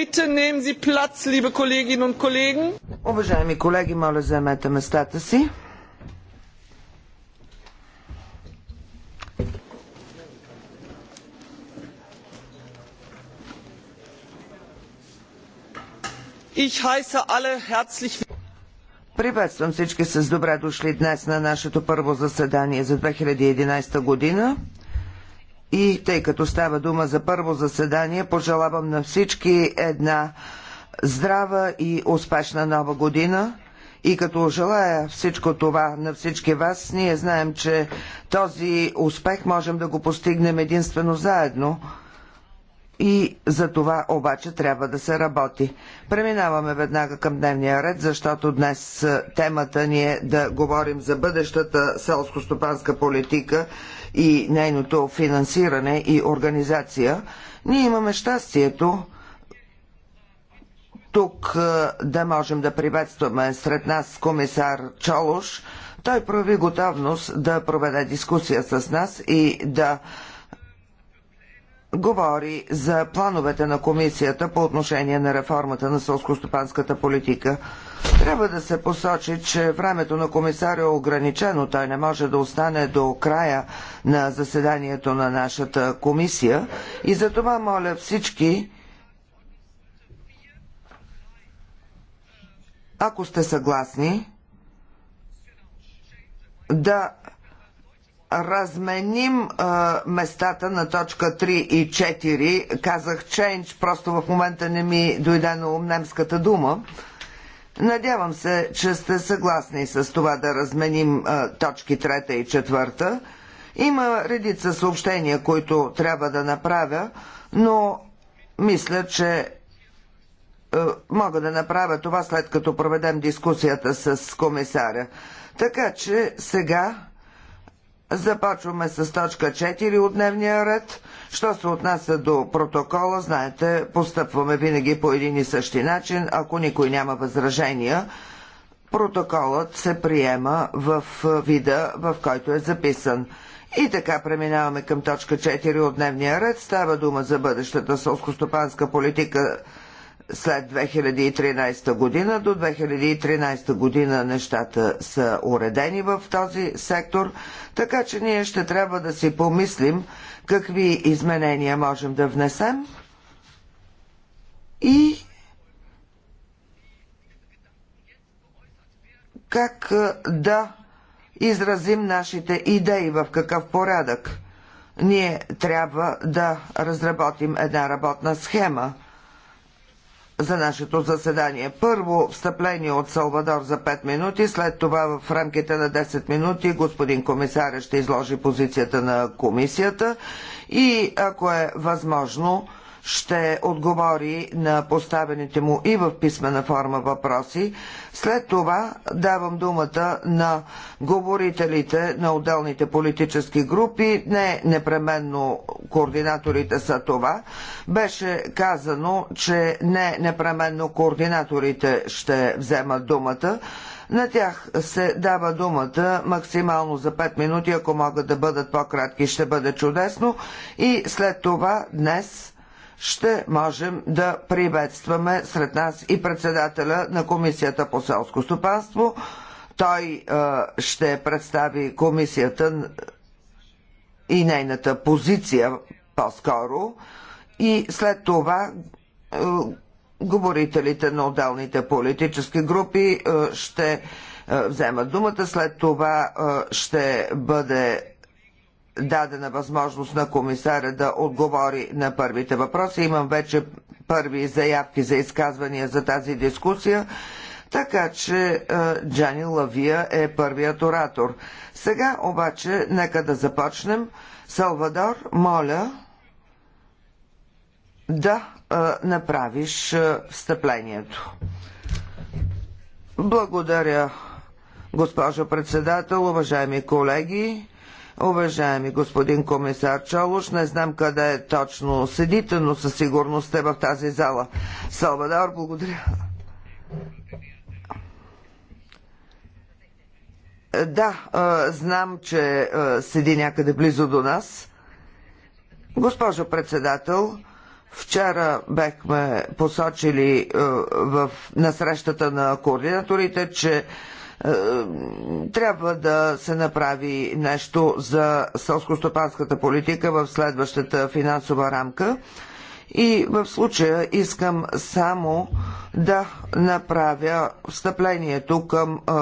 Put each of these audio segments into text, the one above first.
Bitte nehmen Sie Platz, liebe Kolleginnen und Kollegen. Уважаеми колеги, моля заемете местата си. Ich heiße alle herzlich Приветствам всички с добре дошли днес на нашето първо заседание за 2011 година. И тъй като става дума за първо заседание, пожелавам на всички една здрава и успешна нова година. И като желая всичко това на всички вас, ние знаем, че този успех можем да го постигнем единствено заедно. И за това обаче трябва да се работи. Преминаваме веднага към дневния ред, защото днес е, темата ни е да говорим за бъдещата селско-стопанска политика и нейното финансиране и организация, ние имаме щастието тук е, да можем да приветстваме сред нас комисар Чолош. Той прояви готовност да проведе дискусия с нас и да говори за плановете на комисията по отношение на реформата на сълскостопанската политика. Трябва да се посочи, че времето на комисаря е ограничено. Той не може да остане до края на заседанието на нашата комисия. И за това моля всички, ако сте съгласни, да разменим а, местата на точка 3 и 4. Казах change, просто в момента не ми дойде на ум немската дума. Надявам се, че сте съгласни с това да разменим точки трета и четвърта. Има редица съобщения, които трябва да направя, но мисля, че мога да направя това след като проведем дискусията с комисаря. Така че сега започваме с точка 4 от дневния ред. Що се отнася до протокола, знаете, постъпваме винаги по един и същи начин. Ако никой няма възражения, протоколът се приема в вида, в който е записан. И така преминаваме към точка 4 от дневния ред. Става дума за бъдещата сълскостопанска политика след 2013 година. До 2013 година нещата са уредени в този сектор, така че ние ще трябва да си помислим какви изменения можем да внесем и как да изразим нашите идеи, в какъв порядък. Ние трябва да разработим една работна схема – за нашето заседание. Първо встъпление от Салвадор за 5 минути, след това в рамките на 10 минути господин комисаря ще изложи позицията на комисията и ако е възможно ще отговори на поставените му и в писмена форма въпроси. След това давам думата на говорителите на отделните политически групи. Не непременно координаторите са това. Беше казано, че не непременно координаторите ще вземат думата. На тях се дава думата максимално за 5 минути, ако могат да бъдат по-кратки, ще бъде чудесно. И след това днес ще можем да приветстваме сред нас и председателя на Комисията по селско стопанство. Той е, ще представи комисията и нейната позиция по-скоро и след това е, говорителите на отделните политически групи е, ще вземат думата. След това ще бъде дадена възможност на комисаря да отговори на първите въпроси. Имам вече първи заявки за изказвания за тази дискусия, така че е, Джани Лавия е първият оратор. Сега обаче нека да започнем. Салвадор, моля да е, направиш е, встъплението. Благодаря, госпожо председател, уважаеми колеги. Уважаеми господин комисар Чолуш, не знам къде точно седите, но със сигурност сте в тази зала. Салбадар, благодаря. Да, знам, че седи някъде близо до нас. Госпожо председател, Вчера бехме посочили в, на срещата на координаторите, че е, трябва да се направи нещо за сълскостопанската политика в следващата финансова рамка. И в случая искам само да направя встъплението към е,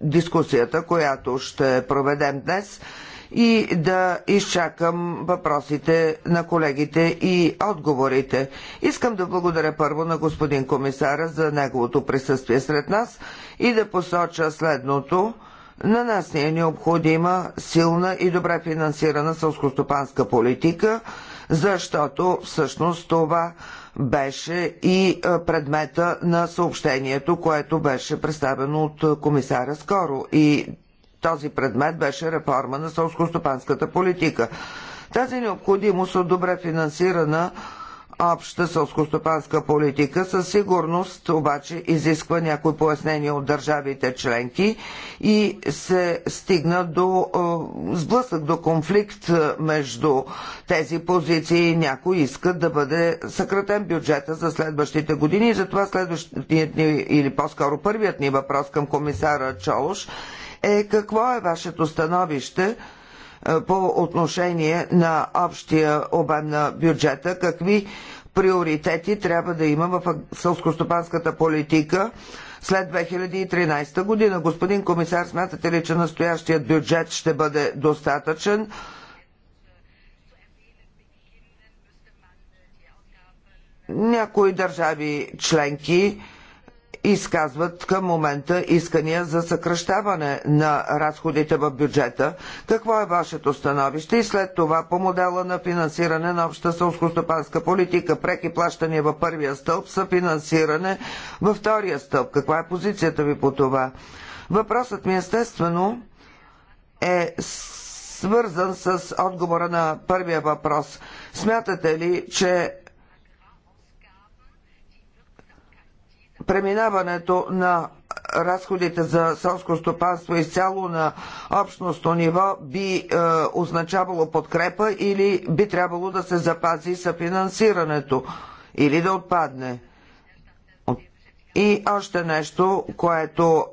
дискусията, която ще проведем днес и да изчакам въпросите на колегите и отговорите. Искам да благодаря първо на господин комисара за неговото присъствие сред нас и да посоча следното. На нас ни не е необходима силна и добре финансирана сълскостопанска политика, защото всъщност това беше и предмета на съобщението, което беше представено от комисаря скоро. И този предмет беше реформа на сълскостопанската политика. Тази необходимост от добре финансирана обща сълскостопанска политика със сигурност обаче изисква някои пояснения от държавите членки и се стигна до сблъсък, до конфликт между тези позиции. Някои искат да бъде съкратен бюджета за следващите години и затова следващият ни, или по-скоро първият ни въпрос към комисара Чолош е какво е вашето становище – е, по отношение на общия обем на бюджета, какви приоритети трябва да има в сълскостопанската политика след 2013 година. Господин комисар, смятате ли, че настоящият бюджет ще бъде достатъчен? Някои държави членки изказват към момента искания за съкръщаване на разходите в бюджета. Какво е вашето становище и след това по модела на финансиране на обща сълскостопанска политика, преки плащания във първия стълб, съфинансиране във втория стълб? Каква е позицията ви по това? Въпросът ми естествено е свързан с отговора на първия въпрос. Смятате ли, че преминаването на разходите за селско стопанство изцяло на общностно ниво би е, означавало подкрепа или би трябвало да се запази съфинансирането или да отпадне. И още нещо, което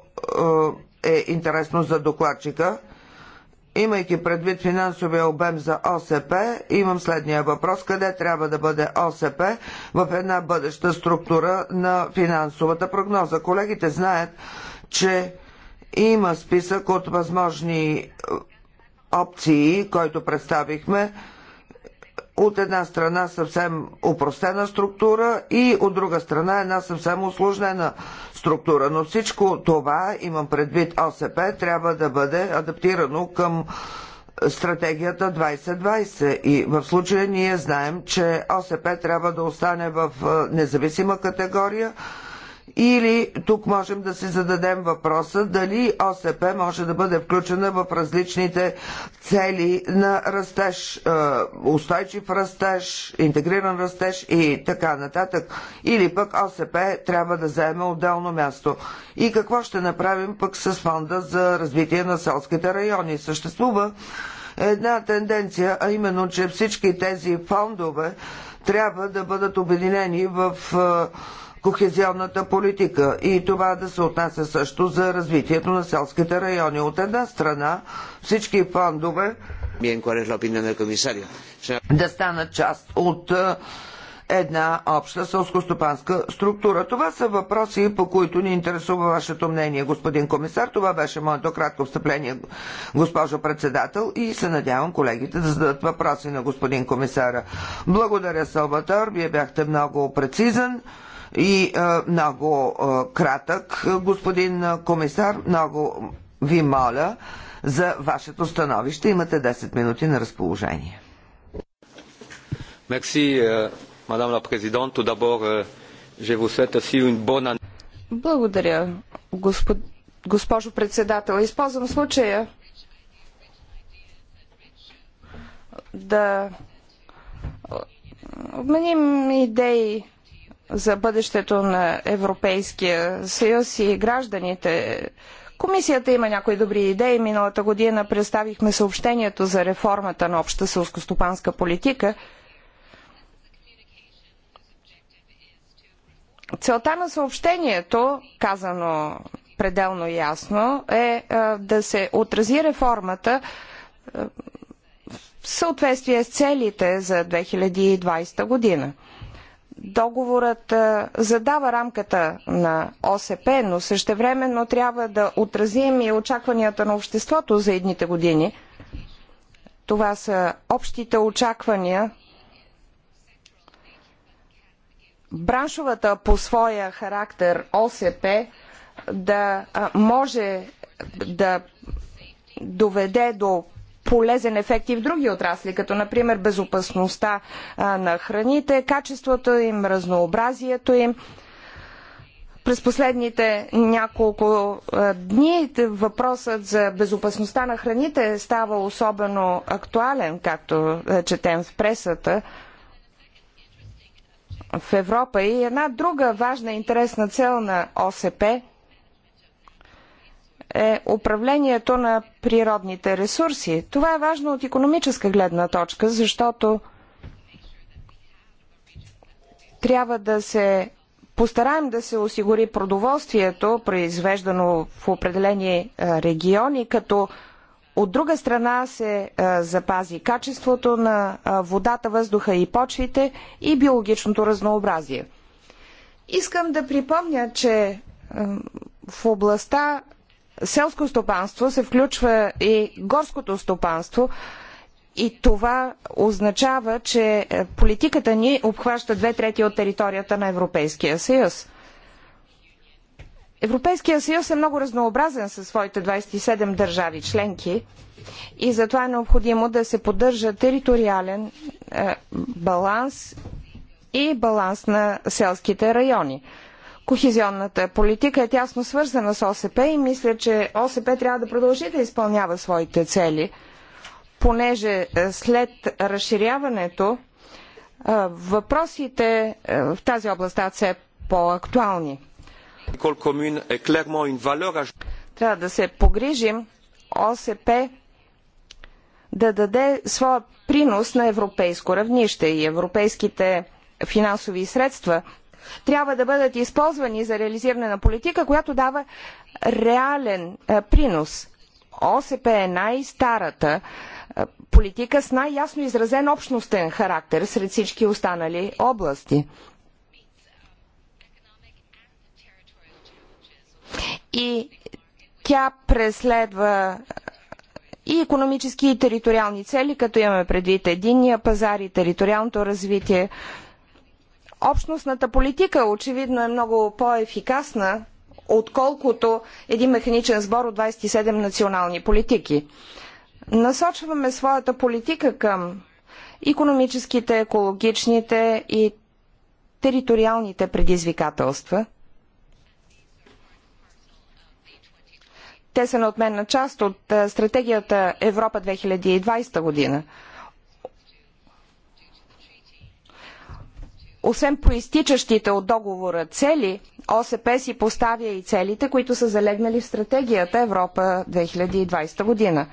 е, е интересно за докладчика. Имайки предвид финансовия обем за ОСП, имам следния въпрос. Къде трябва да бъде ОСП в една бъдеща структура на финансовата прогноза? Колегите знаят, че има списък от възможни е, опции, който представихме от една страна съвсем упростена структура и от друга страна една съвсем усложнена структура. Но всичко това, имам предвид ОСП, трябва да бъде адаптирано към стратегията 2020 и в случая ние знаем, че ОСП трябва да остане в независима категория, или тук можем да си зададем въпроса дали ОСП може да бъде включена в различните цели на растеж, е, устойчив растеж, интегриран растеж и така нататък. Или пък ОСП трябва да заеме отделно място. И какво ще направим пък с фонда за развитие на селските райони? Съществува една тенденция, а именно, че всички тези фондове трябва да бъдат обединени в е, кохезионната политика и това да се отнася също за развитието на селските райони. От една страна всички фондове да станат част от една обща сълскостопанска структура. Това са въпроси, по които ни интересува вашето мнение, господин комисар. Това беше моето кратко встъпление, госпожо председател, и се надявам колегите да зададат въпроси на господин комисара. Благодаря, Салватор. Вие бяхте много прецизен и много кратък, господин комисар. Много ви моля за вашето становище. Имате 10 минути на разположение. Мерси, мадам ла президент. Благодаря, господ... госпожо председател. Използвам случая да обменим идеи за бъдещето на Европейския съюз и гражданите. Комисията има някои добри идеи. Миналата година представихме съобщението за реформата на обща селскостопанска политика. Целта на съобщението, казано пределно ясно, е, е да се отрази реформата е, в съответствие с целите за 2020 година договорът задава рамката на ОСП, но същевременно трябва да отразим и очакванията на обществото за едните години. Това са общите очаквания. Браншовата по своя характер ОСП да може да доведе до полезен ефект и в други отрасли, като например безопасността на храните, качеството им, разнообразието им. През последните няколко дни въпросът за безопасността на храните става особено актуален, както четем в пресата в Европа. И една друга важна интересна цел на ОСП е управлението на природните ресурси. Това е важно от економическа гледна точка, защото трябва да се постараем да се осигури продоволствието, произвеждано в определени е, региони, като от друга страна се е, запази качеството на е, водата, въздуха и почвите и биологичното разнообразие. Искам да припомня, че в областта селско стопанство се включва и горското стопанство. И това означава, че е, политиката ни обхваща две трети от територията на Европейския съюз. Европейския съюз е много разнообразен със своите 27 държави членки и затова е необходимо да се поддържа териториален е, баланс и баланс на селските райони. Кохезионната политика е тясно свързана с ОСП и мисля, че ОСП трябва да продължи да изпълнява своите цели, понеже е, след разширяването е, въпросите е, в тази област стават все по-актуални. Трябва да се погрижим ОСП да даде своя принос на европейско равнище и европейските финансови средства трябва да бъдат използвани за реализиране на политика, която дава реален е, принос. ОСП е най-старата е, политика с най-ясно изразен общностен характер сред всички останали области. И тя преследва е, и економически и териториални цели, като имаме предвид единния пазар и териториалното развитие. Общностната политика очевидно е много по-ефикасна, отколкото един механичен сбор от 27 национални политики. Насочваме своята политика към економическите, екологичните и териториалните предизвикателства. Те са на отменна част от стратегията Европа 2020 година. Освен проистичащите от договора цели, ОСП си поставя и целите, които са залегнали в стратегията Европа 2020 година.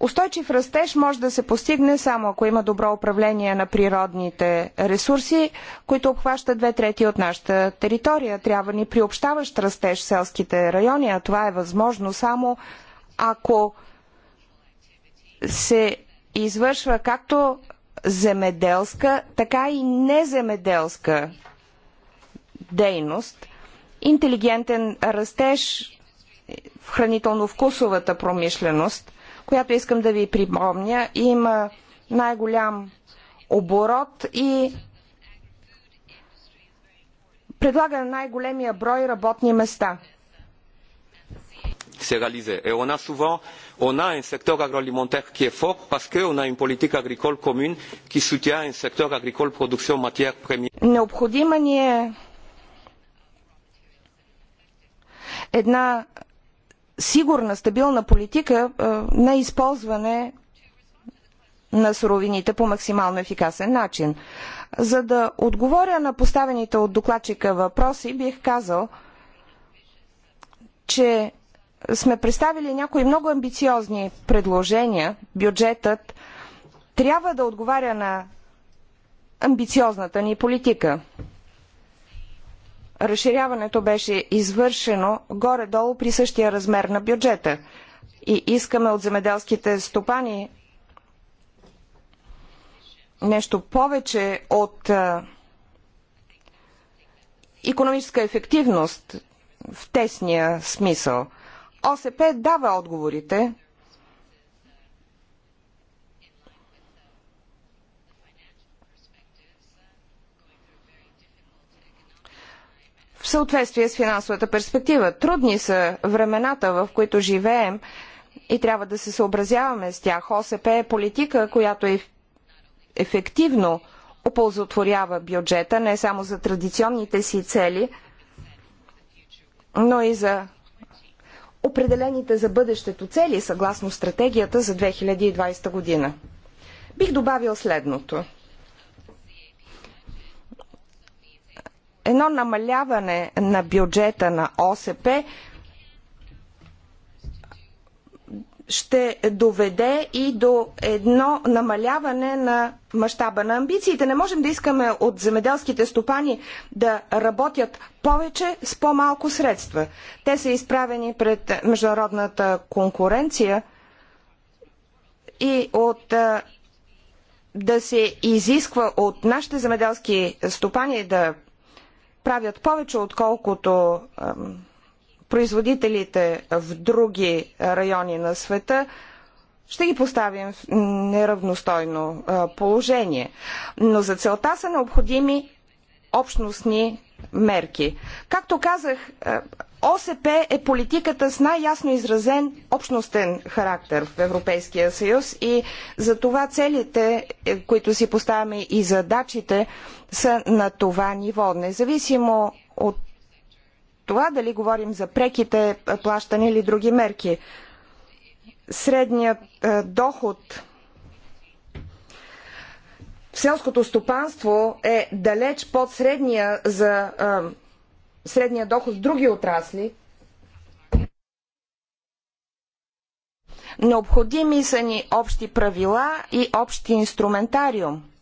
Устойчив растеж може да се постигне само ако има добро управление на природните ресурси, които обхващат две трети от нашата територия. Трябва ни приобщаващ растеж в селските райони, а това е възможно само ако се извършва както земеделска, така и неземеделска дейност, интелигентен растеж в хранително-вкусовата промишленост, която искам да ви припомня, има най-голям оборот и предлага най-големия брой работни места – qui s'est réalisée. Et on a souvent on a un secteur agroalimentaire qui est fort parce qu'on a une politique agricole commune qui soutient un secteur agricole production matières premières. Необходима ни е една сигурна, стабилна политика на използване на суровините по максимално ефикасен начин. За да отговоря на поставените от докладчика въпроси, бих казал, че сме представили някои много амбициозни предложения. Бюджетът трябва да отговаря на амбициозната ни политика. Разширяването беше извършено горе-долу при същия размер на бюджета. И искаме от земеделските стопани нещо повече от економическа ефективност в тесния смисъл – ОСП дава отговорите. В съответствие с финансовата перспектива. Трудни са времената, в които живеем и трябва да се съобразяваме с тях. ОСП е политика, която е ефективно оползотворява бюджета не само за традиционните си цели, но и за определените за бъдещето цели съгласно стратегията за 2020 година. Бих добавил следното. Едно намаляване на бюджета на ОСП ще доведе и до едно намаляване на мащаба на амбициите. Не можем да искаме от земеделските стопани да работят повече с по-малко средства. Те са изправени пред международната конкуренция и от да се изисква от нашите земеделски стопани да правят повече, отколкото производителите в други райони на света, ще ги поставим в неравностойно положение. Но за целта са необходими общностни мерки. Както казах, ОСП е политиката с най-ясно изразен общностен характер в Европейския съюз и за това целите, е, които си поставяме и задачите са на това ниво. Независимо от това дали говорим за преките плащания или други мерки. Средният е, доход в селското стопанство е далеч под средния за е, средния доход в други отрасли. Необходими са ни общи правила и общи инструментариум –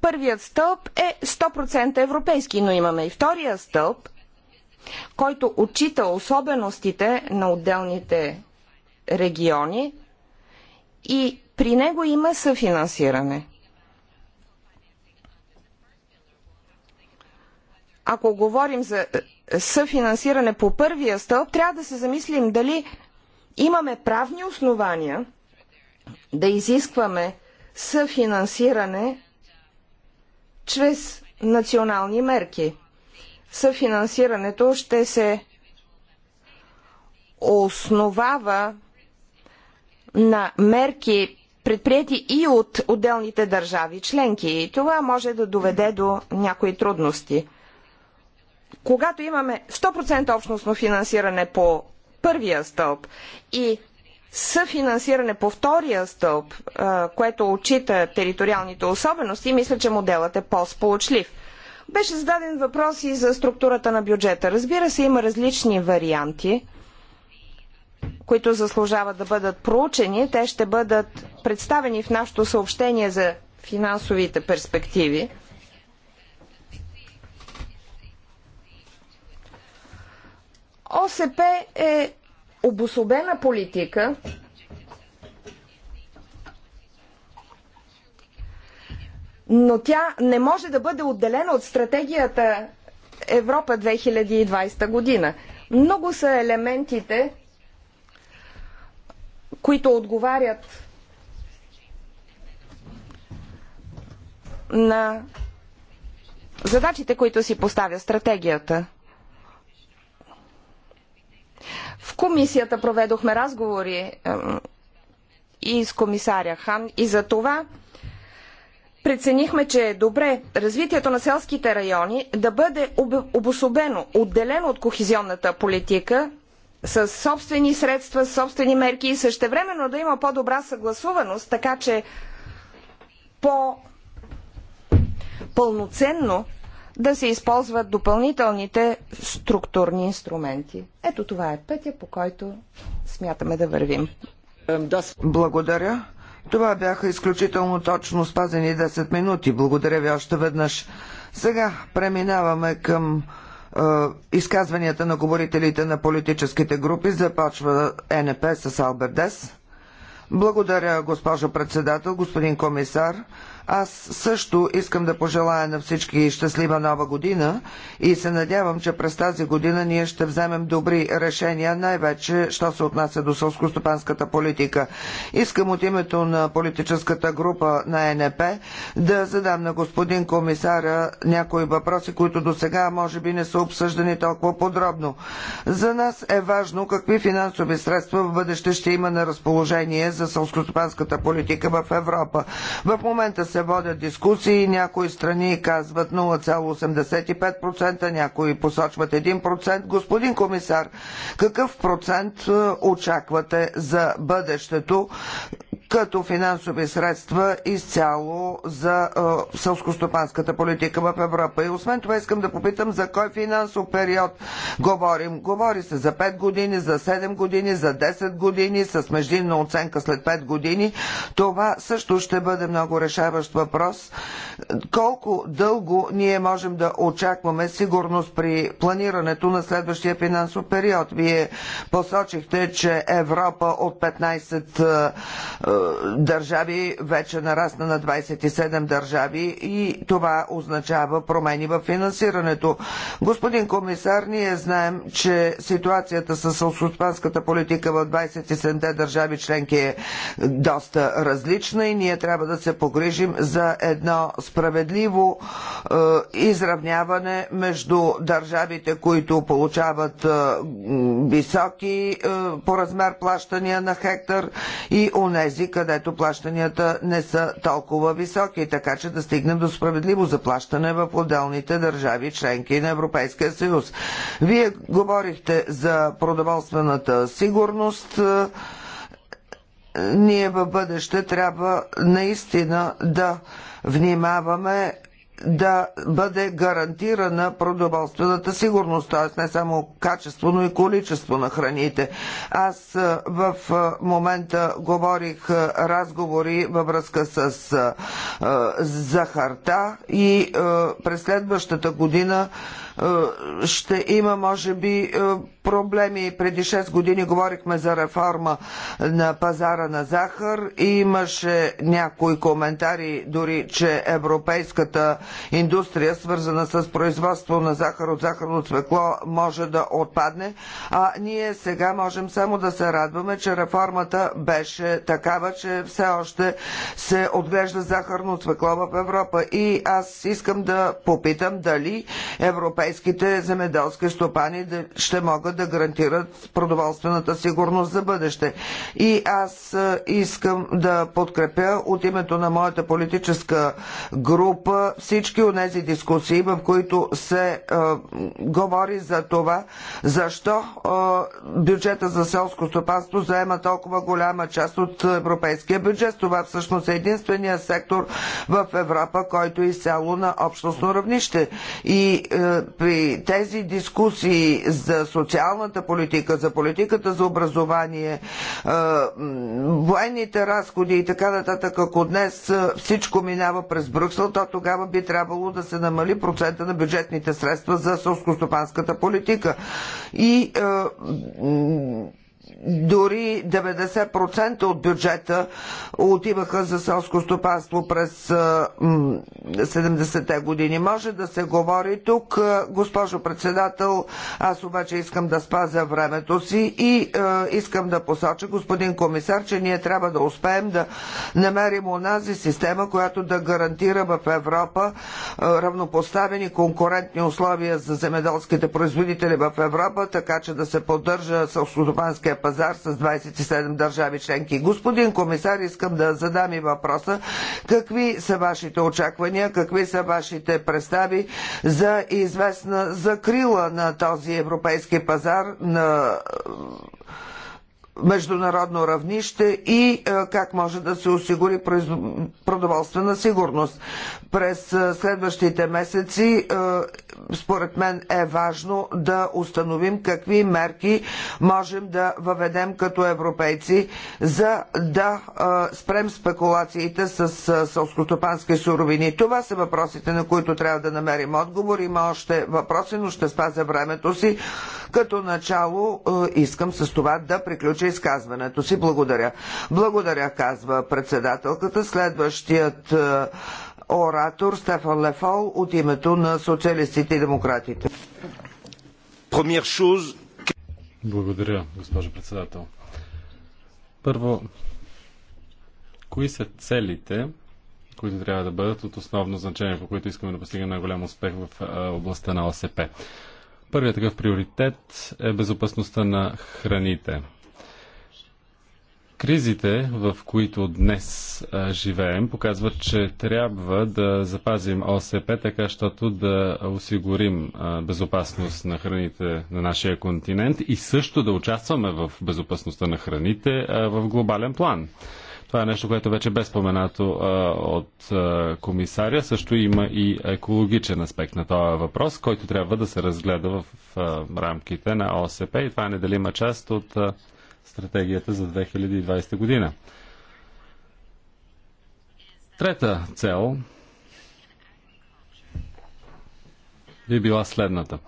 Първият стълб е 100% европейски, но имаме и втория стълб, който отчита особеностите на отделните региони и при него има съфинансиране. Ако говорим за е, съфинансиране по първия стълб, трябва да се замислим дали имаме правни основания да изискваме съфинансиране чрез национални мерки. Съфинансирането ще се основава на мерки предприяти и от отделните държави членки. И това може да доведе до някои трудности. Когато имаме 100% общностно финансиране по първия стълб и съфинансиране по втория стълб, което отчита териториалните особености, мисля, че моделът е по-сполучлив. Беше зададен въпрос и за структурата на бюджета. Разбира се, има различни варианти, които заслужават да бъдат проучени. Те ще бъдат представени в нашето съобщение за финансовите перспективи. ОСП е обособена политика, но тя не може да бъде отделена от стратегията Европа 2020 година. Много са елементите, които отговарят на задачите, които си поставя стратегията. В комисията проведохме разговори и с комисаря Хан и за това преценихме, че е добре развитието на селските райони да бъде обособено, отделено от кохезионната политика с собствени средства, собствени мерки и същевременно да има по-добра съгласуваност, така че по пълноценно да се използват допълнителните структурни инструменти. Ето това е пътя, по който смятаме да вървим. Благодаря. Това бяха изключително точно спазени 10 минути. Благодаря ви още веднъж. Сега преминаваме към е, изказванията на говорителите на политическите групи. Започва НП с Албердес. Благодаря, госпожо председател, господин комисар. Аз също искам да пожелая на всички щастлива нова година и се надявам, че през тази година ние ще вземем добри решения, най-вече, що се отнася до сълскостопанската политика. Искам от името на политическата група на е НП да задам на господин комисара някои въпроси, които до сега може би не са обсъждани толкова подробно. За нас е важно какви финансови средства в бъдеще ще има на разположение за сълскостопанската политика в Европа. В момента се се водят дискусии, някои страни казват 0,85%, някои посочват 1%. Господин комисар, какъв процент е, очаквате за бъдещето? като финансови средства изцяло за е, сълскостопанската политика в Европа. И освен това искам да попитам за кой финансов период говорим. Говори се за 5 години, за 7 години, за 10 години, с междинна оценка след 5 години. Това също ще бъде много решаващ въпрос. Колко дълго ние можем да очакваме сигурност при планирането на следващия финансов период? Вие посочихте, че Европа от 15 държави вече нарасна на 27 държави и това означава промени в финансирането. Господин комисар, ние знаем, че ситуацията с селскостопанската политика в 27 държави членки е доста различна и ние трябва да се погрижим за едно справедливо е, изравняване между държавите, които получават е, високи е, по размер плащания на хектар и онези, където плащанията не са толкова високи, така че да стигнем до справедливо заплащане в отделните държави, членки на Европейския съюз. Вие говорихте за продоволствената сигурност ние в бъдеще трябва наистина да внимаваме да бъде гарантирана продоволствената сигурност, т.е. не само качество, но и количество на храните. Аз в момента говорих разговори във връзка с захарта и през следващата година ще има, може би, проблеми. Преди 6 години говорихме за реформа на пазара на захар и имаше някои коментари дори, че европейската индустрия, свързана с производство на захар от захарно цвекло, може да отпадне. А ние сега можем само да се радваме, че реформата беше такава, че все още се отглежда захарно цвекло в Европа. И аз искам да попитам дали европейските земеделски стопани ще могат да гарантират продоволствената сигурност за бъдеще. И аз искам да подкрепя от името на моята политическа група всички от тези дискусии, в които се е, говори за това, защо е, бюджета за селско стопанство заема толкова голяма част от европейския бюджет. Това всъщност е единствения сектор в Европа, който е изцяло на общностно равнище. И е, при тези дискусии за социалната социалната политика, за политиката за образование, е, военните разходи и така нататък, ако днес е, всичко минава през Брюксел, то тогава би трябвало да се намали процента на бюджетните средства за сълскостопанската политика. И е, дори 90% от бюджета отиваха за селско стопанство през 70-те години. Може да се говори тук, госпожо председател, аз обаче искам да спазя времето си и е, искам да посоча, господин комисар, че ние трябва да успеем да намерим онази система, която да гарантира в Европа е, равнопоставени конкурентни условия за земеделските производители в Европа, така че да се поддържа селскостопанския пазар пазар с 27 държави членки. Господин комисар, искам да задам и въпроса какви са вашите очаквания, какви са вашите представи за известна закрила на този европейски пазар на е, международно равнище и е, как може да се осигури продоволствена сигурност. През е, следващите месеци според мен е важно да установим какви мерки можем да въведем като европейци, за да спрем спекулациите с сълскотопански суровини. Това са въпросите, на които трябва да намерим отговор. Има още въпроси, но ще спазя времето си. Като начало искам с това да приключа изказването си. Благодаря. Благодаря, казва председателката. Следващият оратор Стефан Лефол от името на социалистите и демократите. Благодаря, госпожо председател. Първо, кои са целите, които трябва да бъдат от основно значение, по които искаме да постигнем на голям успех в областта на ОСП? Първият такъв приоритет е безопасността на храните. Кризите, в които днес а, живеем, показват, че трябва да запазим ОСП, така щото да осигурим а, безопасност на храните на нашия континент и също да участваме в безопасността на храните а, в глобален план. Това е нещо, което вече бе споменато а, от а, комисаря. Също има и екологичен аспект на този въпрос, който трябва да се разгледа в а, рамките на ОСП и това е неделима част от. А, стратегията за 2020 година. Трета цел би била следната.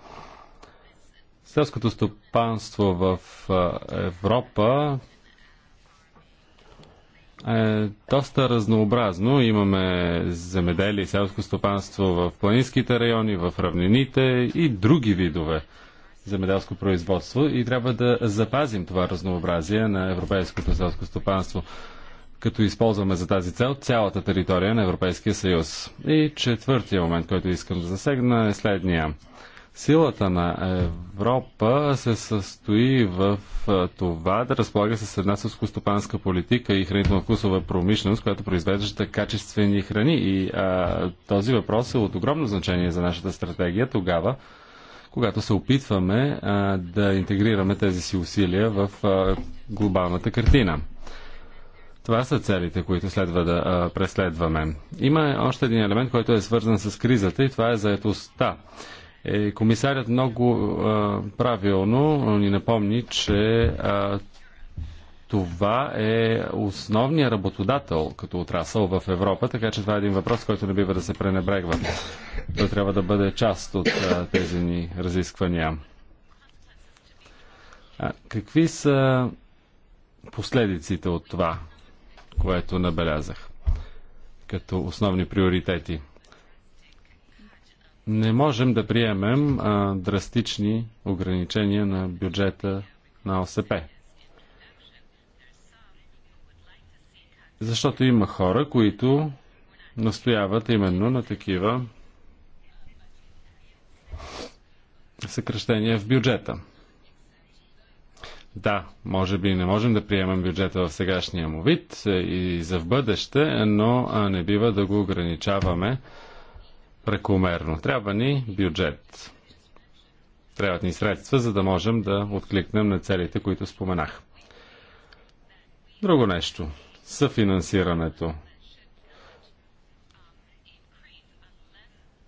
Селското стопанство в Европа е доста разнообразно. Имаме земеделие и селско стопанство в планинските райони, в равнините и други видове земеделско производство и трябва да запазим това разнообразие на европейското селско стопанство, като използваме за тази цел цялата територия на Европейския съюз. И четвъртия момент, който искам да засегна е следния. Силата на Европа се състои в това да разполага с една сълскостопанска политика и хранително-вкусова промишленост, която произвежда качествени храни. И а, този въпрос е от огромно значение за нашата стратегия тогава, когато се опитваме а, да интегрираме тези си усилия в а, глобалната картина. Това са целите, които следва да а, преследваме. Има още един елемент, който е свързан с кризата и това е заетостта. Е, комисарят много а, правилно ни напомни, че а, това е основният работодател като отрасъл в Европа, така че това е един въпрос, който не бива да се пренебрегва. Той трябва да бъде част от а, тези ни разисквания. А, какви са последиците от това, което набелязах като основни приоритети? Не можем да приемем а, драстични ограничения на бюджета на ОСП. Защото има хора, които настояват именно на такива съкръщения в бюджета. Да, може би не можем да приемем бюджета в сегашния му вид е, и за в бъдеще, но не бива да го ограничаваме прекомерно. Трябва ни бюджет. Трябват ни средства, за да можем да откликнем на целите, които споменах. Друго нещо съфинансирането.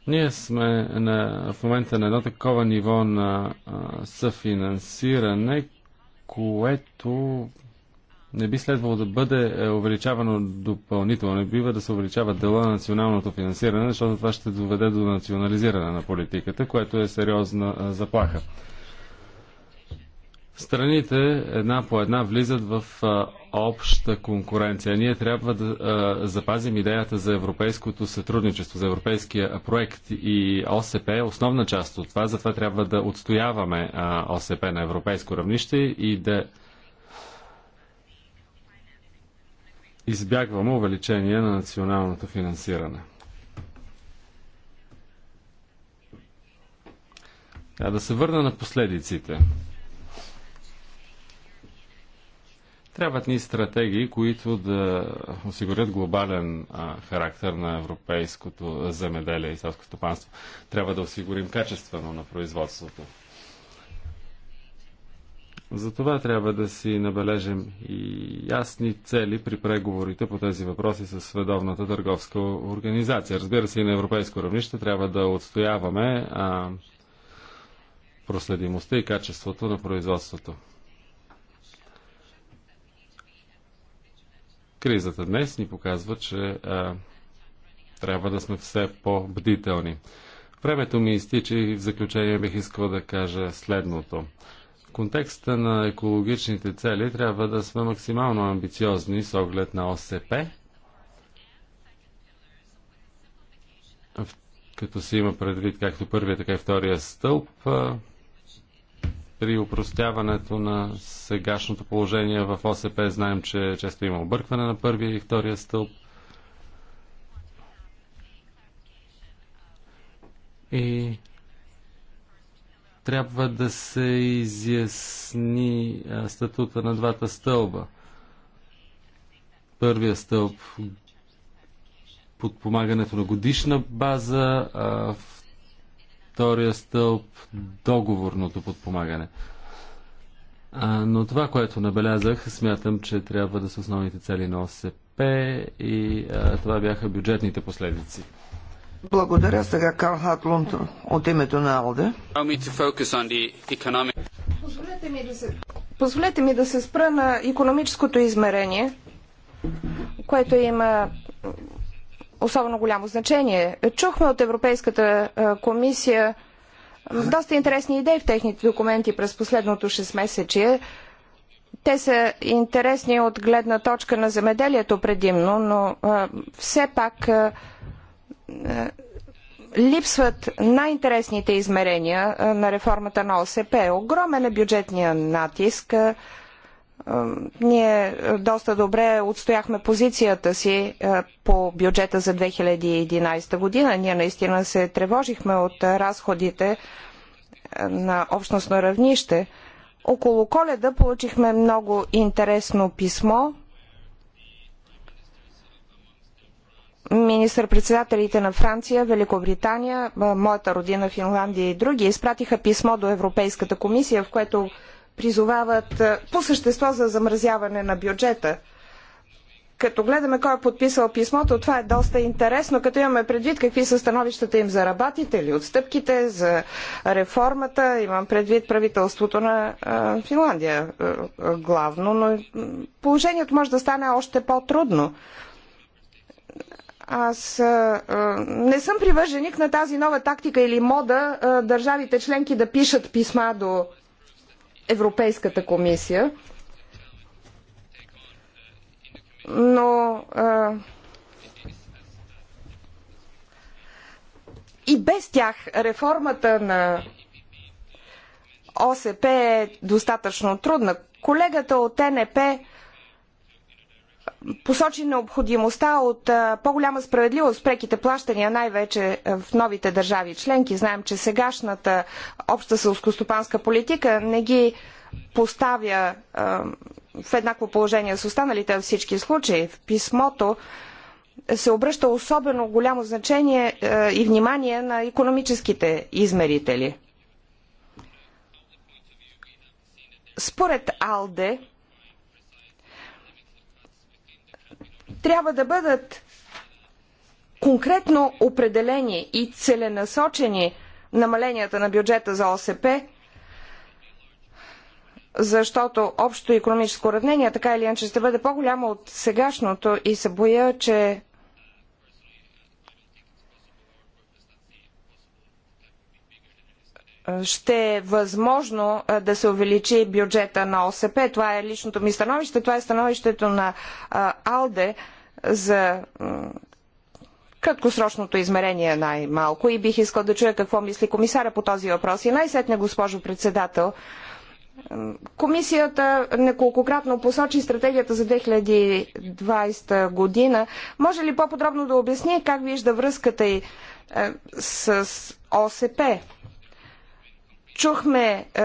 Ние сме на, в момента на едно такова ниво на а, съфинансиране, което не би следвало да бъде е, увеличавано допълнително. Не бива да се увеличава дела на националното финансиране, защото това ще доведе до национализиране на политиката, което е сериозна заплаха. Страните една по една влизат в а, обща конкуренция. Ние трябва да а, запазим идеята за европейското сътрудничество, за европейския проект и ОСП е основна част от това. Затова трябва да отстояваме а, ОСП на европейско равнище и да избягваме увеличение на националното финансиране. Трябва да се върна на последиците. Трябват ни стратегии, които да осигурят глобален а, характер на европейското земеделие и селско стопанство. Трябва да осигурим качествено на производството. Затова трябва да си набележим и ясни цели при преговорите по тези въпроси с Световната търговска организация. Разбира се, и на европейско равнище трябва да отстояваме а, проследимостта и качеството на производството. Кризата днес ни показва, че а, трябва да сме все по-бдителни. Времето ми изтича и в заключение бих искал да кажа следното. В контекста на екологичните цели трябва да сме максимално амбициозни с оглед на ОСП, като се има предвид както първия, така и втория стълб, при упростяването на сегашното положение в ОСП знаем, че често има объркване на първия и втория стълб. И трябва да се изясни статута на двата стълба. Първия стълб подпомагането на годишна база, а втория стълб договорното подпомагане. А, но това, което набелязах, смятам, че трябва да са основните цели на ОСП и а, това бяха бюджетните последици. Благодаря сега Карл Хатлунд от името на Алде. Позволете ми, да се... спра на економическото измерение, което има особено голямо значение. Чухме от Европейската е, комисия доста интересни идеи в техните документи през последното 6 месечие. Те са интересни от гледна точка на земеделието предимно, но а, е, все пак а, е, а, липсват най-интересните измерения а, на реформата на ОСП. Огромен е бюджетния натиск. А, ние е, доста добре отстояхме позицията си е, по бюджета за 2011 година. Ние наистина се тревожихме от разходите е, на общностно равнище. Около коледа получихме много интересно писмо. Министър-председателите на Франция, Великобритания, моята родина Финландия и други изпратиха писмо до Европейската комисия, в което призовават по същество за замразяване на бюджета. Като гледаме кой е подписал писмото, това е доста интересно, като имаме предвид какви са становищата им за работите или отстъпките, за реформата. Имам предвид правителството на Финландия главно, но положението може да стане още по-трудно. Аз а, не съм привърженик на тази нова тактика или мода а, държавите членки да пишат писма до Европейската комисия. Но а, и без тях реформата на ОСП е достатъчно трудна. Колегата от НП посочи необходимостта от по-голяма справедливост в преките плащания, най-вече е, в новите държави членки. Знаем, че сегашната обща селскостопанска политика не ги поставя в еднакво положение с останалите във всички случаи. В писмото се обръща особено голямо значение е, и внимание на економическите измерители. Според АЛДЕ, трябва да бъдат конкретно определени и целенасочени намаленията на бюджета за ОСП, защото общото економическо уравнение така или иначе ще бъде по-голямо от сегашното и се боя, че ще е възможно да се увеличи бюджета на ОСП. Това е личното ми становище, това е становището на АЛДЕ за краткосрочното измерение най-малко и бих искал да чуя какво мисли комисара по този въпрос. И най-сетне, госпожо председател, Комисията неколкократно посочи стратегията за 2020 година. Може ли по-подробно да обясни как вижда връзката и е, с ОСП? Чухме е,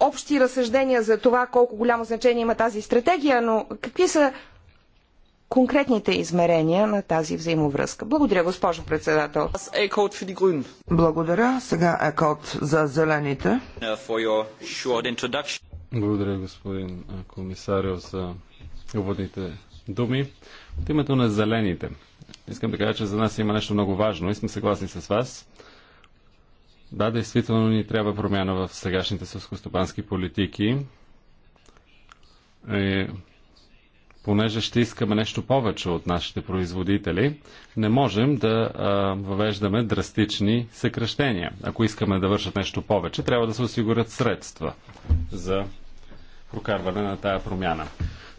общи разсъждения за това колко голямо значение има тази стратегия, но какви са конкретните измерения на тази взаимовръзка. Благодаря, госпожо председател. Благодаря. Сега е код за зелените. Благодаря, господин комисарио, за уводните думи. От името на зелените. Искам да кажа, че за нас има нещо много важно и сме съгласни с вас. Да, действително ни трябва промяна в сегашните сълскостопански политики. И, е, понеже ще искаме нещо повече от нашите производители, не можем да а, въвеждаме драстични съкръщения. Ако искаме да вършат нещо повече, трябва да се осигурят средства за прокарване на тая промяна.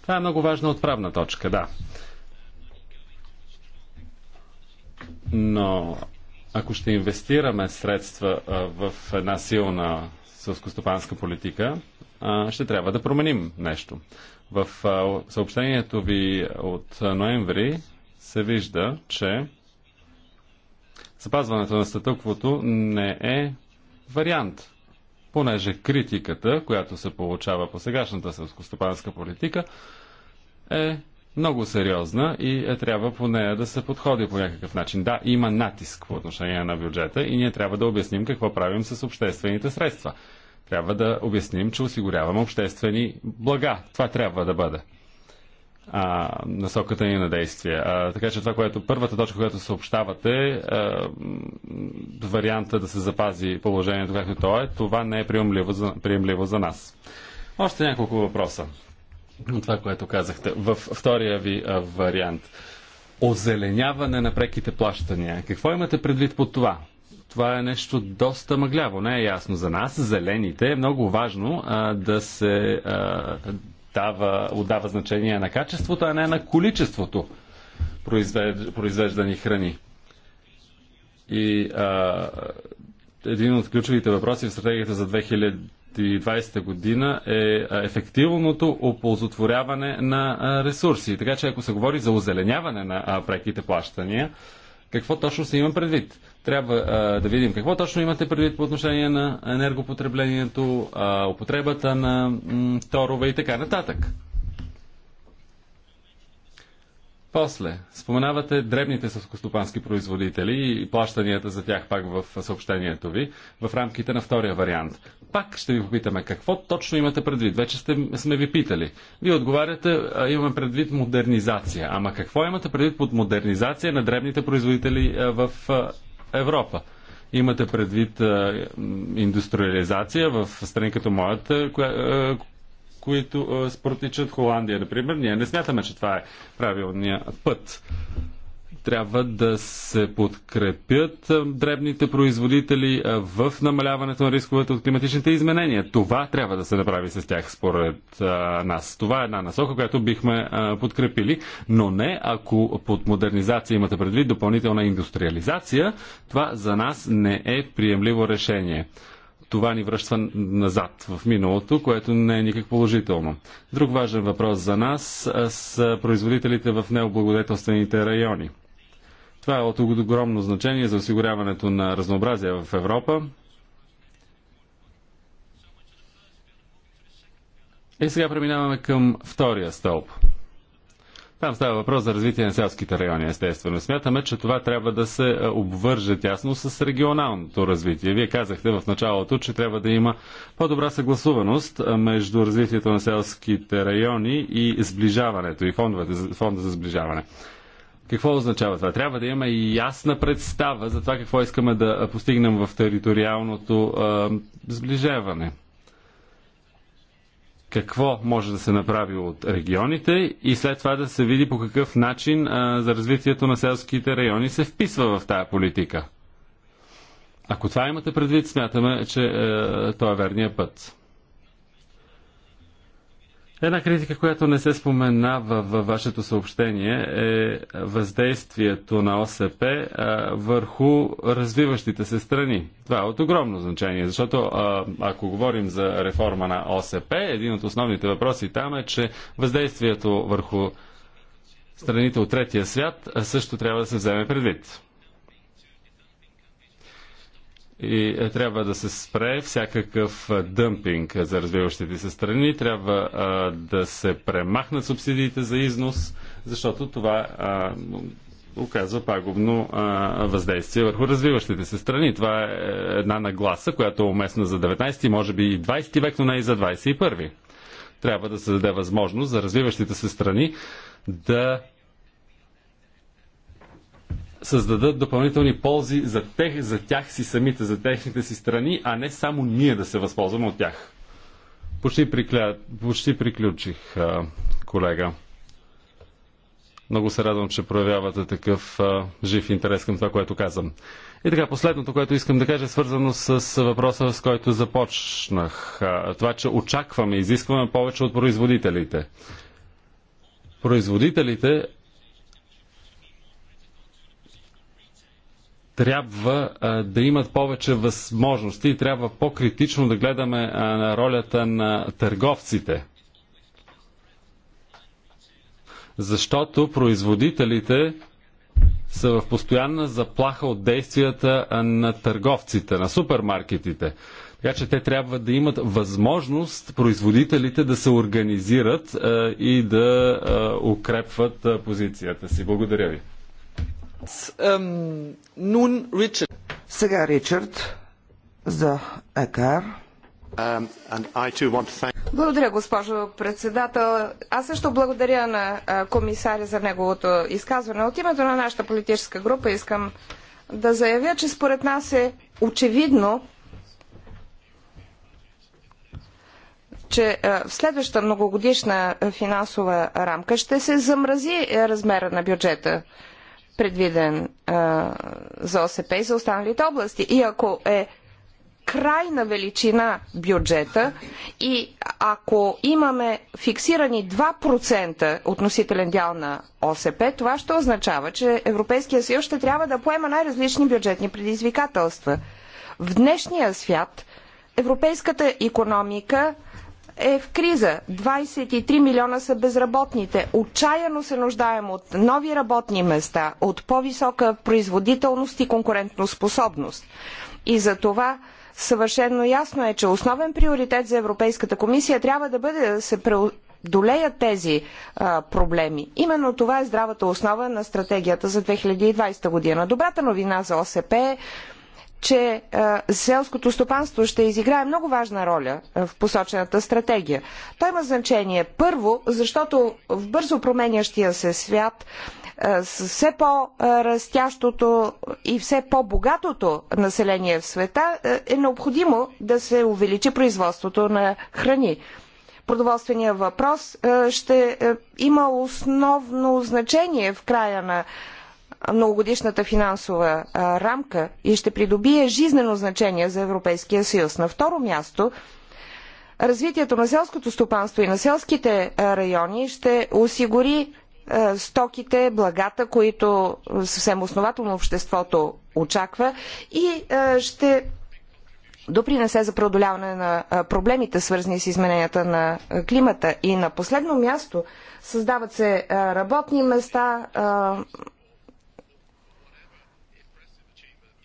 Това е много важна отправна точка, да. Но ако ще инвестираме средства в една силна сълскостопанска политика, ще трябва да променим нещо. В съобщението ви от ноември се вижда, че запазването на статуквото не е вариант, понеже критиката, която се получава по сегашната сълскостопанска политика, е много сериозна и е, трябва по нея да се подходи по някакъв начин. Да, има натиск по отношение на бюджета и ние трябва да обясним какво правим с обществените средства. Трябва да обясним, че осигуряваме обществени блага. Това трябва да бъде а, насоката ни на действие. А, така че това, което първата точка, която съобщавате, а, е, варианта да се запази положението както то е, това не е приемливо за, приемливо за нас. Още няколко въпроса това, което казахте. Във втория ви вариант. Озеленяване на преките плащания. Какво имате предвид по това? Това е нещо доста мъгляво, не е ясно за нас. Зелените е много важно а, да се а, дава, отдава значение на качеството, а не на количеството произвеж, произвеждани храни. И а, един от ключовите въпроси в стратегията за 2000 2020 година е ефективното оползотворяване на ресурси. Така че ако се говори за озеленяване на преките плащания, какво точно се има предвид? Трябва а, да видим какво точно имате предвид по отношение на енергопотреблението, а, употребата на м, торове и така нататък. После, споменавате дребните съскостопански производители и плащанията за тях пак в съобщението ви, в рамките на втория вариант. Пак ще ви попитаме какво точно имате предвид. Вече сте, сме ви питали. Вие отговаряте, имаме предвид модернизация. Ама какво имате предвид под модернизация на дребните производители в Европа? Имате предвид индустриализация в страни като моята, които а, протичат Холандия, например. Ние не смятаме, че това е правилният път. Трябва да се подкрепят а, дребните производители а, в намаляването на рисковете от климатичните изменения. Това трябва да се направи с тях, според а, нас. Това е една насока, която бихме а, подкрепили, но не ако под модернизация имате предвид допълнителна индустриализация. Това за нас не е приемливо решение това ни връща назад в миналото, което не е никак положително. Друг важен въпрос за нас са производителите в необлагодетелствените райони. Това е от огромно значение за осигуряването на разнообразие в Европа. И сега преминаваме към втория стълб – там става въпрос за развитие на селските райони, естествено. Смятаме, че това трябва да се обвърже тясно с регионалното развитие. Вие казахте в началото, че трябва да има по-добра съгласуваност между развитието на селските райони и сближаването и фондовете, фонда за сближаване. Какво означава това? Трябва да има и ясна представа за това какво искаме да постигнем в териториалното сближаване какво може да се направи от регионите и след това да се види по какъв начин а, за развитието на селските райони се вписва в тая политика. Ако това имате предвид, смятаме, че е, това е верният път. Една критика, която не се споменава във вашето съобщение е въздействието на ОСП върху развиващите се страни. Това е от огромно значение, защото ако говорим за реформа на ОСП, един от основните въпроси там е, че въздействието върху страните от третия свят също трябва да се вземе предвид и е, трябва да се спре всякакъв е, дъмпинг за развиващите се страни, трябва е, да се премахнат субсидиите за износ, защото това оказва пагубно въздействие върху развиващите се страни. Това е една нагласа, която е уместна за 19-ти, може би и 20 век, но не и за 21 Трябва да се даде възможност за развиващите се страни да създадат допълнителни ползи за тях, за тях си самите, за техните си страни, а не само ние да се възползваме от тях. Почти, прикля... Почти приключих, колега. Много се радвам, че проявявате такъв а, жив интерес към това, което казвам. И така, последното, което искам да кажа, е свързано с въпроса, с който започнах. А, това, че очакваме, изискваме повече от производителите. Производителите трябва а, да имат повече възможности и трябва по-критично да гледаме а, на ролята на търговците. Защото производителите са в постоянна заплаха от действията на търговците, на супермаркетите. Така че те трябва да имат възможност производителите да се организират а, и да а, укрепват а, позицията си. Благодаря ви. Сега Ричард за um, Благодаря, госпожо председател. Аз също благодаря на комисаря за неговото изказване. От името на нашата политическа група искам да заявя, че според нас е очевидно, че в следващата многогодишна финансова рамка ще се замрази размера на бюджета предвиден а, за ОСП и за останалите области. И ако е крайна величина бюджета и ако имаме фиксирани 2% относителен дял на ОСП, това ще означава, че Европейския съюз ще трябва да поема най-различни бюджетни предизвикателства. В днешния свят европейската економика е в криза. 23 милиона са безработните. Отчаяно се нуждаем от нови работни места, от по-висока производителност и конкурентоспособност. И за това съвършено ясно е, че основен приоритет за Европейската комисия трябва да бъде да се преодолеят тези а, проблеми. Именно това е здравата основа на стратегията за 2020 година. Добрата новина за ОСП е че е, селското стопанство ще изиграе много важна роля е, в посочената стратегия. Той има значение първо, защото в бързо променящия се свят е, с все по-растящото и все по-богатото население в света е необходимо да се увеличи производството на храни. Продоволственият въпрос ще има основно значение в края на многогодишната финансова а, рамка и ще придобие жизнено значение за Европейския съюз. На второ място, развитието на селското стопанство и на селските райони ще осигури а, стоките, благата, които съвсем основателно обществото очаква и а, ще допринесе за преодоляване на проблемите, свързани с измененията на климата. И на последно място създават се работни места,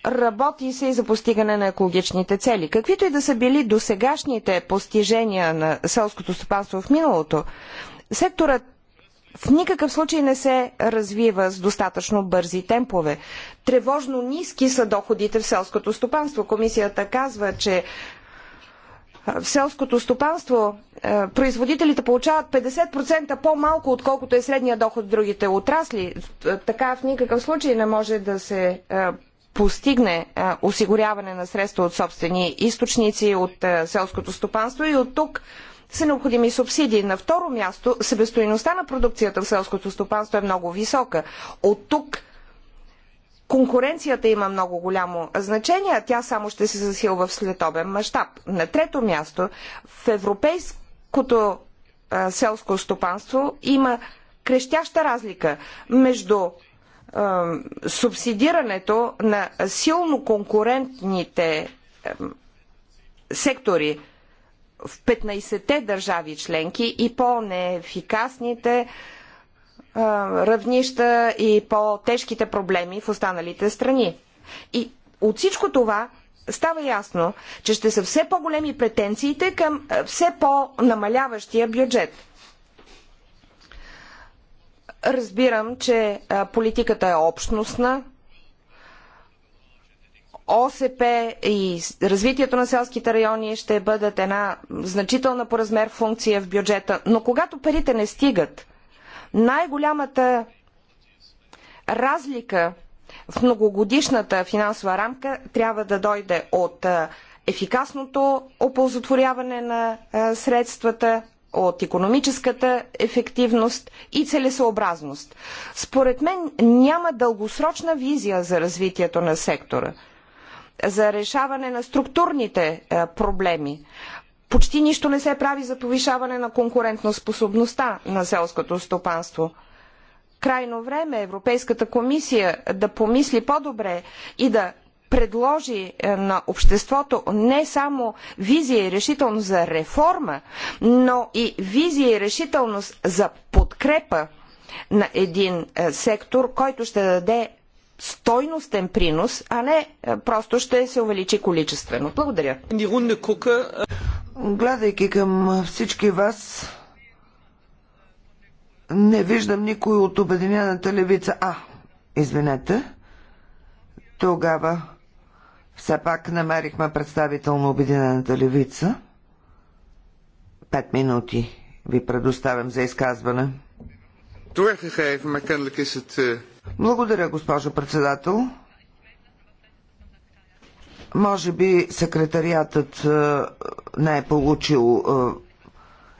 Работи се и за постигане на екологичните цели. Каквито и да са били досегашните постижения на селското стопанство в миналото, секторът в никакъв случай не се развива с достатъчно бързи темпове. Тревожно ниски са доходите в селското стопанство. Комисията казва, че в селското стопанство е, производителите получават 50% по-малко, отколкото е средния доход в другите отрасли. Е, така в никакъв случай не може да се е, постигне осигуряване на средства от собствени източници, от селското стопанство и от тук са необходими субсидии. На второ място, себестоиността на продукцията в селското стопанство е много висока. От тук конкуренцията има много голямо значение, а тя само ще се засилва в следобен мащаб. На трето място, в европейското селско стопанство има крещяща разлика между субсидирането на силно конкурентните сектори в 15-те държави членки и по-неефикасните равнища и по-тежките проблеми в останалите страни. И от всичко това става ясно, че ще са все по-големи претенциите към все по-намаляващия бюджет. Разбирам, че политиката е общностна. ОСП и развитието на селските райони ще бъдат една значителна по размер функция в бюджета, но когато парите не стигат, най-голямата разлика в многогодишната финансова рамка трябва да дойде от ефикасното оползотворяване на средствата от економическата ефективност и целесообразност. Според мен няма дългосрочна визия за развитието на сектора, за решаване на структурните е, проблеми. Почти нищо не се прави за повишаване на конкурентноспособността на селското стопанство. Крайно време е Европейската комисия да помисли по-добре и да предложи е, на обществото не само визия и решителност за реформа, но и визия и решителност за подкрепа на един е, сектор, който ще даде стойностен принос, а не е, просто ще се увеличи количествено. Благодаря. Гледайки към всички вас, не виждам никой от Обединената левица. А, извинете. Тогава все пак намерихме представител на Обединената левица. Пет минути ви предоставям за изказване. Благодаря, госпожо председател. Може би секретариатът е, не е получил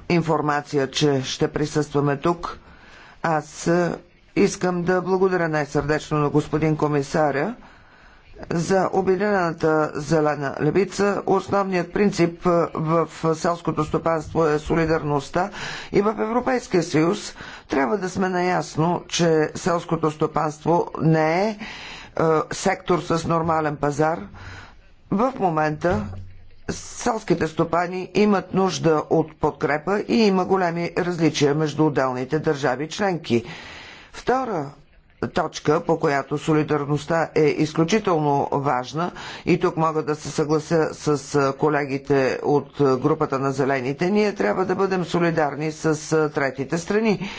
е, информация, че ще присъстваме тук. Аз е, искам да благодаря най-сърдечно на господин комисаря. За Обединената зелена левица основният принцип е, в селското стопанство е солидарността и в Европейския съюз трябва да сме наясно, че селското стопанство не е, е сектор с нормален пазар. В момента селските стопани имат нужда от подкрепа и има големи различия между отделните държави членки. Втора точка, по която солидарността е изключително важна и тук мога да се съглася с колегите от групата на зелените, ние трябва да бъдем солидарни с третите страни.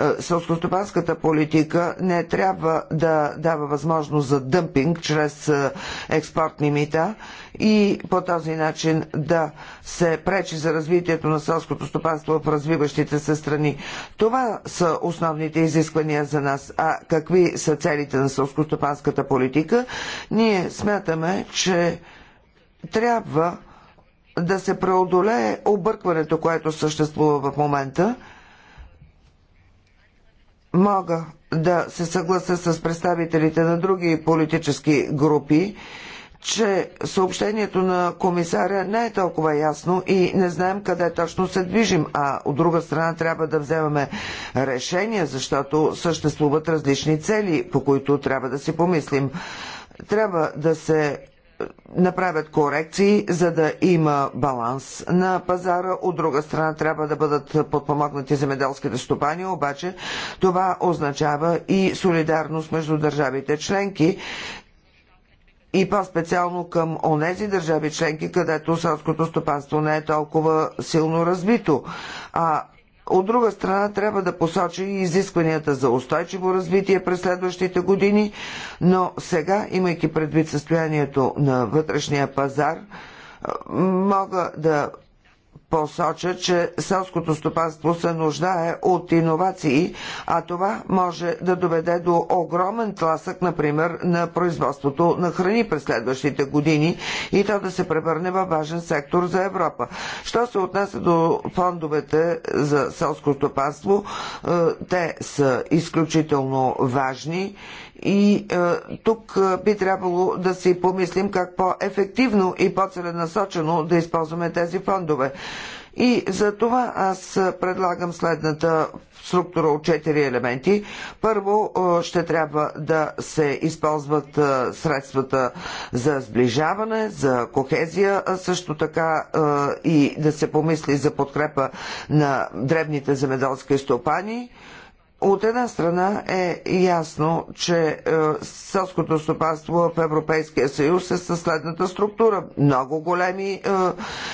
Е, селскостопанската политика не трябва да дава възможност за дъмпинг чрез е, експортни мита и по този начин да се пречи за развитието на селското стопанство в развиващите се страни. Това са основните изисквания за нас. А какви са целите на селскостопанската политика? Ние смятаме, че трябва да се преодолее объркването, което съществува в момента мога да се съглася с представителите на други политически групи, че съобщението на комисаря не е толкова ясно и не знаем къде точно се движим, а от друга страна трябва да вземаме решения, защото съществуват различни цели, по които трябва да си помислим. Трябва да се направят корекции, за да има баланс на пазара. От друга страна трябва да бъдат подпомогнати земеделските стопани, обаче това означава и солидарност между държавите членки, и по-специално към онези държави членки, където селското стопанство не е толкова силно развито. А от друга страна трябва да посочи и изискванията за устойчиво развитие през следващите години, но сега, имайки предвид състоянието на вътрешния пазар, мога да посоча, че селското стопанство се нуждае от иновации, а това може да доведе до огромен тласък, например, на производството на храни през следващите години и то да се превърне във важен сектор за Европа. Що се отнася до фондовете за селско стопанство, е, те са изключително важни. И е, тук е, би трябвало да си помислим как по-ефективно и по-целенасочено да използваме тези фондове. И за това аз е, предлагам следната структура от четири елементи. Първо е, ще трябва да се използват средствата за сближаване, за кохезия, а също така и да се помисли за подкрепа на дребните земеделски стопани. От една страна е ясно, че е, селското стопанство в Европейския съюз е със следната структура. Много големи е,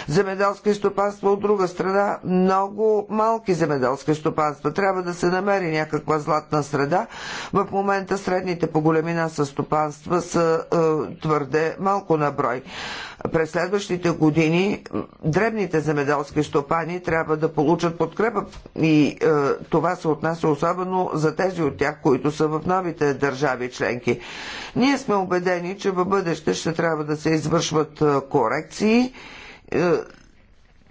земеделски стопанства, от друга страна много малки земеделски стопанства. Трябва да се намери някаква златна среда. В момента средните по големина са стопанства са е, твърде малко на брой. През следващите години дребните земеделски стопани трябва да получат подкрепа и е, това се отнася особено за тези от тях, които са в новите държави членки. Ние сме убедени, че в бъдеще ще трябва да се извършват е, корекции е,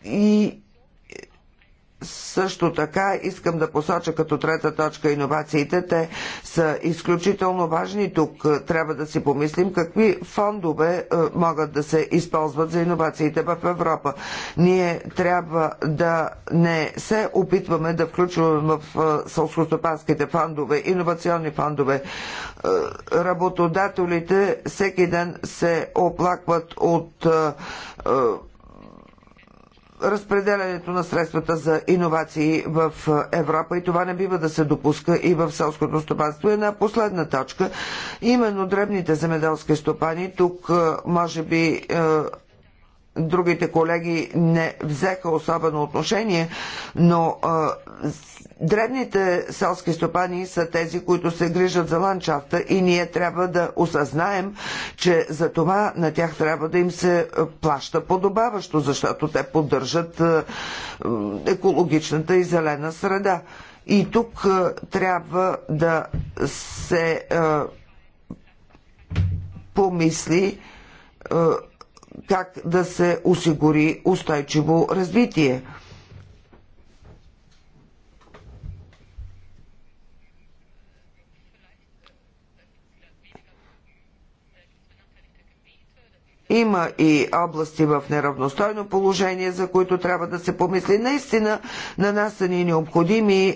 и също така искам да посоча като трета точка иновациите. Те са изключително важни. Тук е, трябва да си помислим какви фондове е, могат да се използват за иновациите в Европа. Ние трябва да не се опитваме да включваме в е, сълскостопанските фондове, иновационни фондове. Работодателите всеки ден се оплакват от разпределянето на средствата за иновации в Европа и това не бива да се допуска и в селското стопанство. Една последна точка, именно дребните земеделски стопани, тук може би другите колеги не взеха особено отношение, но а, древните селски стопани са тези, които се грижат за ландшафта и ние трябва да осъзнаем, че за това на тях трябва да им се плаща подобаващо, защото те поддържат а, екологичната и зелена среда. И тук а, трябва да се а, помисли а, как да се осигури устойчиво развитие. Има и области в неравностойно положение, за които трябва да се помисли. Наистина на нас са ни необходими е,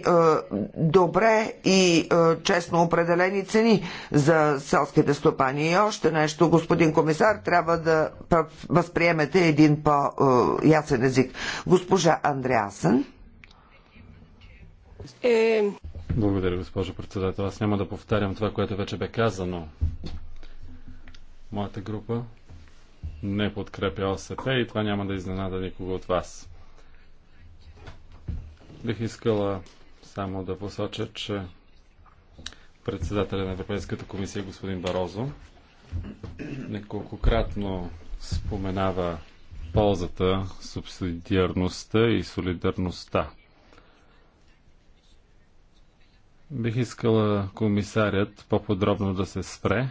добре и е, честно определени цени за селските стопани. И още нещо, господин комисар, трябва да възприемете един по-ясен език. Госпожа Андреасен. Е... Благодаря, госпожо председател. Аз няма да повтарям това, което вече бе казано. Моята група не подкрепя ОСП и това няма да изненада никого от вас. Бих искала само да посоча, че председателя на Европейската комисия господин Барозо неколкократно споменава ползата, субсидиарността и солидарността. Бих искала комисарят по-подробно да се спре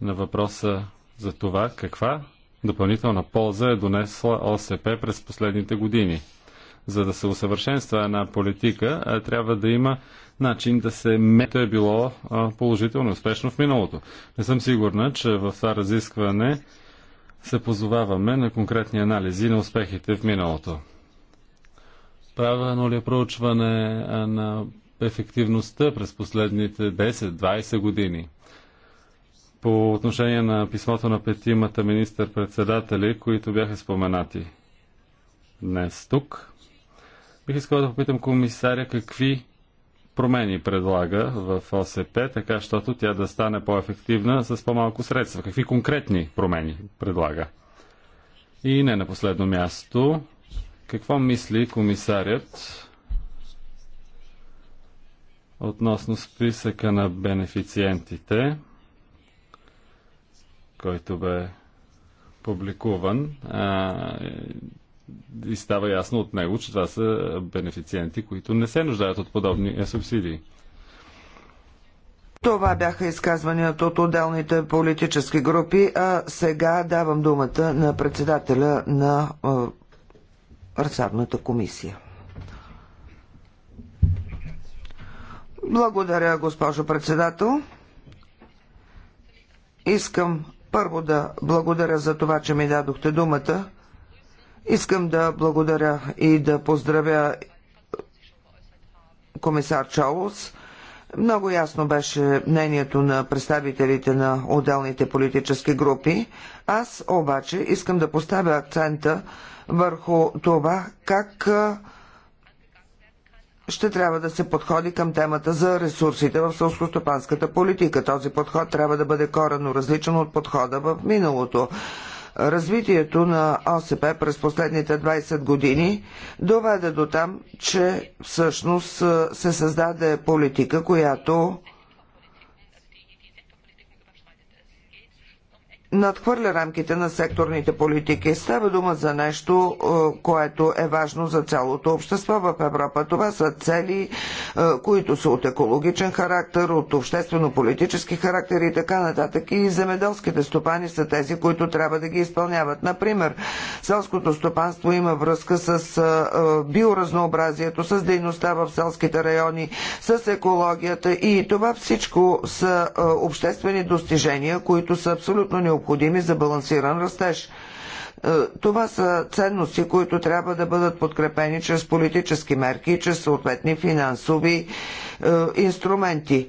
на въпроса за това каква допълнителна полза е донесла ОСП през последните години. За да се усъвършенства една политика, трябва да има начин да се мето е било положително успешно в миналото. Не съм сигурна, че в това разискване се позоваваме на конкретни анализи на успехите в миналото. Правено ли е проучване на ефективността през последните 10-20 години? по отношение на писмото на петимата министър-председатели, които бяха споменати днес тук. Бих искал да попитам комисаря какви промени предлага в ОСП, така щото тя да стане по-ефективна с по-малко средства. Какви конкретни промени предлага? И не на последно място, какво мисли комисарят относно списъка на бенефициентите? който бе публикуван а, и става ясно от него, че това са бенефициенти, които не се нуждаят от подобни е, субсидии. Това бяха изказванията от отделните политически групи, а сега давам думата на председателя на Арсадната комисия. Благодаря, госпожо председател. Искам първо да благодаря за това, че ми дадохте думата. Искам да благодаря и да поздравя комисар Чолос. Много ясно беше мнението на представителите на отделните политически групи. Аз обаче искам да поставя акцента върху това как ще трябва да се подходи към темата за ресурсите в селскостопанската политика. Този подход трябва да бъде коренно различен от подхода в миналото развитието на ОСП през последните 20 години доведе до там, че всъщност се създаде политика, която надхвърля рамките на секторните политики. Става дума за нещо, е, което е важно за цялото общество в Европа. Това са цели, е, които са от екологичен характер, от обществено-политически характер и така нататък. И земеделските стопани са тези, които трябва да ги изпълняват. Например, селското стопанство има връзка с е, биоразнообразието, с дейността в селските райони, с екологията и това всичко са обществени достижения, които са абсолютно необходими необходими за балансиран растеж. Е, това са ценности, които трябва да бъдат подкрепени чрез политически мерки и чрез съответни финансови е, инструменти е,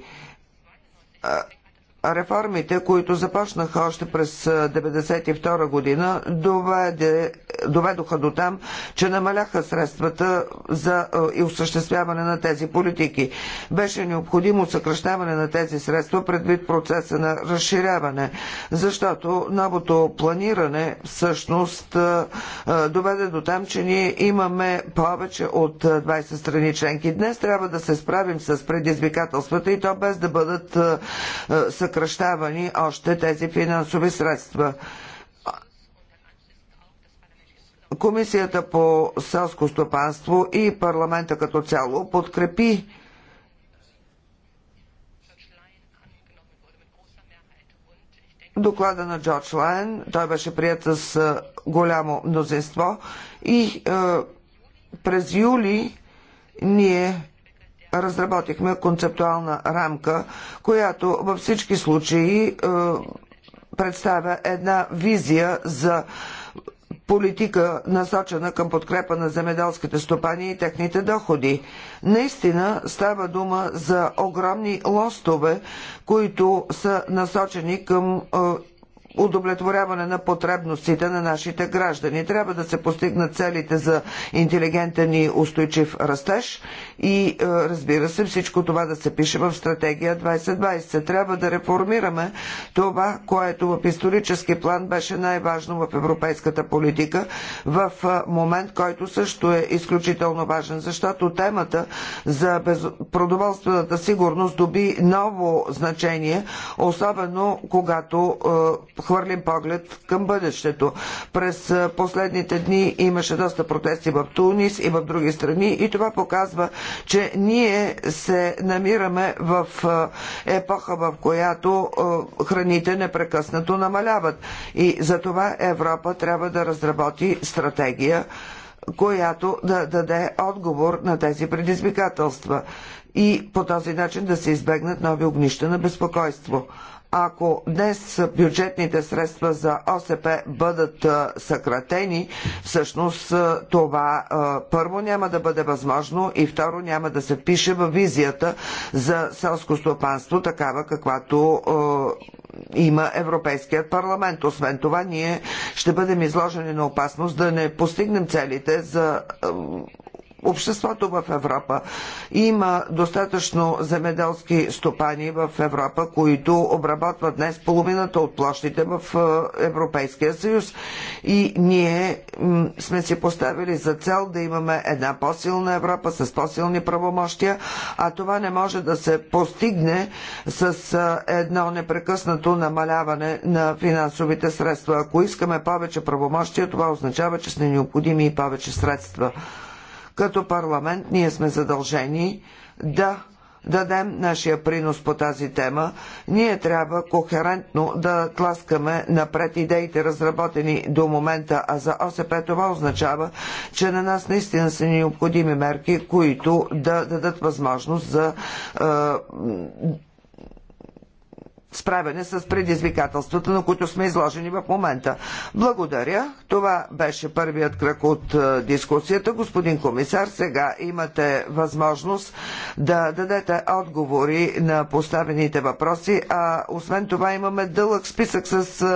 реформите, които започнаха още през 1992 година, доведе, доведоха до там, че намаляха средствата за и осъществяване на тези политики. Беше необходимо съкръщаване на тези средства предвид процеса на разширяване, защото новото планиране всъщност доведе до там, че ние имаме повече от 20 страни членки. Днес трябва да се справим с предизвикателствата и то без да бъдат съкръщавани съкръщавани още тези финансови средства. Комисията по селско стопанство и парламента като цяло подкрепи доклада на Джордж Лайн. Той беше прият с голямо мнозинство и е, през юли ние разработихме концептуална рамка, която във всички случаи е, представя една визия за политика насочена към подкрепа на земеделските стопани и техните доходи. Наистина става дума за огромни лостове, които са насочени към е, удовлетворяване на потребностите на нашите граждани. Трябва да се постигнат целите за интелигентен и устойчив растеж и е, разбира се всичко това да се пише в стратегия 2020. Трябва да реформираме това, което в исторически план беше най-важно в европейската политика в е, момент, който също е изключително важен, защото темата за без... продоволствената сигурност доби ново значение, особено когато е, хвърлим поглед към бъдещето. През последните дни имаше доста протести в Тунис и в други страни и това показва, че ние се намираме в епоха, в която храните непрекъснато намаляват. И за това Европа трябва да разработи стратегия, която да даде отговор на тези предизвикателства и по този начин да се избегнат нови огнища на безпокойство. Ако днес бюджетните средства за ОСП бъдат съкратени, всъщност това първо няма да бъде възможно и второ няма да се впише в визията за селско стопанство, такава каквато има Европейският парламент. Освен това, ние ще бъдем изложени на опасност да не постигнем целите за обществото в Европа. Има достатъчно земеделски стопани в Европа, които обработват днес половината от площите в е, Европейския съюз. И ние сме си поставили за цел да имаме една по-силна Европа с по-силни правомощия, а това не може да се постигне с е, едно непрекъснато намаляване на финансовите средства. Ако искаме повече правомощия, това означава, че са необходими и повече средства. Като парламент ние сме задължени да дадем нашия принос по тази тема, ние трябва кохерентно да тласкаме напред идеите разработени до момента, а за ОСП това означава, че на нас наистина са необходими мерки, които да дадат възможност за е, справяне с предизвикателствата, на които сме изложени в момента. Благодаря. Това беше първият кръг от е, дискусията. Господин комисар, сега имате възможност да дадете отговори на поставените въпроси, а освен това имаме дълъг списък с е,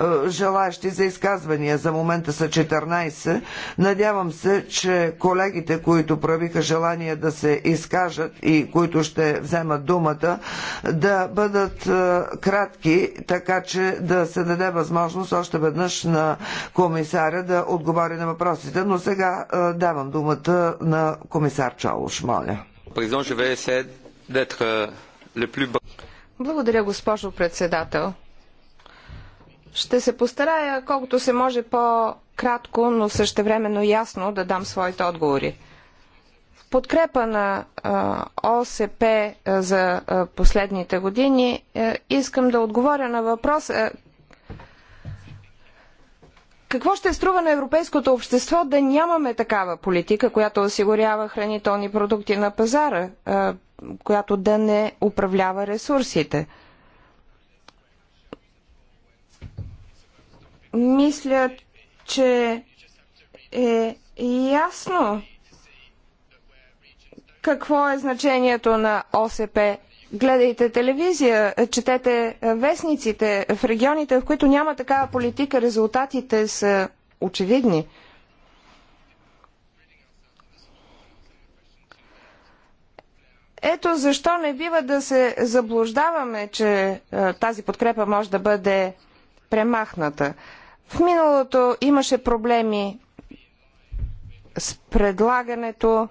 е, желаящи за изказвания. За момента са 14. Надявам се, че колегите, които правиха желание да се изкажат и които ще вземат думата, да бъдат кратки, така че да се даде възможност още веднъж на комисаря да отговори на въпросите. Но сега е, давам думата на комисар Чолош, моля. Е, Благодаря, госпожо председател. Ще се постарая колкото се може по-кратко, но същевременно ясно да дам своите отговори подкрепа на ОСП за последните години, искам да отговоря на въпроса какво ще струва на европейското общество да нямаме такава политика, която осигурява хранителни продукти на пазара, която да не управлява ресурсите? Мисля, че е ясно какво е значението на ОСП. Гледайте телевизия, четете вестниците в регионите, в които няма такава политика, резултатите са очевидни. Ето защо не бива да се заблуждаваме, че е, тази подкрепа може да бъде премахната. В миналото имаше проблеми с предлагането,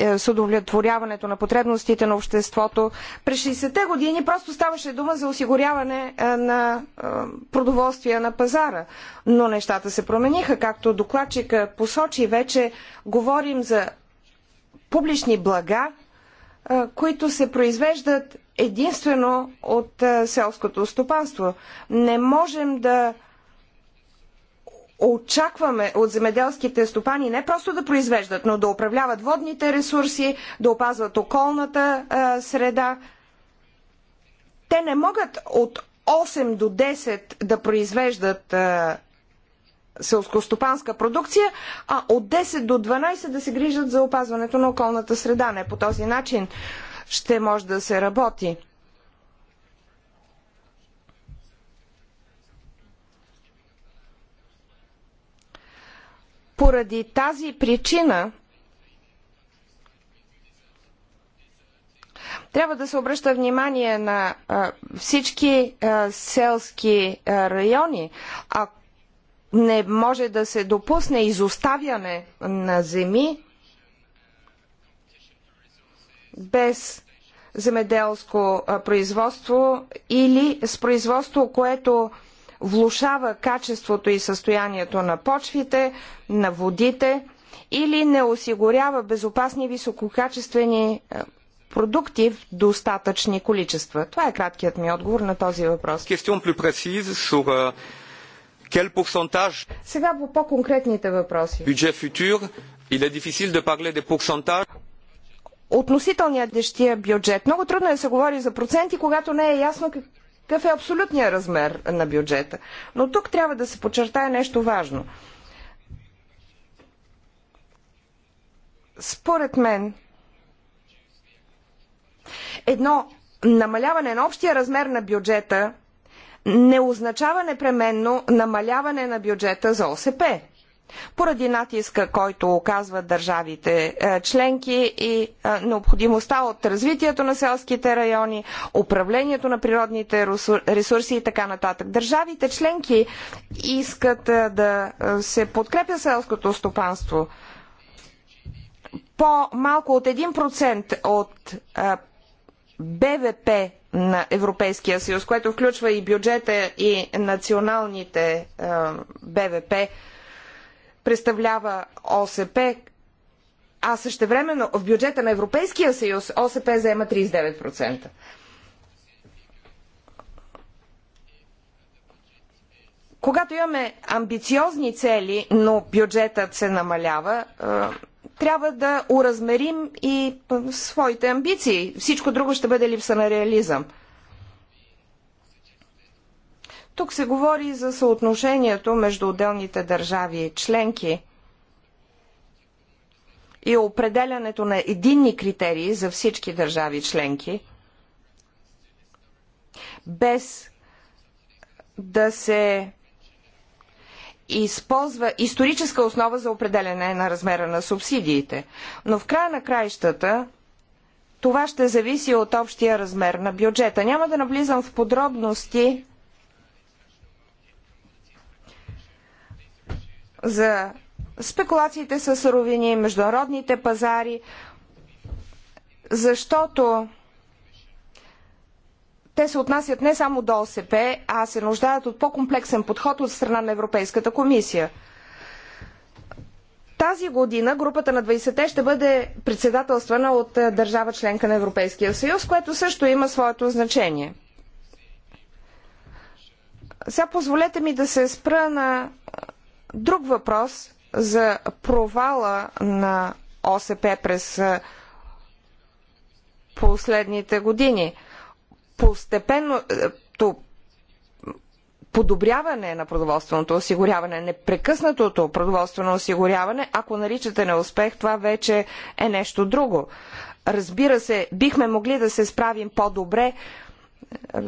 е, с удовлетворяването на потребностите на обществото. През 60-те години просто ставаше дума за осигуряване е, на е, продоволствия на пазара. Но нещата се промениха, както докладчика посочи вече. Говорим за публични блага, които се произвеждат единствено от селското стопанство. Не можем да очакваме от земеделските стопани не просто да произвеждат, но да управляват водните ресурси, да опазват околната а, среда. Те не могат от 8 до 10 да произвеждат а, селскостопанска продукция, а от 10 до 12 да се грижат за опазването на околната среда. Не по този начин ще може да се работи. Поради тази причина трябва да се обръща внимание на всички селски райони. А не може да се допусне изоставяне на земи без земеделско производство или с производство, което влушава качеството и състоянието на почвите, на водите или не осигурява безопасни висококачествени е, продукти в достатъчни количества? Това е краткият ми отговор на този въпрос. Е, Сега по по-конкретните въпроси. Бюджет футур, е дефицил да парле де процентаж. Относителният дещия бюджет. Много трудно е да се говори за проценти, когато не е ясно какъв е абсолютният размер на бюджета. Но тук трябва да се подчертае нещо важно. Според мен, едно намаляване на общия размер на бюджета не означава непременно намаляване на бюджета за ОСП поради натиска, който оказват държавите е, членки и е, необходимостта от развитието на селските райони, управлението на природните ресурси и така нататък. Държавите членки искат е, да се подкрепя селското стопанство. По-малко от 1% от БВП на Европейския съюз, което включва и бюджета и националните БВП, представлява ОСП, а същевременно в бюджета на Европейския съюз ОСП заема 39%. Когато имаме амбициозни цели, но бюджетът се намалява, трябва да уразмерим и своите амбиции. Всичко друго ще бъде липса на реализъм. Тук се говори за съотношението между отделните държави и членки и определянето на единни критерии за всички държави членки, без да се използва историческа основа за определяне на размера на субсидиите. Но в края на краищата това ще зависи от общия размер на бюджета. Няма да навлизам в подробности за спекулациите с суровини, международните пазари, защото те се отнасят не само до ОСП, а се нуждаят от по-комплексен подход от страна на Европейската комисия. Тази година групата на 20-те ще бъде председателствана от е, държава членка на Европейския съюз, което също има своето значение. Сега позволете ми да се спра на е, Друг въпрос за провала на ОСП през последните години. Постепенното подобряване на продоволственото осигуряване, непрекъснатото продоволствено осигуряване, ако наричате неуспех, това вече е нещо друго. Разбира се, бихме могли да се справим по-добре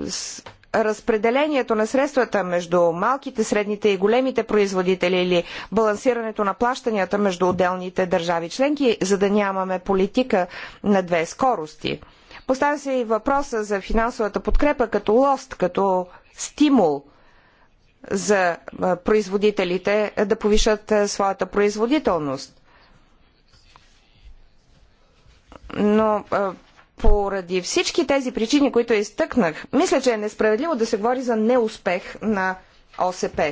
с разпределението на средствата между малките, средните и големите производители или балансирането на плащанията между отделните държави членки, за да нямаме политика на две скорости. Поставя се и въпроса за финансовата подкрепа като лост, като стимул за производителите да повишат своята производителност. Но поради всички тези причини, които изтъкнах, мисля, че е несправедливо да се говори за неуспех на ОСП.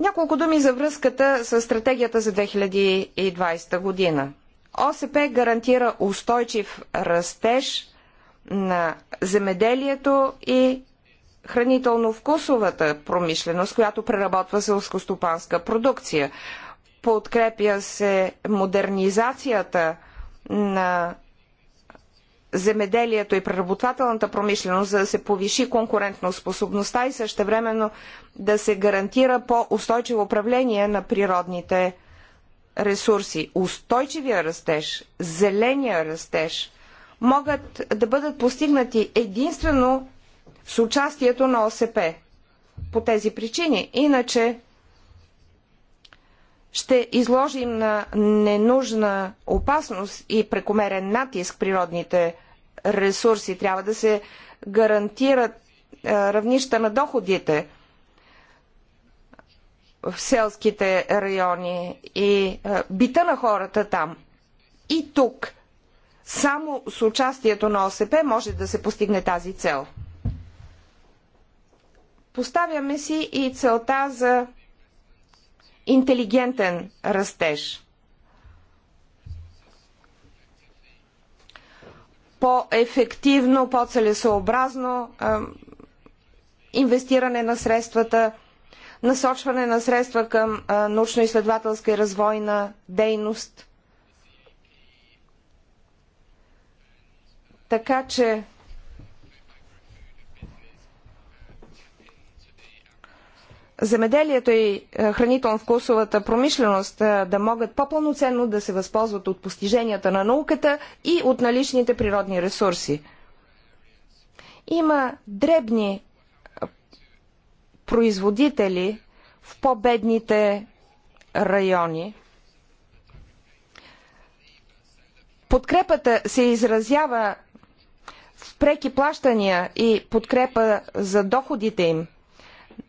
Няколко думи за връзката с стратегията за 2020 година. ОСП гарантира устойчив растеж на земеделието и хранително-вкусовата промишленост, която преработва селскостопанска продукция. Подкрепя се модернизацията на земеделието и преработвателната промишленост, за да се повиши конкурентоспособността и същевременно да се гарантира по-устойчиво управление на природните ресурси. Устойчивия растеж, зеления растеж могат да бъдат постигнати единствено с участието на ОСП. По тези причини. Иначе ще изложим на ненужна опасност и прекомерен натиск природните ресурси. Трябва да се гарантират е, равнища на доходите в селските райони и е, бита на хората там. И тук само с участието на ОСП може да се постигне тази цел. Поставяме си и целта за интелигентен растеж. по-ефективно, по-целесообразно инвестиране на средствата, насочване на средства към научно-изследователска и развойна дейност. Така че земеделието и е, хранително-вкусовата промишленост е, да могат по-пълноценно да се възползват от постиженията на науката и от наличните природни ресурси. Има дребни е, производители в по-бедните райони. Подкрепата се изразява в преки плащания и подкрепа за доходите им –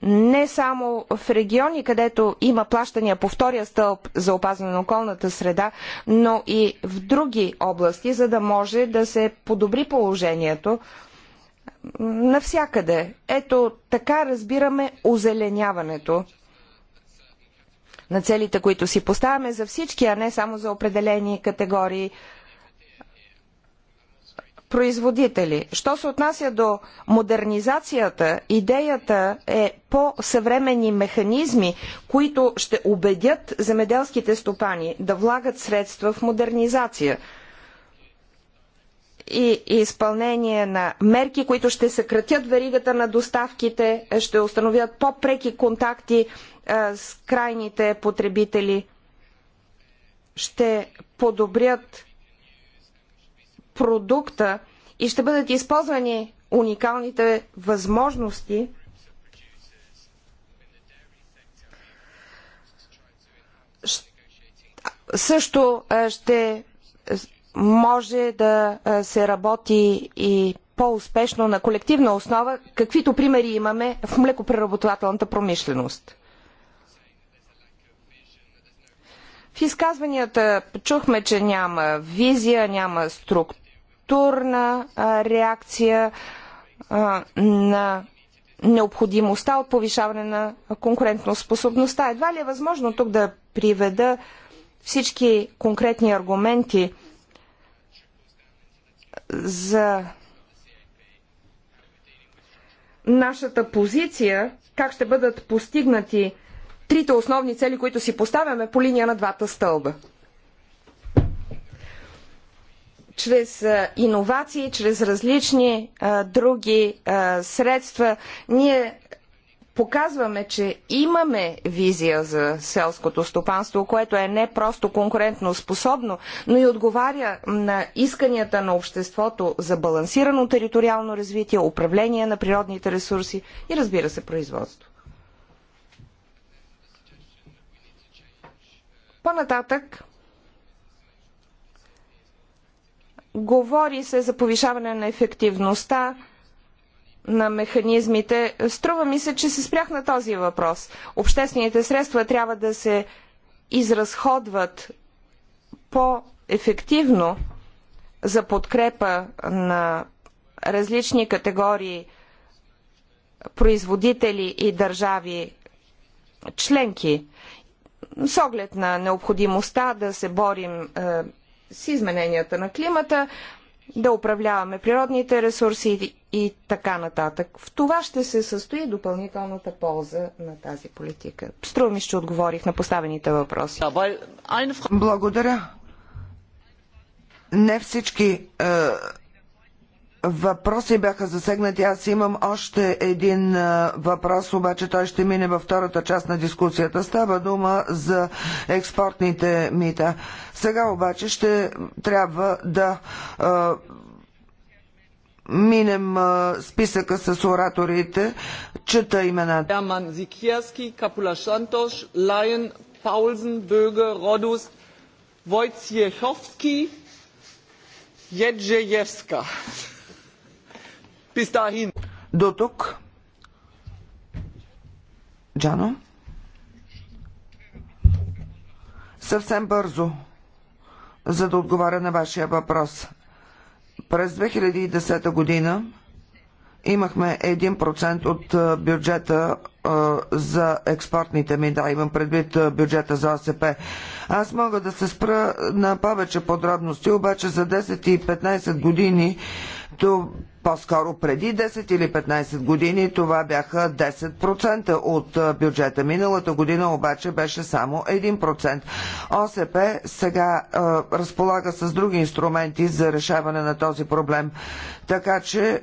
не само в региони, където има плащания по втория стълб за опазване на околната среда, но и в други области, за да може да се подобри положението навсякъде. Ето така разбираме озеленяването на целите, които си поставяме за всички, а не само за определени категории производители. Що се отнася до модернизацията, идеята е по-съвремени механизми, които ще убедят земеделските стопани да влагат средства в модернизация и изпълнение на мерки, които ще съкратят веригата на доставките, ще установят по-преки контакти а, с крайните потребители, ще подобрят продукта и ще бъдат използвани уникалните възможности също е, ще може да е, се работи и по-успешно на колективна основа, каквито примери имаме в млекопреработвателната промишленост. В изказванията чухме, че няма визия, няма структура културна реакция на необходимостта от повишаване на конкурентоспособността. Едва ли е възможно тук да приведа всички конкретни аргументи за нашата позиция, как ще бъдат постигнати трите основни цели, които си поставяме по линия на двата стълба чрез иновации, чрез различни други средства, ние показваме, че имаме визия за селското стопанство, което е не просто конкурентно способно, но и отговаря на исканията на обществото за балансирано териториално развитие, управление на природните ресурси и разбира се производство. По-нататък Говори се за повишаване на ефективността на механизмите. Струва ми се, че се спрях на този въпрос. Обществените средства трябва да се изразходват по-ефективно за подкрепа на различни категории производители и държави членки с оглед на необходимостта да се борим е, с измененията на климата, да управляваме природните ресурси и така нататък. В това ще се състои допълнителната полза на тази политика. Струва ми, че отговорих на поставените въпроси. Благодаря. Не всички е въпроси бяха засегнати. Аз имам още един въпрос, обаче той ще мине във втората част на дискусията. Става дума за експортните мита. Сега обаче ще трябва да минем списъка с ораторите. Чета имената. Даман Зикиевски, Капула Шантош, Лайен, Паулзен, Бöge, Родус, Войцеховски, Jedziejewska. Bis dahin. До тук. Джано? Съвсем бързо, за да отговаря на вашия въпрос. През 2010 година имахме 1% от бюджета за експортните ми, да, имам предвид бюджета за ОСП. Аз мога да се спра на повече подробности, обаче за 10 и 15 години по-скоро преди 10 или 15 години това бяха 10% от бюджета. Миналата година обаче беше само 1%. ОСП сега е, разполага с други инструменти за решаване на този проблем. Така че е,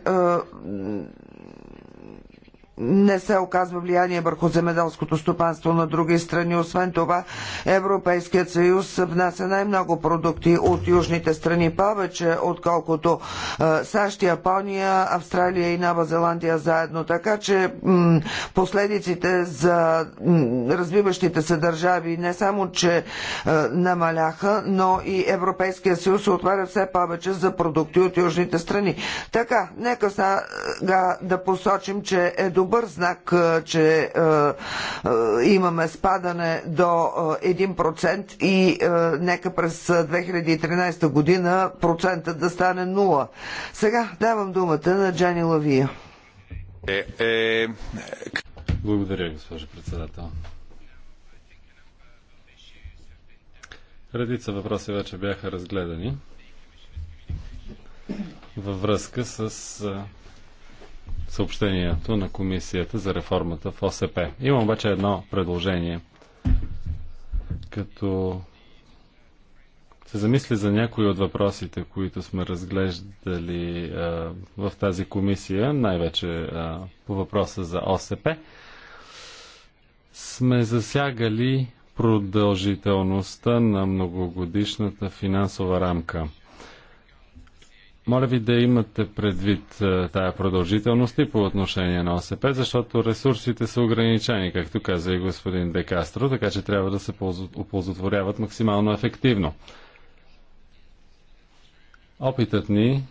не се оказва влияние върху земеделското стопанство на други страни. Освен това, Европейският съюз внася най-много продукти от южните страни, повече отколкото е, САЩ, Япония, Австралия и Нова Зеландия заедно. Така че последиците за развиващите се държави не само, че е, намаляха, но и Европейският съюз се отваря все повече за продукти от южните страни. Така, нека сега е, да посочим, че е добре добър знак, че имаме спадане до 1% и нека през 2013 година процентът да стане 0. Сега давам думата на Джани Лавия. Е, е, Благодаря, госпожо председател. Редица въпроси вече бяха разгледани във връзка с съобщението на Комисията за реформата в ОСП. Имам обаче едно предложение. Като се замисли за някои от въпросите, които сме разглеждали а, в тази комисия, най-вече по въпроса за ОСП, сме засягали продължителността на многогодишната финансова рамка – моля ви да имате предвид е, тая продължителност и по отношение на ОСП, защото ресурсите са ограничени, както каза и господин Декастро, така че трябва да се оползотворяват максимално ефективно. Опитът ни,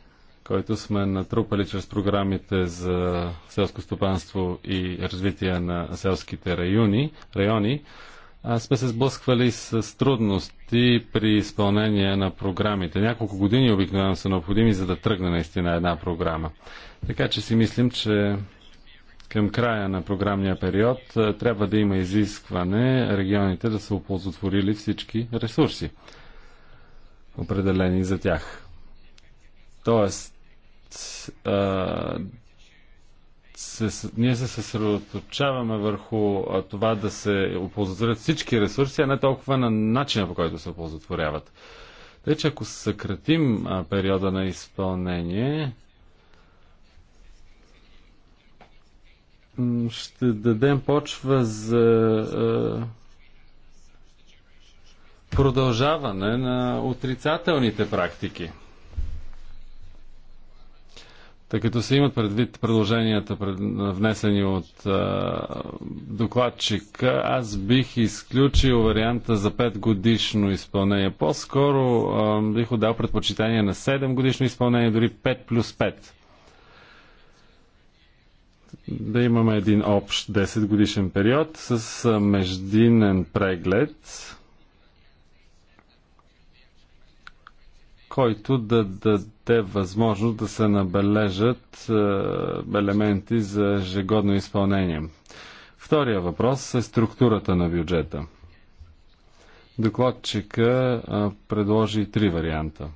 който сме натрупали чрез програмите за селско стопанство и развитие на селските райони, райони сме се сблъсквали с трудности при изпълнение на програмите. Няколко години обикновено са необходими, за да тръгне наистина една програма. Така че си мислим, че към края на програмния период трябва да има изискване регионите да са оползотворили всички ресурси, определени за тях. Тоест, се, ние се съсредоточаваме върху това да се оползотворят всички ресурси, а не толкова на начина по който се оползотворяват. Тъй, че ако съкратим а, периода на изпълнение, ще дадем почва за а, продължаване на отрицателните практики. Тъй като се имат предвид предложенията, пред, внесени от а, докладчика, аз бих изключил варианта за 5 годишно изпълнение. По-скоро бих отдал предпочитание на 7 годишно изпълнение, дори 5 плюс 5 да имаме един общ 10 годишен период с междинен преглед който да даде възможност да се набележат е, елементи за ежегодно изпълнение. Втория въпрос е структурата на бюджета. Докладчика е, предложи три варианта.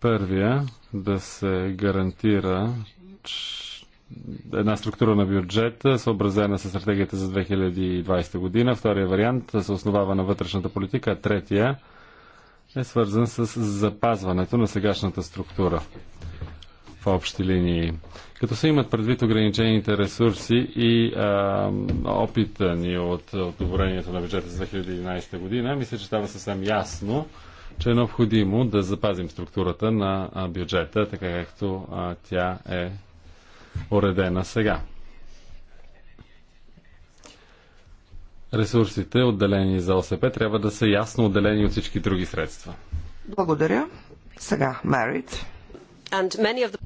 Първия да се гарантира, че една структура на бюджета, съобразена с стратегията за 2020 година. Втория вариант се основава на вътрешната политика, а третия е свързан с запазването на сегашната структура в общи линии. Като се имат предвид ограничените ресурси и а, опита ни от одобрението на бюджета за 2011 година, мисля, че става съвсем ясно, че е необходимо да запазим структурата на бюджета, така както а, тя е уредена сега. Ресурсите, отделени за ОСП, трябва да са ясно отделени от всички други средства. Благодаря. Сега, Мерит. The...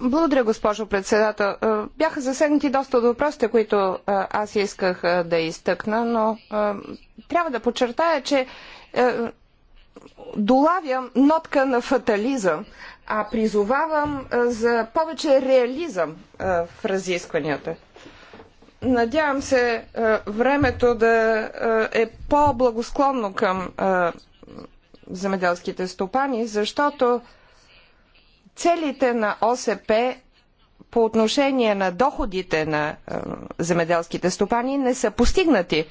Благодаря, госпожо председател. Е, бяха засегнати доста от въпросите, които е, аз исках е, да изтъкна, но трябва да подчертая, че долавям нотка на фатализъм а призовавам за повече реализъм в разискванията. Надявам се времето да е по-благосклонно към земеделските стопани, защото целите на ОСП по отношение на доходите на земеделските стопани не са постигнати.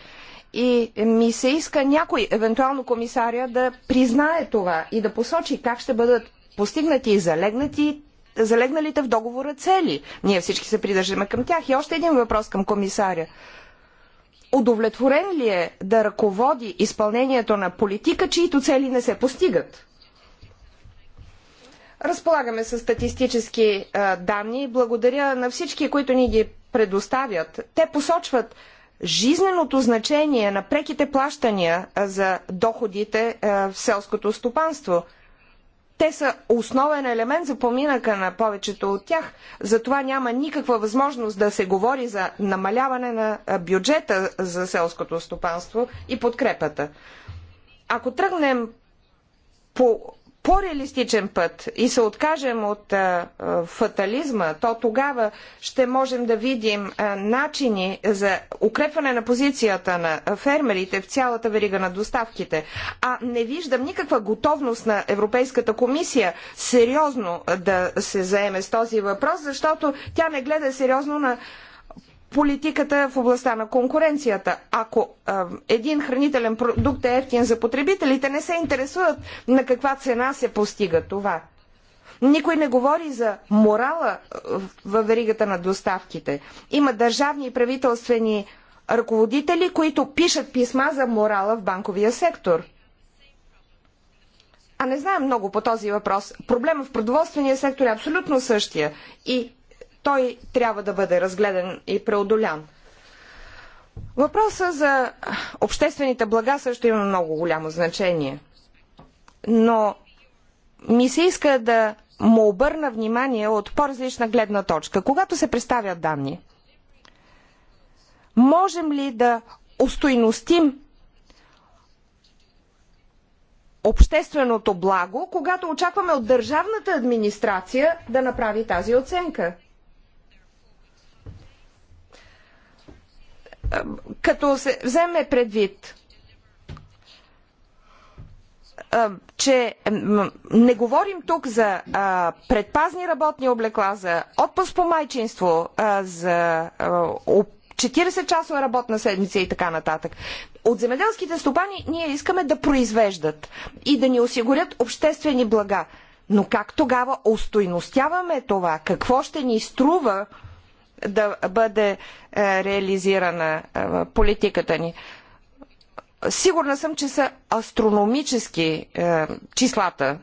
И ми се иска някой, евентуално комисаря, да признае това и да посочи как ще бъдат постигнати и залегнати залегналите в договора цели. Ние всички се придържаме към тях. И още един въпрос към комисаря. Удовлетворен ли е да ръководи изпълнението на политика, чието цели не се постигат? Разполагаме с статистически а, данни. Благодаря на всички, които ни ги предоставят. Те посочват жизненото значение на преките плащания за доходите а, в селското стопанство – те са основен елемент за поминъка на повечето от тях. Затова няма никаква възможност да се говори за намаляване на бюджета за селското стопанство и подкрепата. Ако тръгнем по по-реалистичен път и се откажем от а, фатализма, то тогава ще можем да видим а, начини за укрепване на позицията на фермерите в цялата верига на доставките. А не виждам никаква готовност на Европейската комисия сериозно да се заеме с този въпрос, защото тя не гледа сериозно на политиката в областта на конкуренцията. Ако а, един хранителен продукт е ефтин за потребителите, не се интересуват на каква цена се постига това. Никой не говори за морала във веригата на доставките. Има държавни и правителствени ръководители, които пишат писма за морала в банковия сектор. А не знаем много по този въпрос. Проблема в продоволствения сектор е абсолютно същия. И той трябва да бъде разгледан и преодолян. Въпроса за обществените блага също има много голямо значение. Но ми се иска да му обърна внимание от по-различна гледна точка. Когато се представят данни, можем ли да устойностим общественото благо, когато очакваме от държавната администрация да направи тази оценка? като се вземе предвид, че не говорим тук за предпазни работни облекла, за отпуск по майчинство, за 40-часова работна седмица и така нататък. От земеделските стопани ние искаме да произвеждат и да ни осигурят обществени блага. Но как тогава устойностяваме това? Какво ще ни струва да бъде е, реализирана е, политиката ни. Сигурна съм, че са астрономически е, числата,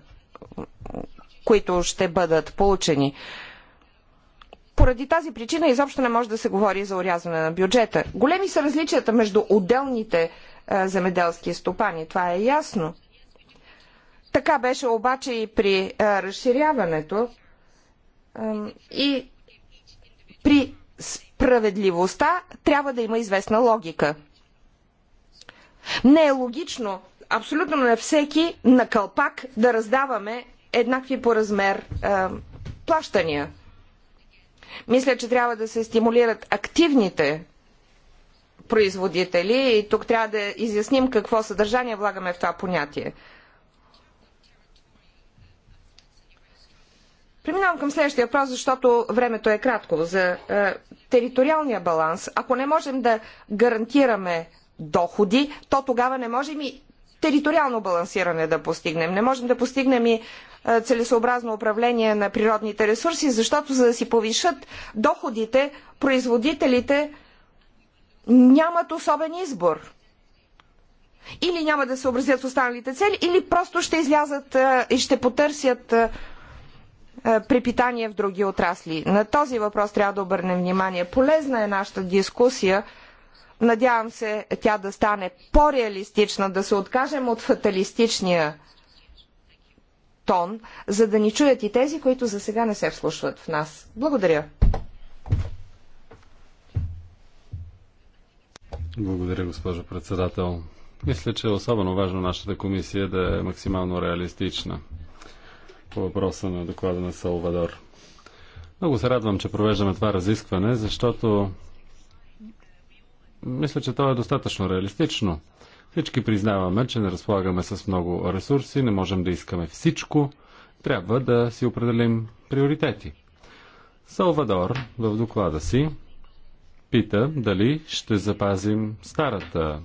които ще бъдат получени. Поради тази причина изобщо не може да се говори за урязване на бюджета. Големи са различията между отделните земеделски стопани, това е ясно. Така беше обаче и при разширяването и при справедливостта трябва да има известна логика. Не е логично абсолютно на всеки на кълпак да раздаваме еднакви по размер е, плащания. Мисля, че трябва да се стимулират активните производители и тук трябва да изясним какво съдържание влагаме в това понятие. Преминавам към следващия въпрос, защото времето е кратко. За е, териториалния баланс, ако не можем да гарантираме доходи, то тогава не можем и териториално балансиране да постигнем. Не можем да постигнем и е, целесообразно управление на природните ресурси, защото за да си повишат доходите, производителите нямат особен избор. Или няма да се образят с останалите цели, или просто ще излязат е, и ще потърсят е, е, препитание в други отрасли. На този въпрос трябва да обърнем внимание. Полезна е нашата дискусия. Надявам се тя да стане по-реалистична, да се откажем от фаталистичния тон, за да ни чуят и тези, които за сега не се вслушват в нас. Благодаря. Благодаря, госпожо председател. Мисля, че е особено важно нашата комисия да е максимално реалистична по въпроса на доклада на Салвадор. Много се радвам, че провеждаме това разискване, защото мисля, че то е достатъчно реалистично. Всички признаваме, че не разполагаме с много ресурси, не можем да искаме всичко. Трябва да си определим приоритети. Салвадор в доклада си пита дали ще запазим старата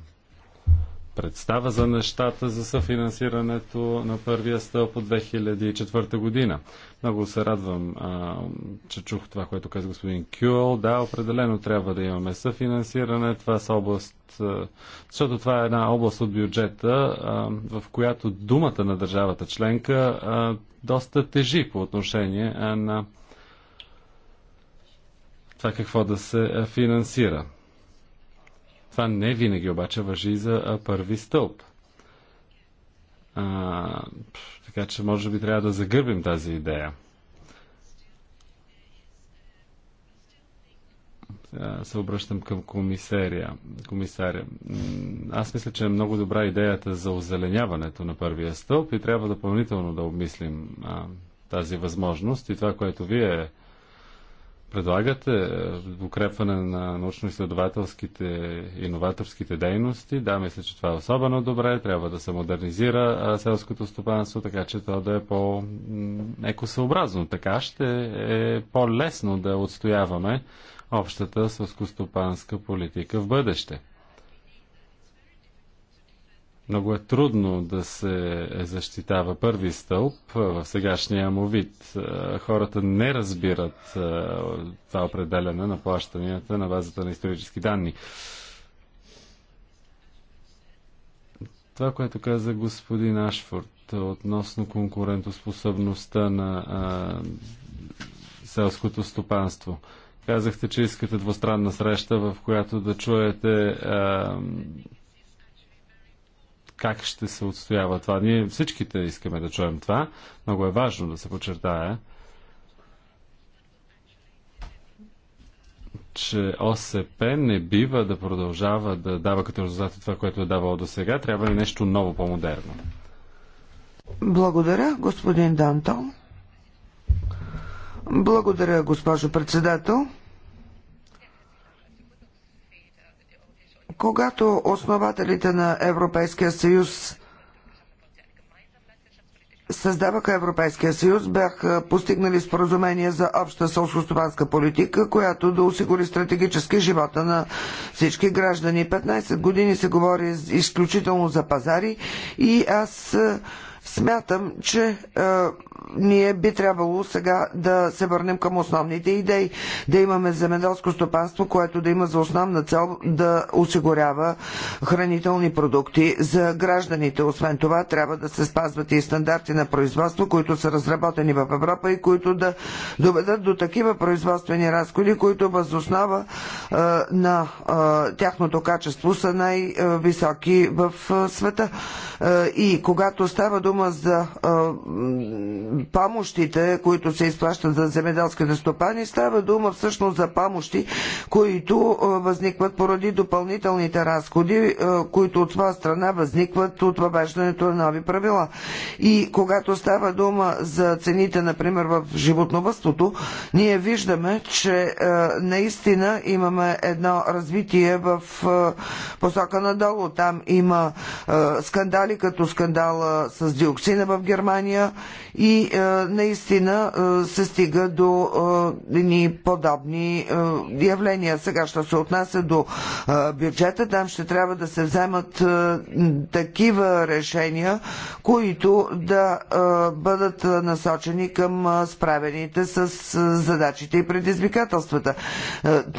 представа за нещата за съфинансирането на първия стълб от 2004 година. Много се радвам, а, че чух това, което каза господин Кюл. Да, определено трябва да имаме съфинансиране. Това са област, а, защото това е една област от бюджета, а, в която думата на държавата членка а, доста тежи по отношение а, на това какво да се финансира. Това не винаги обаче въжи за първи стълб. А, така че може би трябва да загърбим тази идея. се обръщам към комисария. комисаря. Аз мисля, че е много добра идеята за озеленяването на първия стълб и трябва допълнително да обмислим а, тази възможност и това, което вие предлагате е, укрепване на научно-изследователските и новаторските дейности. Да, мисля, че това е особено добре. Трябва да се модернизира е, селското стопанство, така че то да е по-екосъобразно. Така ще е по-лесно да отстояваме общата селскостопанска политика в бъдеще. Много е трудно да се защитава първи стълб в сегашния му вид. Хората не разбират това определяне на плащанията на базата на исторически данни. Това, което каза господин Ашфорд относно конкурентоспособността на а, селското стопанство. Казахте, че искате двустранна среща, в която да чуете а, как ще се отстоява това. Ние всичките искаме да чуем това. Много е важно да се подчертая, че ОСП не бива да продължава да дава като резултат това, което е давало до сега. Трябва ли нещо ново, по-модерно? Благодаря, господин Дантон. Благодаря, госпожо председател. Когато основателите на Европейския съюз създаваха Европейския съюз, бяха постигнали споразумение за обща сълскостопанска политика, която да осигури стратегически живота на всички граждани. 15 години се говори изключително за пазари и аз е, смятам, че е, ние би трябвало сега да се върнем към основните идеи. Да имаме земеделско стопанство, което да има за основна цел да осигурява хранителни продукти за гражданите. Освен това, трябва да се спазват и стандарти на производство, които са разработени в Европа и които да доведат до такива производствени разходи, които възоснова е, на е, тяхното качество са най-високи в света. Е, и когато става дума за помощите, които се изплащат за земеделските стопани, става дума всъщност за помощи, които е, възникват поради допълнителните разходи, е, които от своя страна възникват от въвеждането на нови правила. И когато става дума за цените, например, в животновътството, ние виждаме, че е, наистина имаме едно развитие в посока надолу. Там има скандали като скандала с диоксина в Германия и е, наистина е, се стига до е, едни подобни явления. Сега, що се отнася до бюджета, там ще трябва да се вземат такива решения, които да бъдат насочени към справените с задачите и предизвикателствата.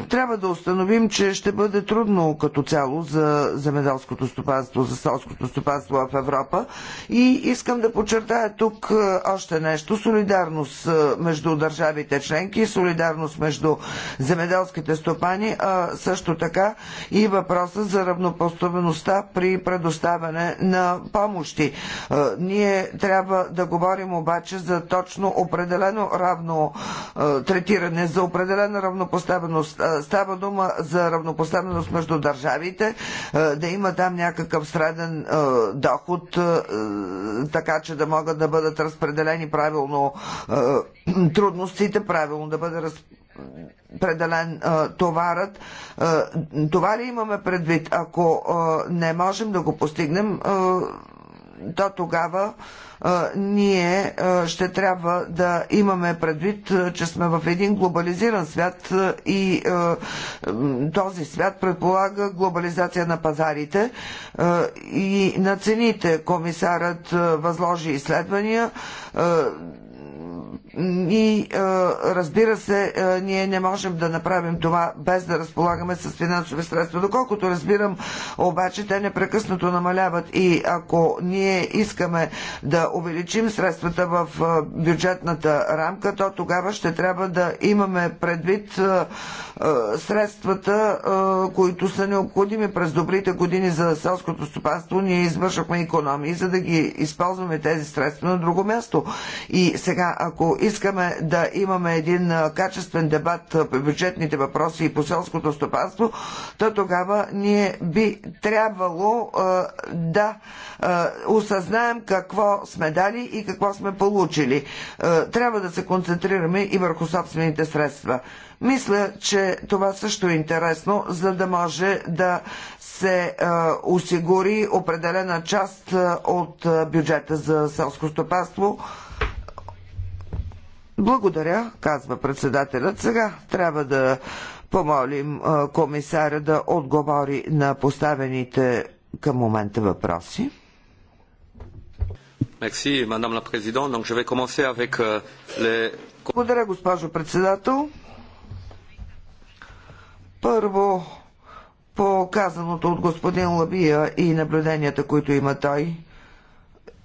Трябва да установим, че ще бъде трудно като цяло за земеделското стопанство, за селското стопанство в Европа и искам да подчертая тук още още нещо. Солидарност между държавите членки, солидарност между земеделските стопани, а също така и въпроса за равнопоставеността при предоставяне на помощи. Ние трябва да говорим обаче за точно определено равно третиране, за определена равнопоставеност. Става дума за равнопоставеност между държавите, да има там някакъв среден доход, така че да могат да бъдат разпределени разпределени правилно трудностите, правилно да бъде раз, определен а, товарът. А, това ли имаме предвид? Ако а, не можем да го постигнем, то тогава ние ще трябва да имаме предвид, че сме в един глобализиран свят и този свят предполага глобализация на пазарите и на цените. Комисарът възложи изследвания и разбира се, ние не можем да направим това без да разполагаме с финансови средства. Доколкото разбирам, обаче те непрекъснато намаляват и ако ние искаме да увеличим средствата в бюджетната рамка, то тогава ще трябва да имаме предвид средствата, които са необходими през добрите години за селското стопанство. Ние извършахме економии, за да ги използваме тези средства на друго място. И сега, ако Искаме да имаме един качествен дебат по бюджетните въпроси и по селското стопанство, то тогава ние би трябвало да осъзнаем какво сме дали и какво сме получили. Трябва да се концентрираме и върху собствените средства. Мисля, че това също е интересно, за да може да се осигури определена част от бюджета за селско стопанство благодаря, казва председателят. Сега трябва да помолим комисаря да отговори на поставените към момента въпроси. Merci, madame la présidente. Donc, je vais commencer avec euh, les... Благодаря, госпожо председател. Първо, по казаното от господин Лабия и наблюденията, които има той,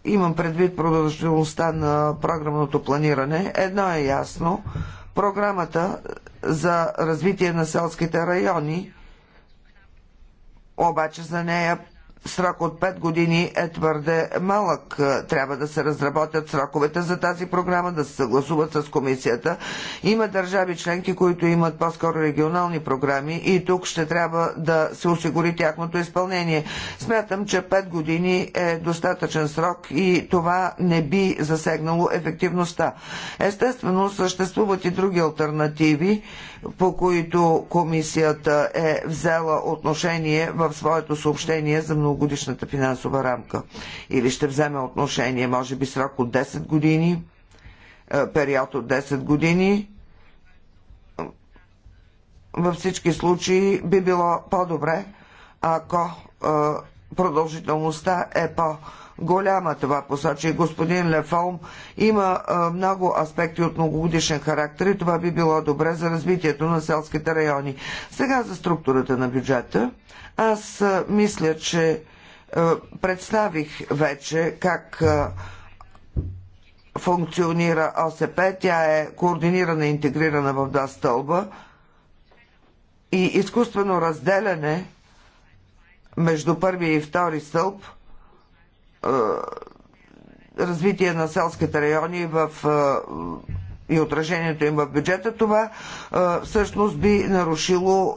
Имам предвид продължителността на програмното планиране. Едно е ясно. Програмата за развитие на селските райони обаче за нея срок от 5 години е твърде малък. Трябва да се разработят сроковете за тази програма, да се съгласуват с комисията. Има държави членки, които имат по-скоро регионални програми и тук ще трябва да се осигури тяхното изпълнение. Смятам, че 5 години е достатъчен срок и това не би засегнало ефективността. Естествено, съществуват и други альтернативи, по които комисията е взела отношение в своето съобщение за многогодишната финансова рамка. Или ще вземе отношение, може би срок от 10 години, е, период от 10 години. Във всички случаи би било по-добре, ако е, продължителността е по-добре голяма, това посочи господин Лефом. Има а, много аспекти от многогодишен характер и това би било добре за развитието на селските райони. Сега за структурата на бюджета. Аз а, мисля, че а, представих вече как функционира ОСП. Тя е координирана и интегрирана в два стълба и изкуствено разделяне между първия и втори стълб – развитие на селските райони в и отражението им в бюджета, това всъщност би нарушило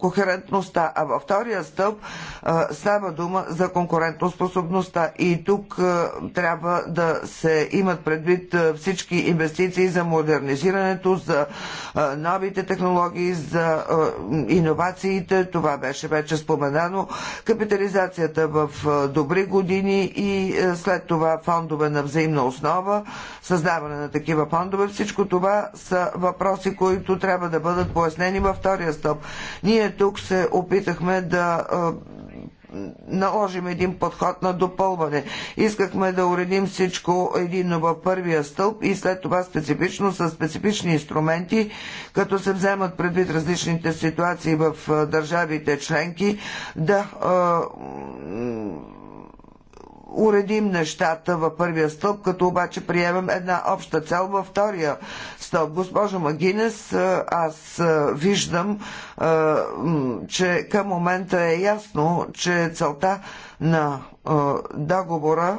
кохерентността, а във втория стълб става дума за конкурентоспособността. И тук трябва да се имат предвид всички инвестиции за модернизирането, за новите технологии, за иновациите. Това беше вече споменано. Капитализацията в добри години и след това фондове на взаимна основа, създаване на такива фондове. Всичко това са въпроси, които трябва да бъдат пояснени във втория стълб. Ние ние тук се опитахме да наложим един подход на допълване. Искахме да уредим всичко един във първия стълб и след това специфично с специфични инструменти, като се вземат предвид различните ситуации в държавите членки, да уредим нещата във първия стълб, като обаче приемем една обща цел във втория стълб. Госпожо Магинес, аз виждам, че към момента е ясно, че целта на договора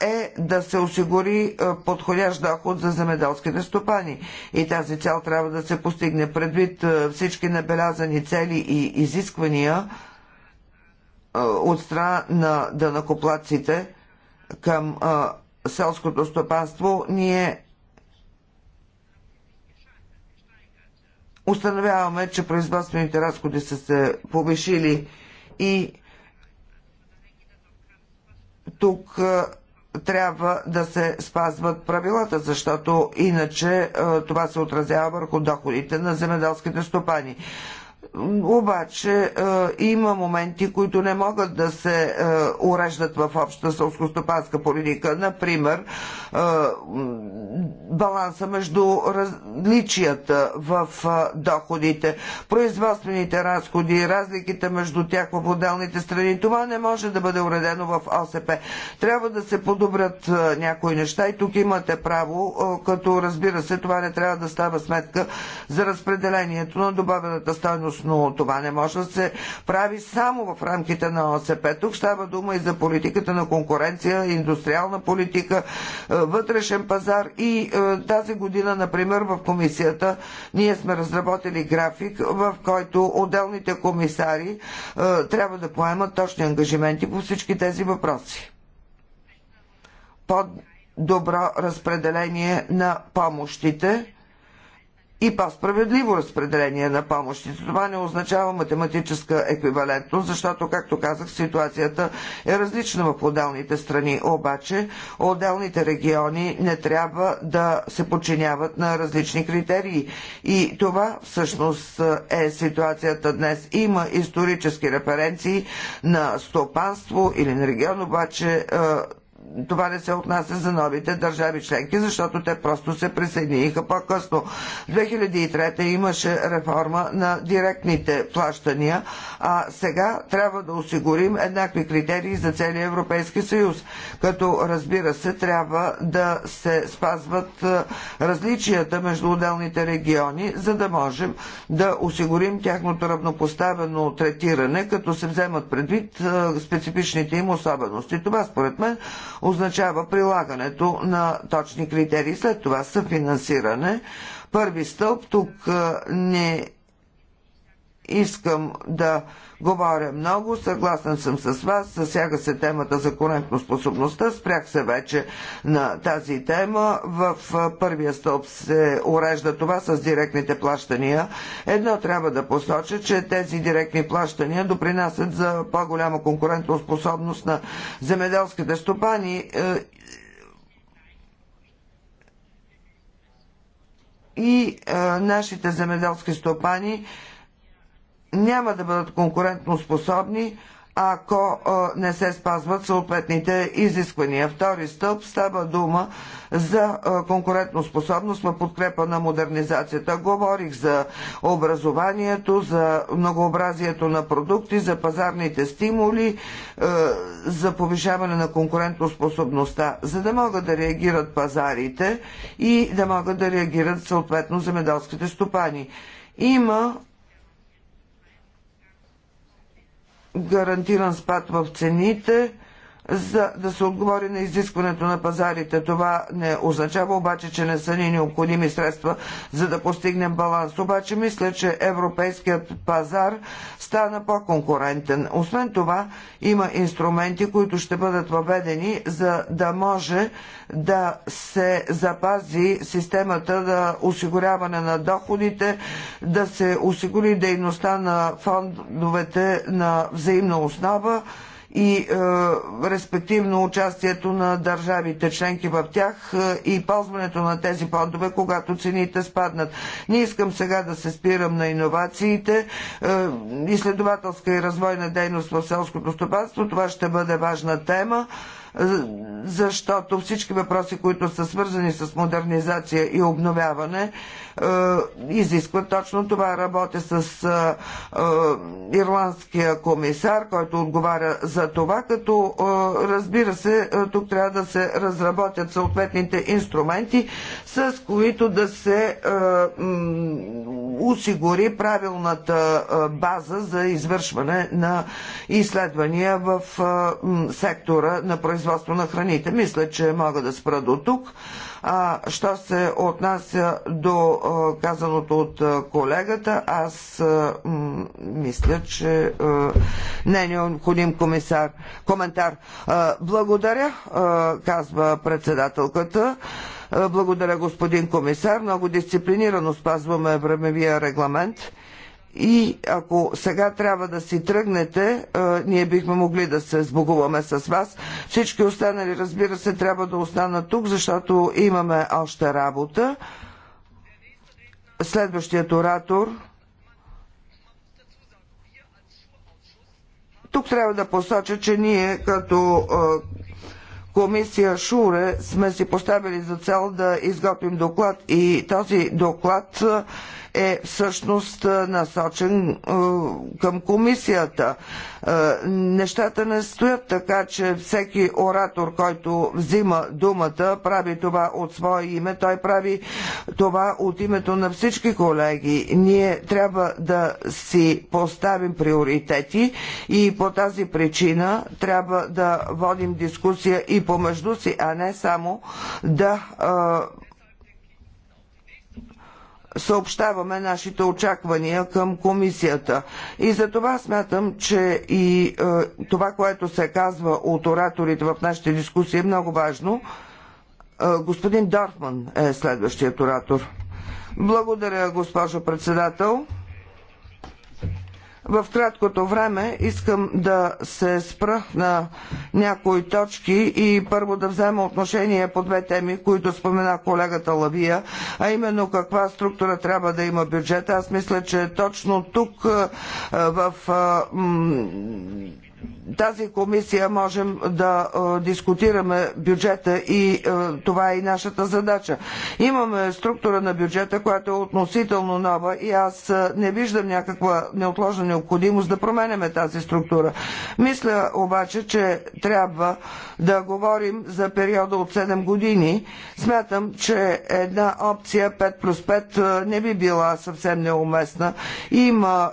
е да се осигури подходящ доход за земеделските стопани. И тази цел трябва да се постигне предвид всички набелязани цели и изисквания от страна на дънакоплаците към селското стопанство, ние установяваме, че производствените разходи са се повишили и тук трябва да се спазват правилата, защото иначе това се отразява върху доходите на земеделските стопани. Обаче е, има моменти, които не могат да се е, уреждат в обща сълскостопанска политика. Например, е, баланса между различията в доходите, производствените разходи, разликите между тях в отделните страни. Това не може да бъде уредено в ОСП. Трябва да се подобрят някои неща и тук имате право, като разбира се, това не трябва да става сметка за разпределението на добавената стойност но това не може да се прави само в рамките на ОСП. Тук става дума и за политиката на конкуренция, индустриална политика, е, вътрешен пазар и е, тази година, например, в комисията ние сме разработили график, в който отделните комисари е, трябва да поемат точни ангажименти по всички тези въпроси. Под добро разпределение на помощите и по-справедливо разпределение на помощите. Това не означава математическа еквивалентност, защото, както казах, ситуацията е различна в отделните страни. Обаче, отделните региони не трябва да се подчиняват на различни критерии. И това всъщност е ситуацията днес. Има исторически референции на стопанство или на регион, обаче е, това не се отнася за новите държави членки, защото те просто се присъединиха по-късно. В 2003 имаше реформа на директните плащания, а сега трябва да осигурим еднакви критерии за целия Европейски съюз, като разбира се трябва да се спазват различията между отделните региони, за да можем да осигурим тяхното равнопоставено третиране, като се вземат предвид специфичните им особености. Това според мен означава прилагането на точни критерии. След това съфинансиране. Първи стълб тук не искам да говоря много, съгласен съм с вас, засяга се темата за конкурентоспособността, спрях се вече на тази тема. В първия стоп се урежда това с директните плащания. Едно трябва да посоча, че тези директни плащания допринасят за по-голяма конкурентоспособност на земеделските стопани е, и е, нашите земеделски стопани няма да бъдат конкурентно способни, ако не се спазват съответните изисквания. Втори стълб става дума за конкурентоспособност на подкрепа на модернизацията. Говорих за образованието, за многообразието на продукти, за пазарните стимули, за повишаване на конкурентоспособността, за да могат да реагират пазарите и да могат да реагират съответно земеделските стопани. Има гарантиран спад в цените, за да се отговори на изискването на пазарите. Това не означава обаче, че не са ни необходими средства, за да постигнем баланс. Обаче мисля, че европейският пазар стана по-конкурентен. Освен това, има инструменти, които ще бъдат въведени, за да може да се запази системата на осигуряване на доходите, да се осигури дейността на фондовете на взаимна основа, и е, респективно участието на държавите членки в тях е, и ползването на тези фондове, когато цените спаднат. Не искам сега да се спирам на иновациите, е, изследователска и развойна дейност в селското стопанство. Това ще бъде важна тема е, защото всички въпроси, които са свързани с модернизация и обновяване, е, изисква точно това. Работя с е, е, ирландския комисар, който отговаря за това, като разбира се, тук трябва да се разработят съответните инструменти, с които да се осигури правилната база за извършване на изследвания в сектора на производство на храните. Мисля, че мога да спра до тук. А що се отнася до казаното от колегата, аз мисля, че не е необходим комисар, коментар. Благодаря, казва председателката. Благодаря, господин комисар. Много дисциплинирано спазваме времевия регламент. И ако сега трябва да си тръгнете, е, ние бихме могли да се сбогуваме с вас. Всички останали, разбира се, трябва да останат тук, защото имаме още работа. Следващият оратор. Тук трябва да посоча, че ние като е, комисия Шуре сме си поставили за цел да изготвим доклад и този доклад е всъщност насочен към комисията. Нещата не стоят така, че всеки оратор, който взима думата, прави това от свое име. Той прави това от името на всички колеги. Ние трябва да си поставим приоритети и по тази причина трябва да водим дискусия и помежду си, а не само да съобщаваме нашите очаквания към комисията. И за това смятам, че и е, това, което се казва от ораторите в нашите дискусии е много важно. Е, господин Дорфман е следващият оратор. Благодаря, госпожо председател. В краткото време искам да се спра на някои точки и първо да взема отношение по две теми, които спомена колегата Лавия, а именно каква структура трябва да има бюджет. Аз мисля, че точно тук в тази комисия можем да дискутираме бюджета и това е и нашата задача. Имаме структура на бюджета, която е относително нова и аз не виждам някаква неотложна необходимост да променяме тази структура. Мисля обаче, че трябва да говорим за периода от 7 години. Смятам, че една опция 5 плюс 5 не би била съвсем неуместна. Има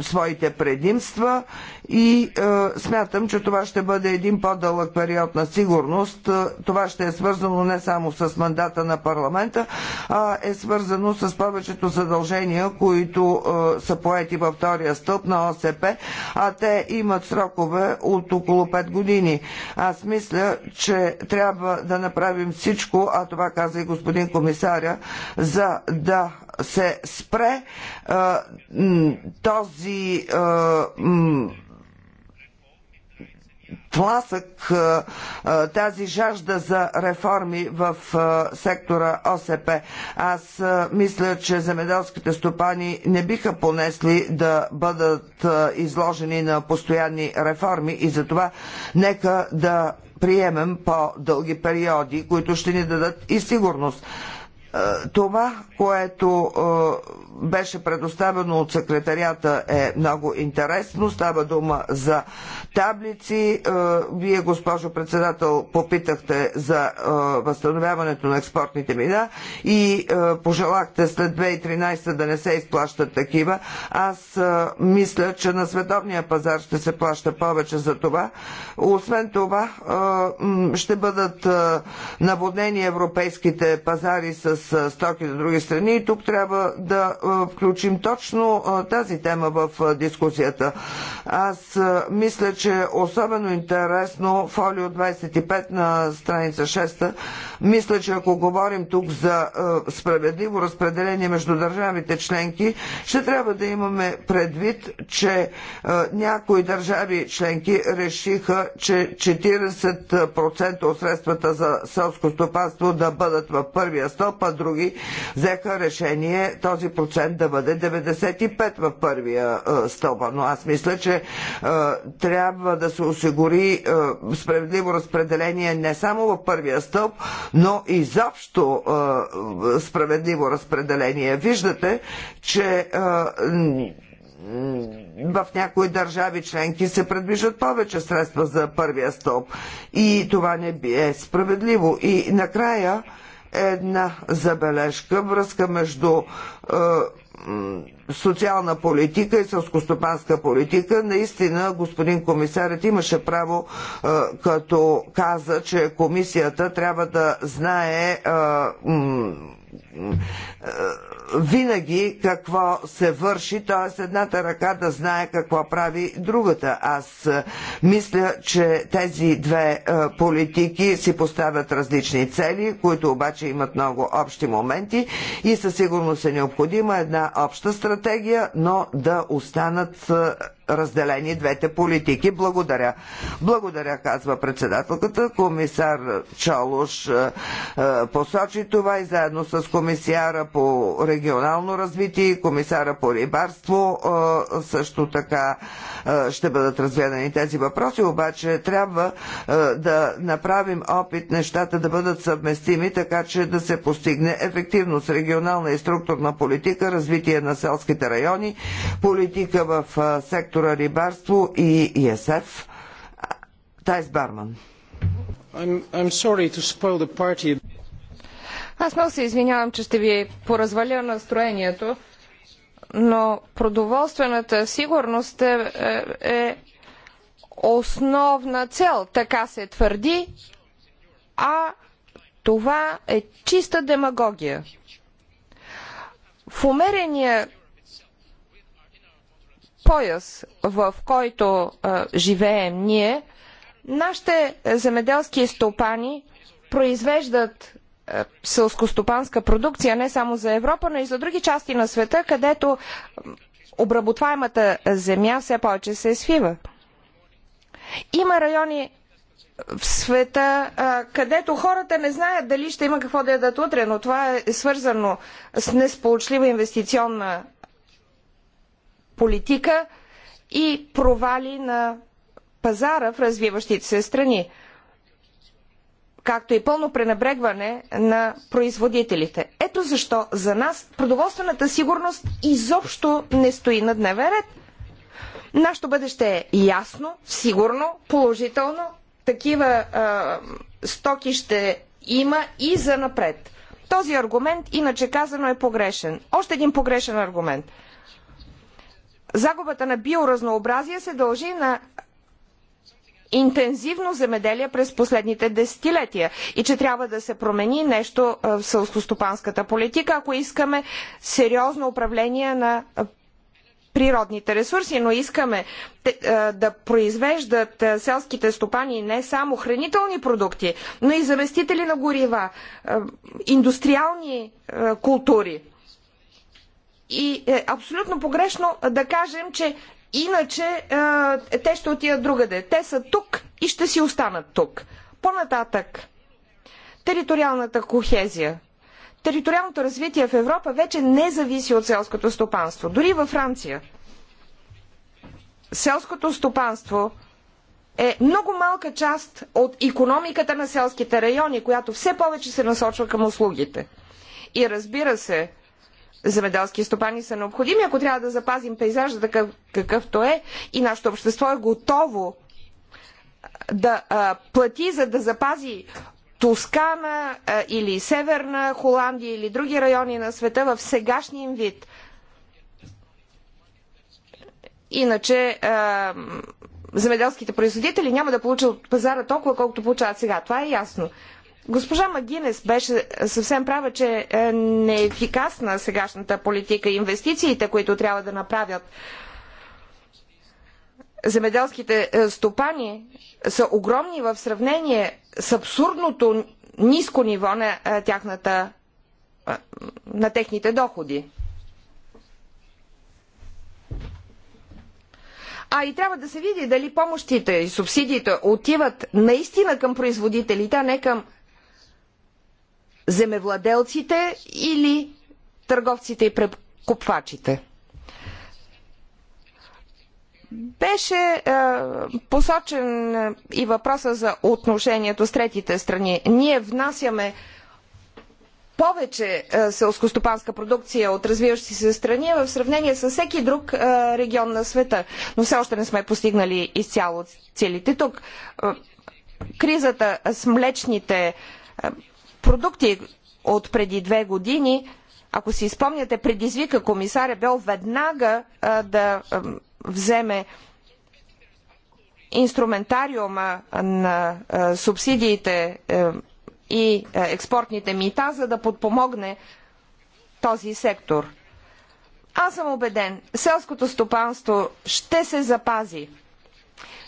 своите предимства и е, смятам, че това ще бъде един по-дълъг период на сигурност. Е, това ще е свързано не само с мандата на парламента, а е свързано с повечето задължения, които е, са поети във втория стълб на ОСП, а те имат срокове от около 5 години. Аз мисля, че трябва да направим всичко, а това каза и господин комисаря, за да се спре е, този е, тласък тази жажда за реформи в сектора ОСП. Аз мисля, че земеделските стопани не биха понесли да бъдат изложени на постоянни реформи и затова нека да приемем по-дълги периоди, които ще ни дадат и сигурност. Това, което беше предоставено от секретарията е много интересно. Става дума за таблици. Е, вие, госпожо председател, попитахте за е, възстановяването на експортните мина и е, пожелахте след 2013 да не се изплащат такива. Аз мисля, че на световния пазар ще се плаща повече за това. Освен това, ще бъдат наводнени европейските пазари с стоки на други страни и тук трябва да е, включим точно е, тази тема в е, дискусията. Аз мисля, че особено интересно фолио 25 на страница 6. Мисля, че ако говорим тук за справедливо разпределение между държавите членки, ще трябва да имаме предвид, че някои държави членки решиха, че 40% от средствата за селско стопанство да бъдат в първия стоп, а други взеха решение този процент процент да бъде 95 в първия е, стълба. Но аз мисля, че е, трябва да се осигури е, справедливо разпределение не само в първия стълб, но и изобщо справедливо разпределение. Виждате, че в някои държави членки се предвиждат повече средства за първия стълб и това не би е справедливо. И накрая една забележка, връзка между е, социална политика и сълскостопанска политика. Наистина, господин комисарят имаше право, е, като каза, че комисията трябва да знае е, винаги какво се върши, т.е. едната ръка да знае какво прави другата. Аз мисля, че тези две политики си поставят различни цели, които обаче имат много общи моменти и със сигурност е необходима една обща стратегия, но да останат разделени двете политики. Благодаря. Благодаря, казва председателката. Комисар Чолуш е, е, посочи това и заедно с комисара по регионално развитие и комисара по рибарство е, също така ще бъдат разгледани тези въпроси, обаче трябва да направим опит нещата да бъдат съвместими, така че да се постигне ефективност регионална и структурна политика, развитие на селските райони, политика в сектор сектора рибарство и ЕСФ Тайс Барман. I'm, I'm sorry to spoil the party. Аз много се извинявам, че ще ви поразваля настроението, но продоволствената сигурност е, е, е основна цел, така се твърди, а това е чиста демагогия. В умерения пояс, в който живеем ние, нашите земеделски стопани произвеждат селскостопанска продукция не само за Европа, но и за други части на света, където обработваемата земя все повече се свива. Има райони в света, където хората не знаят дали ще има какво да ядат утре, но това е свързано с несполучлива инвестиционна политика и провали на пазара в развиващите се страни, както и пълно пренебрегване на производителите. Ето защо за нас продоволствената сигурност изобщо не стои на дневен ред. Нашето бъдеще е ясно, сигурно, положително. Такива а, стоки ще има и за напред. Този аргумент, иначе казано, е погрешен. Още един погрешен аргумент – Загубата на биоразнообразие се дължи на интензивно земеделие през последните десетилетия и че трябва да се промени нещо в сълскостопанската политика, ако искаме сериозно управление на природните ресурси, но искаме да произвеждат селските стопани не само хранителни продукти, но и заместители на горива, индустриални култури. И е абсолютно погрешно да кажем, че иначе е, те ще отидат другаде. Те са тук и ще си останат тук. По-нататък, териториалната кохезия. Териториалното развитие в Европа вече не зависи от селското стопанство. Дори във Франция. Селското стопанство е много малка част от економиката на селските райони, която все повече се насочва към услугите. И разбира се, земеделски стопани са необходими, ако трябва да запазим пейзажа такъв какъвто е и нашето общество е готово да а, плати, за да запази Тоскана а, или Северна Холандия или други райони на света в сегашния им вид. Иначе а, земеделските производители няма да получат от пазара толкова, колкото получават сега. Това е ясно. Госпожа Магинес беше съвсем права, че е неефикасна сегашната политика. и Инвестициите, които трябва да направят земеделските е, стопани, са огромни в сравнение с абсурдното ниско ниво на, е, тяхната, е, на техните доходи. А и трябва да се види дали помощите и субсидиите отиват наистина към производителите, а не към земевладелците или търговците и прекупвачите. Беше е, посочен е, и въпроса за отношението с третите страни. Ние внасяме повече е, селскостопанска продукция от развиващи се страни в сравнение с всеки друг е, регион на света. Но все още не сме постигнали изцяло целите тук. Е, кризата с млечните е, продукти от преди две години, ако си спомняте, предизвика комисаря Бел веднага а, да а, вземе инструментариума на а, субсидиите е, и експортните мита, за да подпомогне този сектор. Аз съм убеден, селското стопанство ще се запази.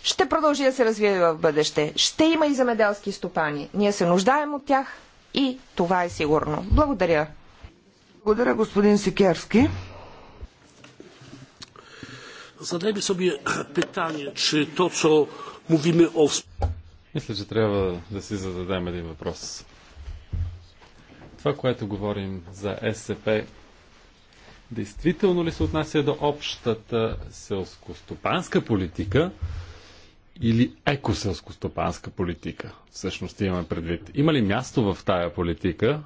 Ще продължи да се развива в бъдеще. Ще има и земеделски стопани. Ние се нуждаем от тях – и това е сигурно. Благодаря. Благодаря, господин Сикерски. Задайме sobie питание, че то, че mówimy о... Мисля, че трябва да си зададем един въпрос. Това, което говорим за СП, действително ли се отнася до общата селско-стопанска политика, или екоселско-стопанска политика, всъщност имаме предвид. Има ли място в тая политика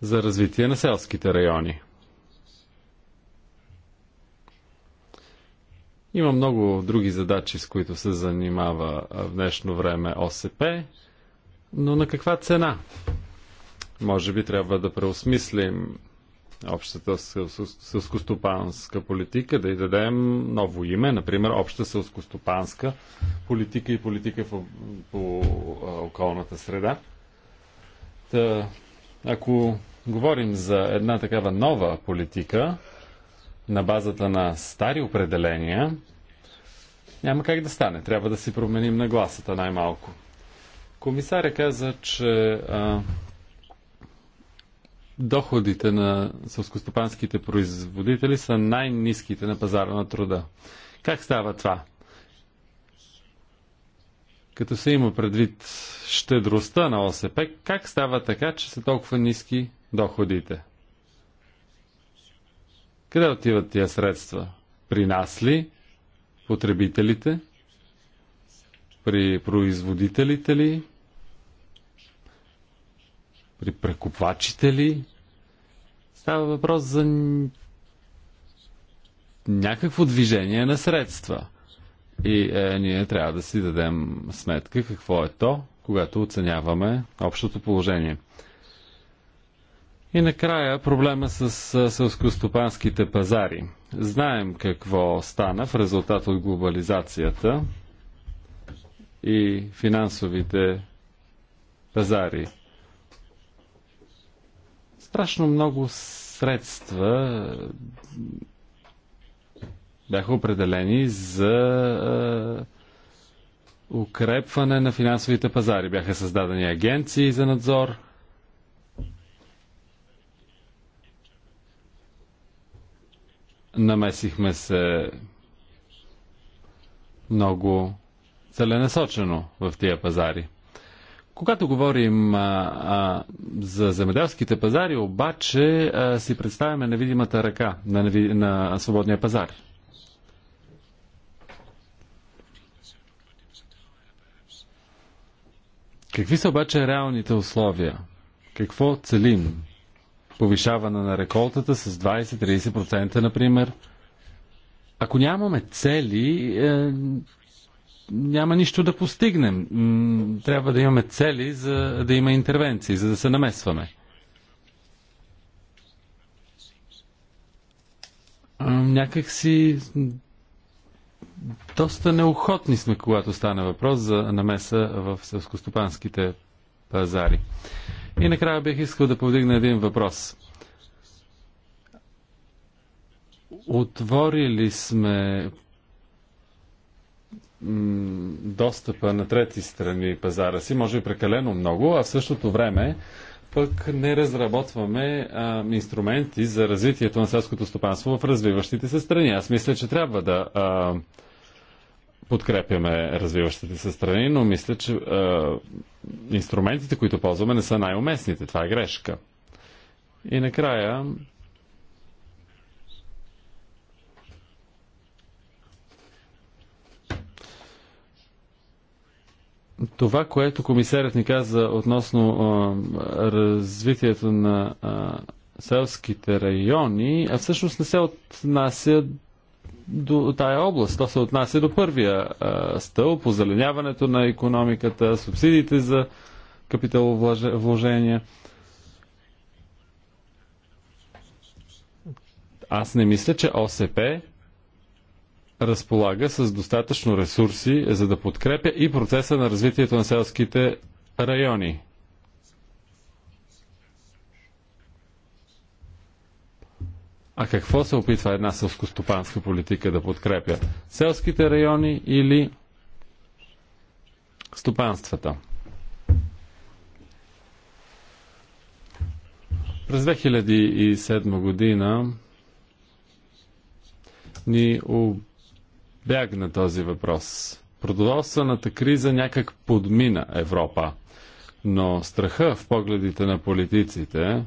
за развитие на селските райони? Има много други задачи, с които се занимава в днешно време ОСП, но на каква цена? Може би трябва да преосмислим общата сълскостопанска политика, да й дадем ново име, например обща сълскостопанска политика и политика в, по околната среда. Та, ако говорим за една такава нова политика на базата на стари определения, няма как да стане. Трябва да си променим нагласата най-малко. Комисаря каза, че а, доходите на сълскостопанските производители са най-низките на пазара на труда. Как става това? Като се има предвид щедростта на ОСП, как става така, че са толкова ниски доходите? Къде отиват тия средства? При нас ли? Потребителите? При производителите ли? При прекупвачите ли? Става въпрос за някакво движение на средства. И е, ние трябва да си дадем сметка какво е то, когато оценяваме общото положение. И накрая проблема с селскостопанските пазари. Знаем какво стана в резултат от глобализацията и финансовите пазари Страшно много средства е, бяха определени за е, укрепване на финансовите пазари. Бяха създадени агенции за надзор. Намесихме се много целенасочено в тия пазари. Когато говорим а, а, за земеделските пазари, обаче а, си представяме невидимата ръка на, неви... на свободния пазар. Какви са обаче реалните условия? Какво целим? Повишаване на реколтата с 20-30%, например. Ако нямаме цели, е, няма нищо да постигнем. Трябва да имаме цели, за да има интервенции, за да се намесваме. Някак си доста неохотни сме, когато стане въпрос за намеса в селскостопанските пазари. И накрая бих искал да повдигна един въпрос. Отворили сме достъпа на трети страни пазара си, може би прекалено много, а в същото време пък не разработваме а, инструменти за развитието на селското стопанство в развиващите се страни. Аз мисля, че трябва да а, подкрепяме развиващите се страни, но мисля, че а, инструментите, които ползваме, не са най-уместните. Това е грешка. И накрая това, което комисарят ни каза относно а, развитието на а, селските райони, а всъщност не се отнася до тая област. То се отнася до първия а, стълб, озеленяването на економиката, субсидиите за капиталовложения. Аз не мисля, че ОСП разполага с достатъчно ресурси, за да подкрепя и процеса на развитието на селските райони. А какво се опитва една селскостопанска политика да подкрепя? Селските райони или стопанствата? През 2007 година ни об Бяг на този въпрос. Продоволствената криза някак подмина Европа. Но страха в погледите на политиците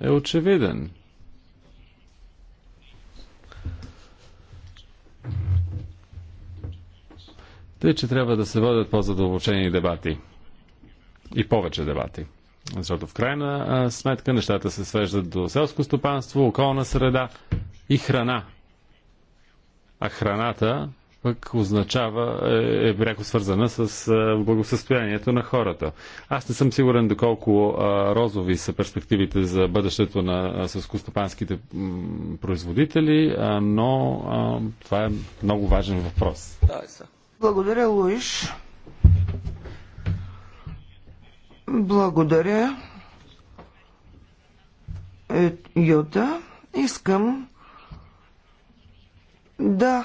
е очевиден. Тъй, че трябва да се водят по-задълбочени дебати. И повече дебати. Защото в крайна сметка нещата се свеждат до селско стопанство, околна среда и храна а храната пък означава, е, бряко е пряко свързана с е, благосъстоянието на хората. Аз не съм сигурен доколко е, розови са перспективите за бъдещето на съскостопанските производители, но това е много важен въпрос. Благодаря, Луиш. Благодаря. Юта, искам да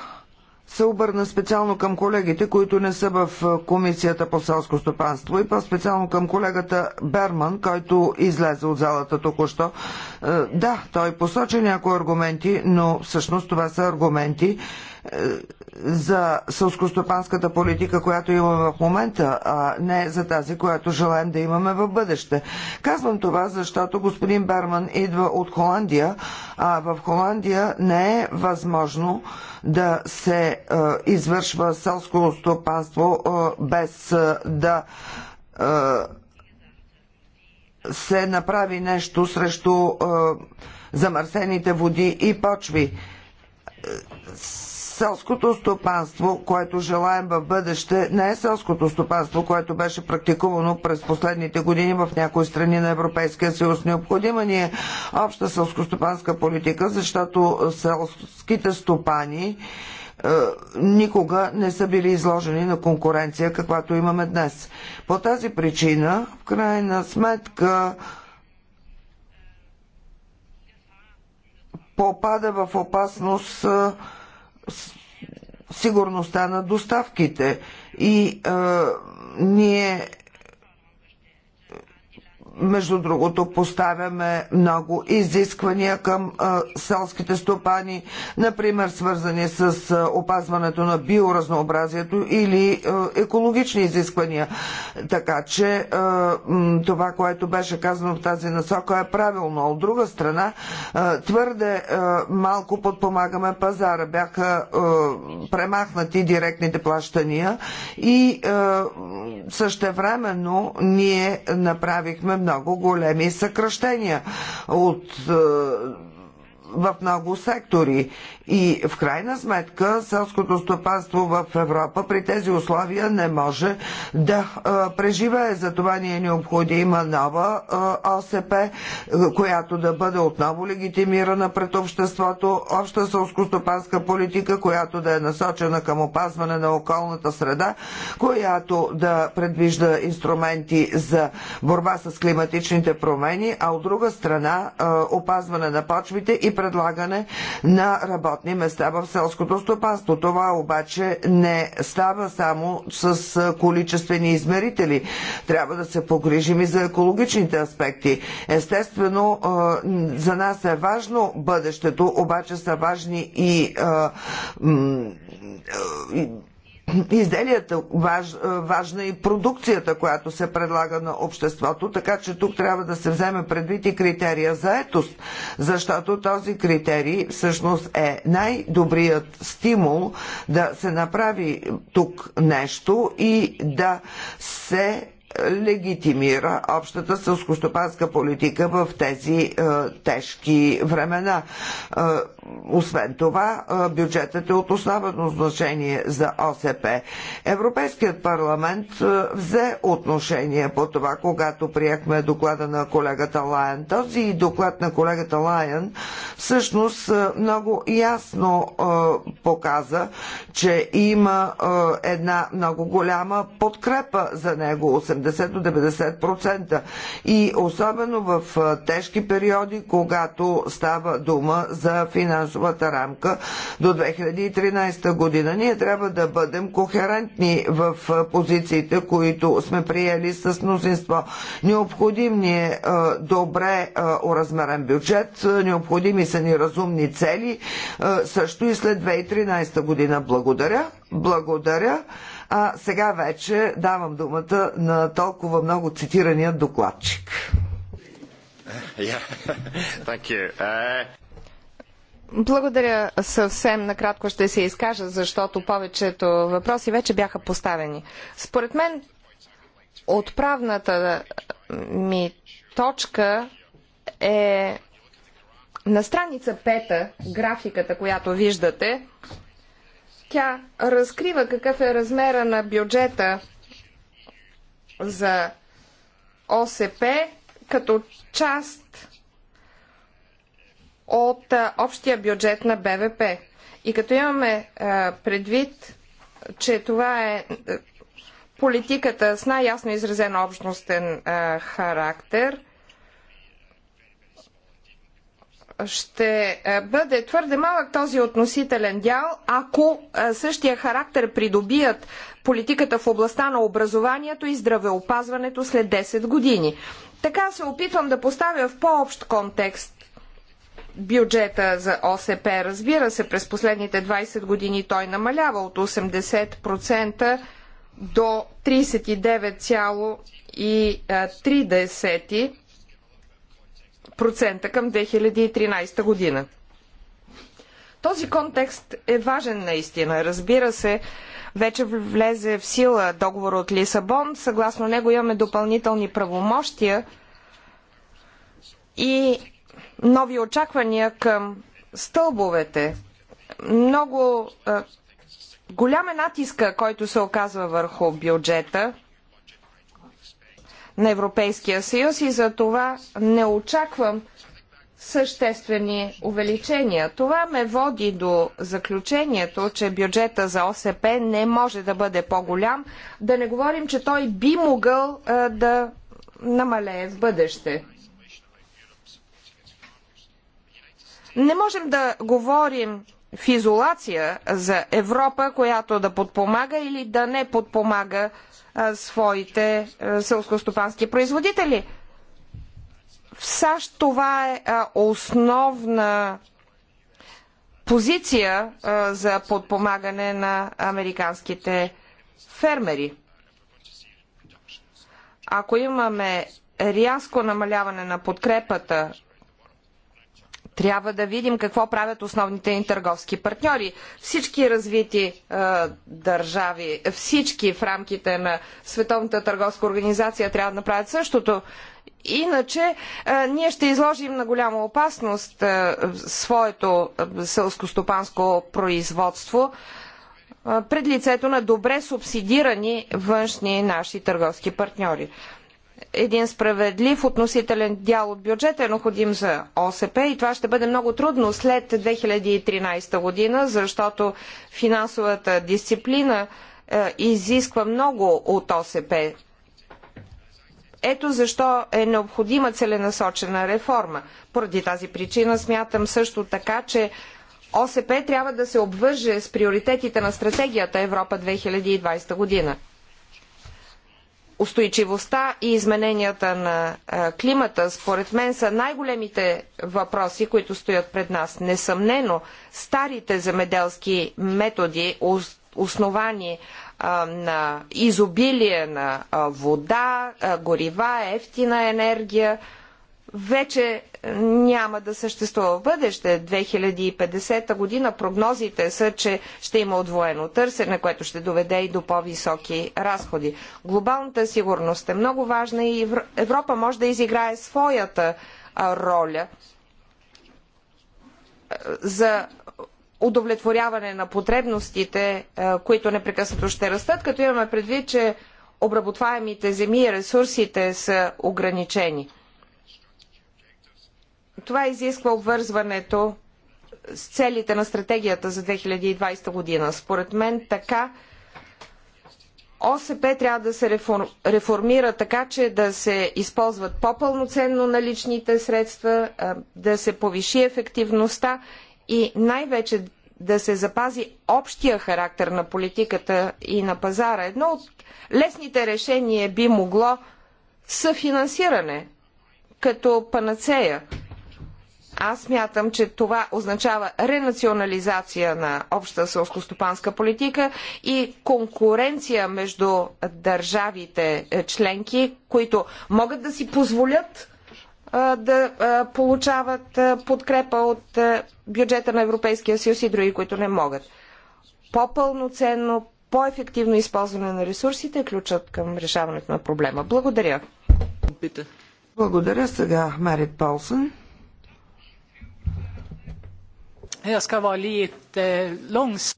се обърна специално към колегите, които не са в Комисията по селско стопанство и по-специално към колегата Берман, който излезе от залата току-що. Е, да, той посочи някои аргументи, но всъщност това са аргументи, за сълскостопанската политика, която имаме в момента, а не за тази, която желаем да имаме в бъдеще. Казвам това, защото господин Берман идва от Холандия, а в Холандия не е възможно да се извършва селско стопанство без да се направи нещо срещу замърсените води и почви селското стопанство, което желаем в бъдеще, не е селското стопанство, което беше практикувано през последните години в някои страни на Европейския съюз. Необходима ни е обща селскостопанска политика, защото селските стопани е, никога не са били изложени на конкуренция, каквато имаме днес. По тази причина, в крайна сметка, попада в опасност е, сигурността на доставките. И а, ние между другото, поставяме много изисквания към селските стопани, например свързани с опазването на биоразнообразието или екологични изисквания. Така че това, което беше казано в тази насока е правилно. От друга страна, твърде малко подпомагаме пазара. Бяха премахнати директните плащания и същевременно ние направихме много големи съкръщения от е, в много сектори. И в крайна сметка селското стопанство в Европа при тези условия не може да преживее. Затова ни е необходима нова ОСП, която да бъде отново легитимирана пред обществото, обща селскостопанска политика, която да е насочена към опазване на околната среда, която да предвижда инструменти за борба с климатичните промени, а от друга страна опазване на почвите и предлагане на работа работни места в селското стопанство. Това обаче не става само с количествени измерители. Трябва да се погрижим и за екологичните аспекти. Естествено, за нас е важно бъдещето, обаче са важни и изделията, важ, важна и продукцията, която се предлага на обществото, така че тук трябва да се вземе предвид и критерия за етост, защото този критерий всъщност е най-добрият стимул да се направи тук нещо и да се легитимира общата сълскостопанска политика в тези е, тежки времена. Е, освен това, бюджетът е от основно значение за ОСП. Европейският парламент взе отношение по това, когато приехме доклада на колегата Лайен. Този доклад на колегата Лайен всъщност много ясно показа, че има една много голяма подкрепа за него 80 до 90%. И особено в тежки периоди, когато става дума за финансиране финансовата рамка до 2013 година. Ние трябва да бъдем кохерентни в позициите, които сме приели с мнозинство. Необходим ни е добре уразмерен бюджет, необходими са ни разумни цели, също и след 2013 година. Благодаря. Благодаря. А сега вече давам думата на толкова много цитирания докладчик. Yeah. Uh... Благодаря. Съвсем накратко ще се изкажа, защото повечето въпроси вече бяха поставени. Според мен, отправната ми точка е на страница пета, графиката, която виждате, тя разкрива какъв е размера на бюджета за ОСП като част от общия бюджет на БВП. И като имаме предвид, че това е, е политиката с най-ясно изразен общностен характер, ще бъде твърде малък този относителен дял, ако същия характер придобият политиката в областта на образованието и здравеопазването след 10 години. Така се опитвам да поставя в по-общ контекст бюджета за ОСП. Разбира се, през последните 20 години той намалява от 80% до 39,3% към 2013 година. Този контекст е важен наистина. Разбира се, вече влезе в сила договор от Лисабон. Съгласно него имаме допълнителни правомощия и нови очаквания към стълбовете. Много голям голяма е натиска, който се оказва върху бюджета на Европейския съюз и за това не очаквам съществени увеличения. Това ме води до заключението, че бюджета за ОСП не може да бъде по-голям, да не говорим, че той би могъл а, да намалее в бъдеще. Не можем да говорим в изолация за Европа, която да подпомага или да не подпомага своите селскостопански производители. В САЩ това е основна позиция за подпомагане на американските фермери. Ако имаме рязко намаляване на подкрепата трябва да видим какво правят основните ни търговски партньори. Всички развити е, държави, всички в рамките на Световната търговска организация трябва да направят същото. Иначе е, ние ще изложим на голяма опасност е, своето е, селскостопанско производство е, пред лицето на добре субсидирани външни наши търговски партньори един справедлив относителен дял от бюджета е необходим за ОСП и това ще бъде много трудно след 2013 година, защото финансовата дисциплина е, изисква много от ОСП. Ето защо е необходима целенасочена реформа. Поради тази причина смятам също така, че ОСП трябва да се обвърже с приоритетите на стратегията Европа 2020 година устойчивостта и измененията на климата, според мен са най-големите въпроси, които стоят пред нас. Несъмнено, старите земеделски методи, основани на изобилие на вода, горива, ефтина енергия, вече е, няма да съществува в бъдеще. 2050 година прогнозите са, че ще има отвоено търсене, което ще доведе и до по-високи разходи. Глобалната сигурност е много важна и Европа може да изиграе своята роля е, за удовлетворяване на потребностите, е, които непрекъснато ще растат, като имаме предвид, че обработваемите земи и ресурсите са ограничени. Това изисква обвързването с целите на стратегията за 2020 година. Според мен така ОСП трябва да се реформира така, че да се използват по-пълноценно наличните средства, да се повиши ефективността и най-вече да се запази общия характер на политиката и на пазара. Едно от лесните решения би могло съфинансиране като панацея аз смятам, че това означава ренационализация на обща селскостопанска политика и конкуренция между държавите е, членки, които могат да си позволят да получават подкрепа от бюджета на Европейския съюз и други, които не могат. По-пълноценно, по-ефективно използване на ресурсите е ключът към решаването на проблема. Благодаря. Благодаря сега, Марит Полсън.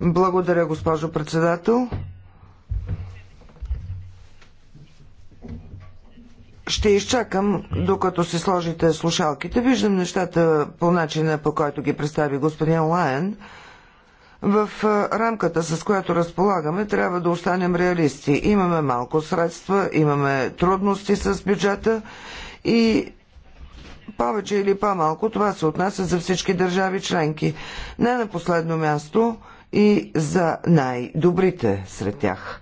Благодаря, госпожо председател. Ще изчакам, докато си сложите слушалките. Виждам нещата по начина, по който ги представи господин Лайен. В рамката, с която разполагаме, трябва да останем реалисти. Имаме малко средства, имаме трудности с бюджета и повече или по-малко това се отнася за всички държави членки. Не на последно място и за най-добрите сред тях.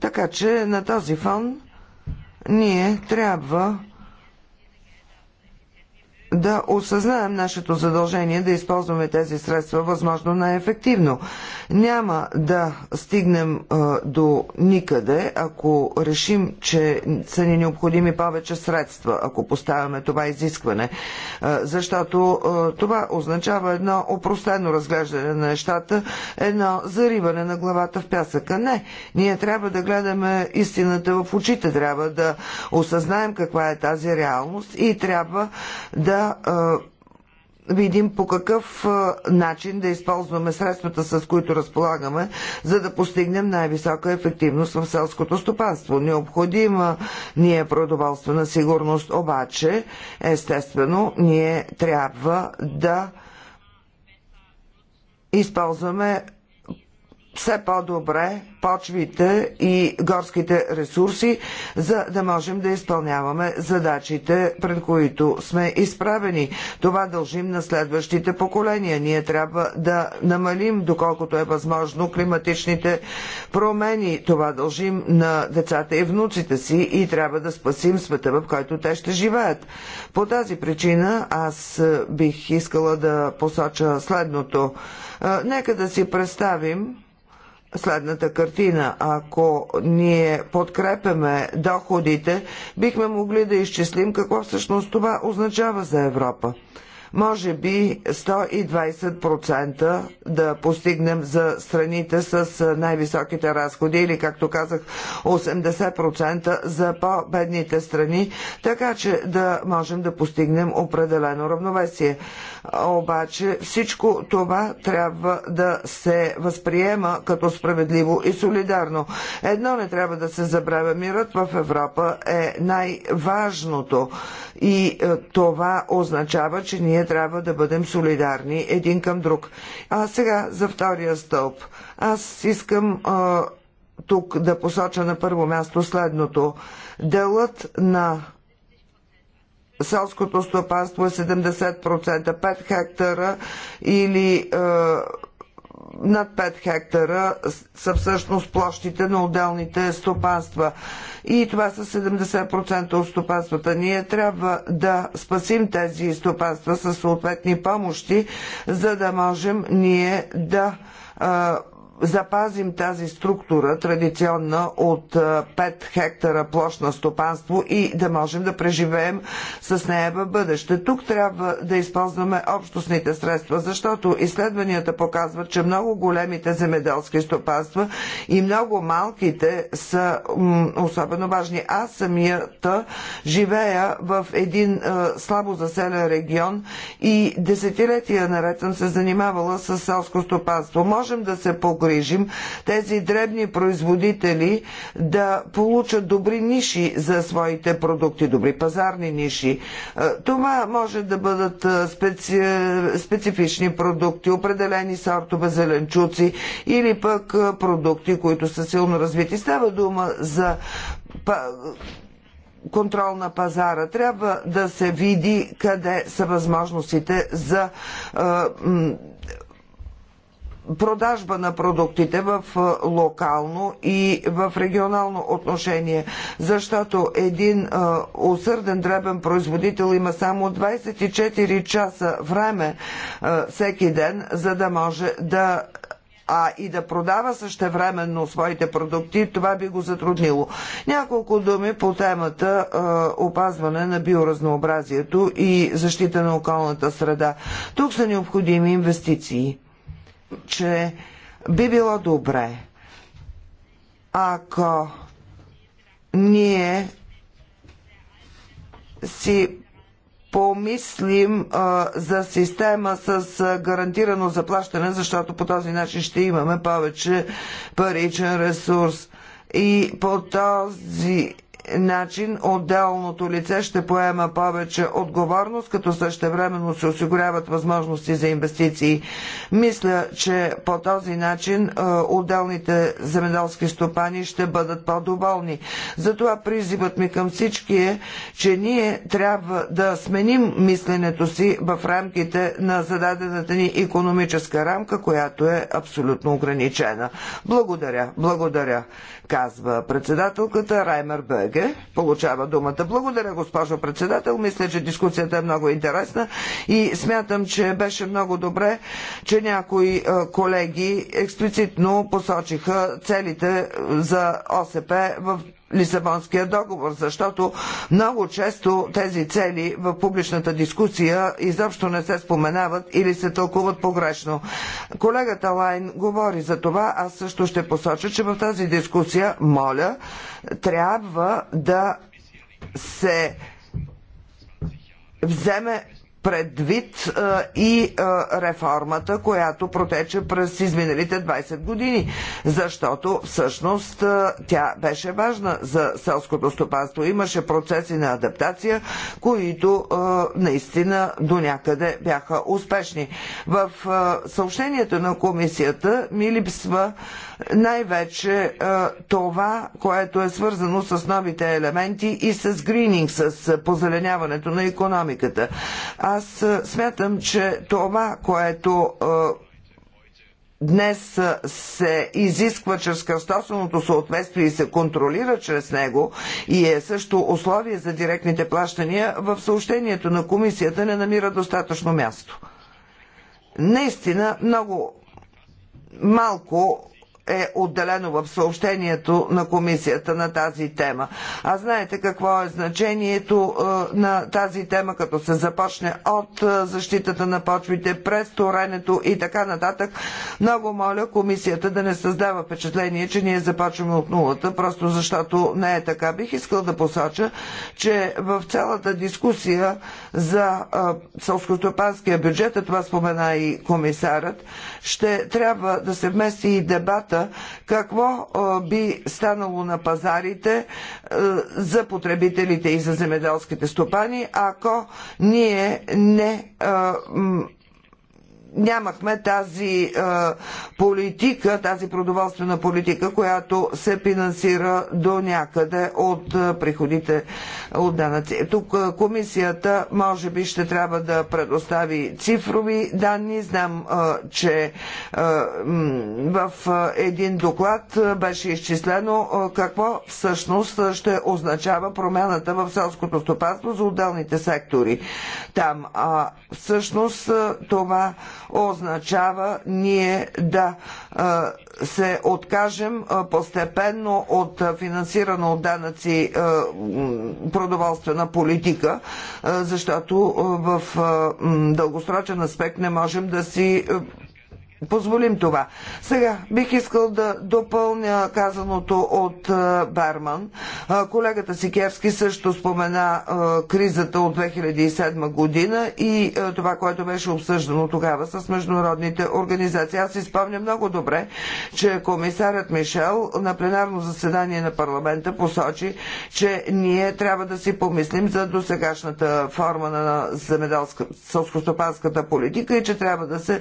Така че на този фон ние трябва да осъзнаем нашето задължение да използваме тези средства възможно най-ефективно. Няма да стигнем а, до никъде, ако решим, че са ни необходими повече средства, ако поставяме това изискване. А, защото а, това означава едно опростено разглеждане на нещата, едно зариване на главата в пясъка. Не, ние трябва да гледаме истината в очите, трябва да осъзнаем каква е тази реалност и трябва да да видим по какъв начин да използваме средствата, с които разполагаме, за да постигнем най-висока ефективност в селското стопанство. Необходима ни е продоволствена сигурност, обаче, естествено, ние трябва да използваме все по-добре почвите и горските ресурси, за да можем да изпълняваме задачите, пред които сме изправени. Това дължим на следващите поколения. Ние трябва да намалим, доколкото е възможно, климатичните промени. Това дължим на децата и внуците си и трябва да спасим света, в който те ще живеят. По тази причина аз е, бих искала да посоча следното. Е, нека да си представим, следната картина. Ако ние подкрепяме доходите, бихме могли да изчислим какво всъщност това означава за Европа може би 120% да постигнем за страните с най-високите разходи или, както казах, 80% за по-бедните страни, така че да можем да постигнем определено равновесие. Обаче всичко това трябва да се възприема като справедливо и солидарно. Едно не трябва да се забравя. Мирът в Европа е най-важното и е, това означава, че ние трябва да бъдем солидарни един към друг. А сега за втория стълб. Аз искам а, тук да посоча на първо място следното. Делът на селското стопанство е 70%, 5 хектара или над 5 хектара са всъщност площите на отделните стопанства. И това са 70% от стопанствата. Ние трябва да спасим тези стопанства със съответни помощи, за да можем ние да запазим тази структура традиционна от 5 хектара площ на стопанство и да можем да преживеем с нея в бъдеще. Тук трябва да използваме общностните средства, защото изследванията показват, че много големите земеделски стопанства и много малките са особено важни. Аз самията живея в един слабо заселен регион и десетилетия наред съм се занимавала с селско стопанство. Можем да се погледнем погрижим тези дребни производители да получат добри ниши за своите продукти, добри пазарни ниши. Е, това може да бъдат е, специ... специфични продукти, определени сортове зеленчуци или пък е, продукти, които са силно развити. Става дума за контрол на пазара. Трябва да се види къде са възможностите за продажба на продуктите в локално и в регионално отношение, защото един усърден дребен производител има само 24 часа време всеки ден, за да може да а и да продава същевременно своите продукти, това би го затруднило. Няколко думи по темата е, опазване на биоразнообразието и защита на околната среда. Тук са необходими инвестиции че би било добре, ако ние си помислим а, за система с а, гарантирано заплащане, защото по този начин ще имаме повече паричен ресурс. И по този начин отделното лице ще поема повече отговорност, като същевременно се осигуряват възможности за инвестиции. Мисля, че по този начин е, отделните земеделски стопани ще бъдат по-доволни. Затова призивът ми към всички е, че ние трябва да сменим мисленето си в рамките на зададената ни економическа рамка, която е абсолютно ограничена. Благодаря, благодаря казва председателката Раймер Беге. Получава думата. Благодаря, госпожо председател. Мисля, че дискусията е много интересна и смятам, че беше много добре, че някои е, колеги експлицитно посочиха целите за ОСП в Лисабонския договор, защото много често тези цели в публичната дискусия изобщо не се споменават или се тълкуват погрешно. Колегата Лайн говори за това, аз също ще посоча, че в тази дискусия, моля, трябва да се вземе предвид и реформата, която протече през изминалите 20 години, защото всъщност тя беше важна за селското стопанство. Имаше процеси на адаптация, които наистина до някъде бяха успешни. В съобщението на комисията ми липсва най-вече това, което е свързано с новите елементи и с грининг, с позеленяването на економиката. А аз е, смятам, че това, което е, днес се изисква чрез кръстосаното съответствие и се контролира чрез него и е също условие за директните плащания, в съобщението на комисията не намира достатъчно място. Наистина много малко е отделено в съобщението на комисията на тази тема. А знаете какво е значението е, на тази тема, като се започне от е, защитата на почвите, през торенето и така нататък. Много моля комисията да не създава впечатление, че ние започваме от нулата, просто защото не е така. Бих искал да посоча, че в цялата дискусия за е, селскостопанския бюджет, а това спомена и комисарът, ще трябва да се вмести и дебата дебата какво би станало на пазарите за потребителите и за земеделските стопани, ако ние не нямахме тази е, политика, тази продоволствена политика, която се финансира до някъде от е, приходите от данъци. Тук е, комисията може би ще трябва да предостави цифрови данни. Знам, че в един доклад беше изчислено какво всъщност ще означава промяната в селското стопанство за отделните сектори там. А всъщност това означава ние да се откажем постепенно от финансирана от данъци продоволствена политика, защото в дългосрочен аспект не можем да си позволим това. Сега бих искал да допълня казаното от Барман. Колегата Сикерски също спомена кризата от 2007 година и това, което беше обсъждано тогава с международните организации. Аз изпомня много добре, че комисарът Мишел на пленарно заседание на парламента посочи, че ние трябва да си помислим за досегашната форма на земеделска, селскостопанската политика и че трябва да се е,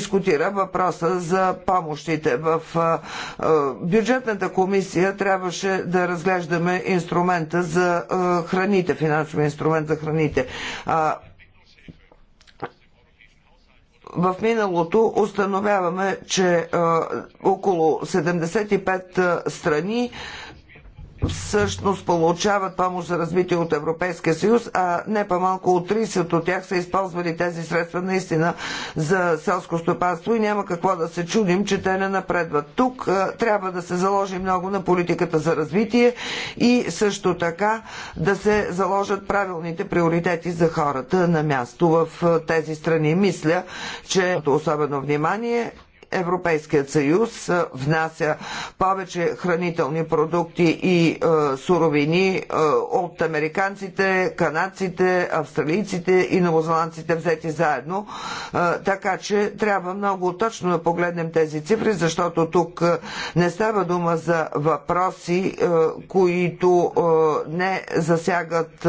дискутира въпроса за помощите. В бюджетната комисия трябваше да разглеждаме инструмента за храните, финансови инструмент за храните в миналото установяваме, че около 75 страни всъщност получават помощ за развитие от Европейския съюз, а не по-малко от 30 от тях са използвали тези средства наистина за селско стопанство и няма какво да се чудим, че те не напредват. Тук трябва да се заложи много на политиката за развитие и също така да се заложат правилните приоритети за хората на място в тези страни. Мисля, че особено внимание Европейският съюз внася повече хранителни продукти и суровини от американците, канадците, австралийците и новозеландците взети заедно. Така че трябва много точно да погледнем тези цифри, защото тук не става дума за въпроси, които не засягат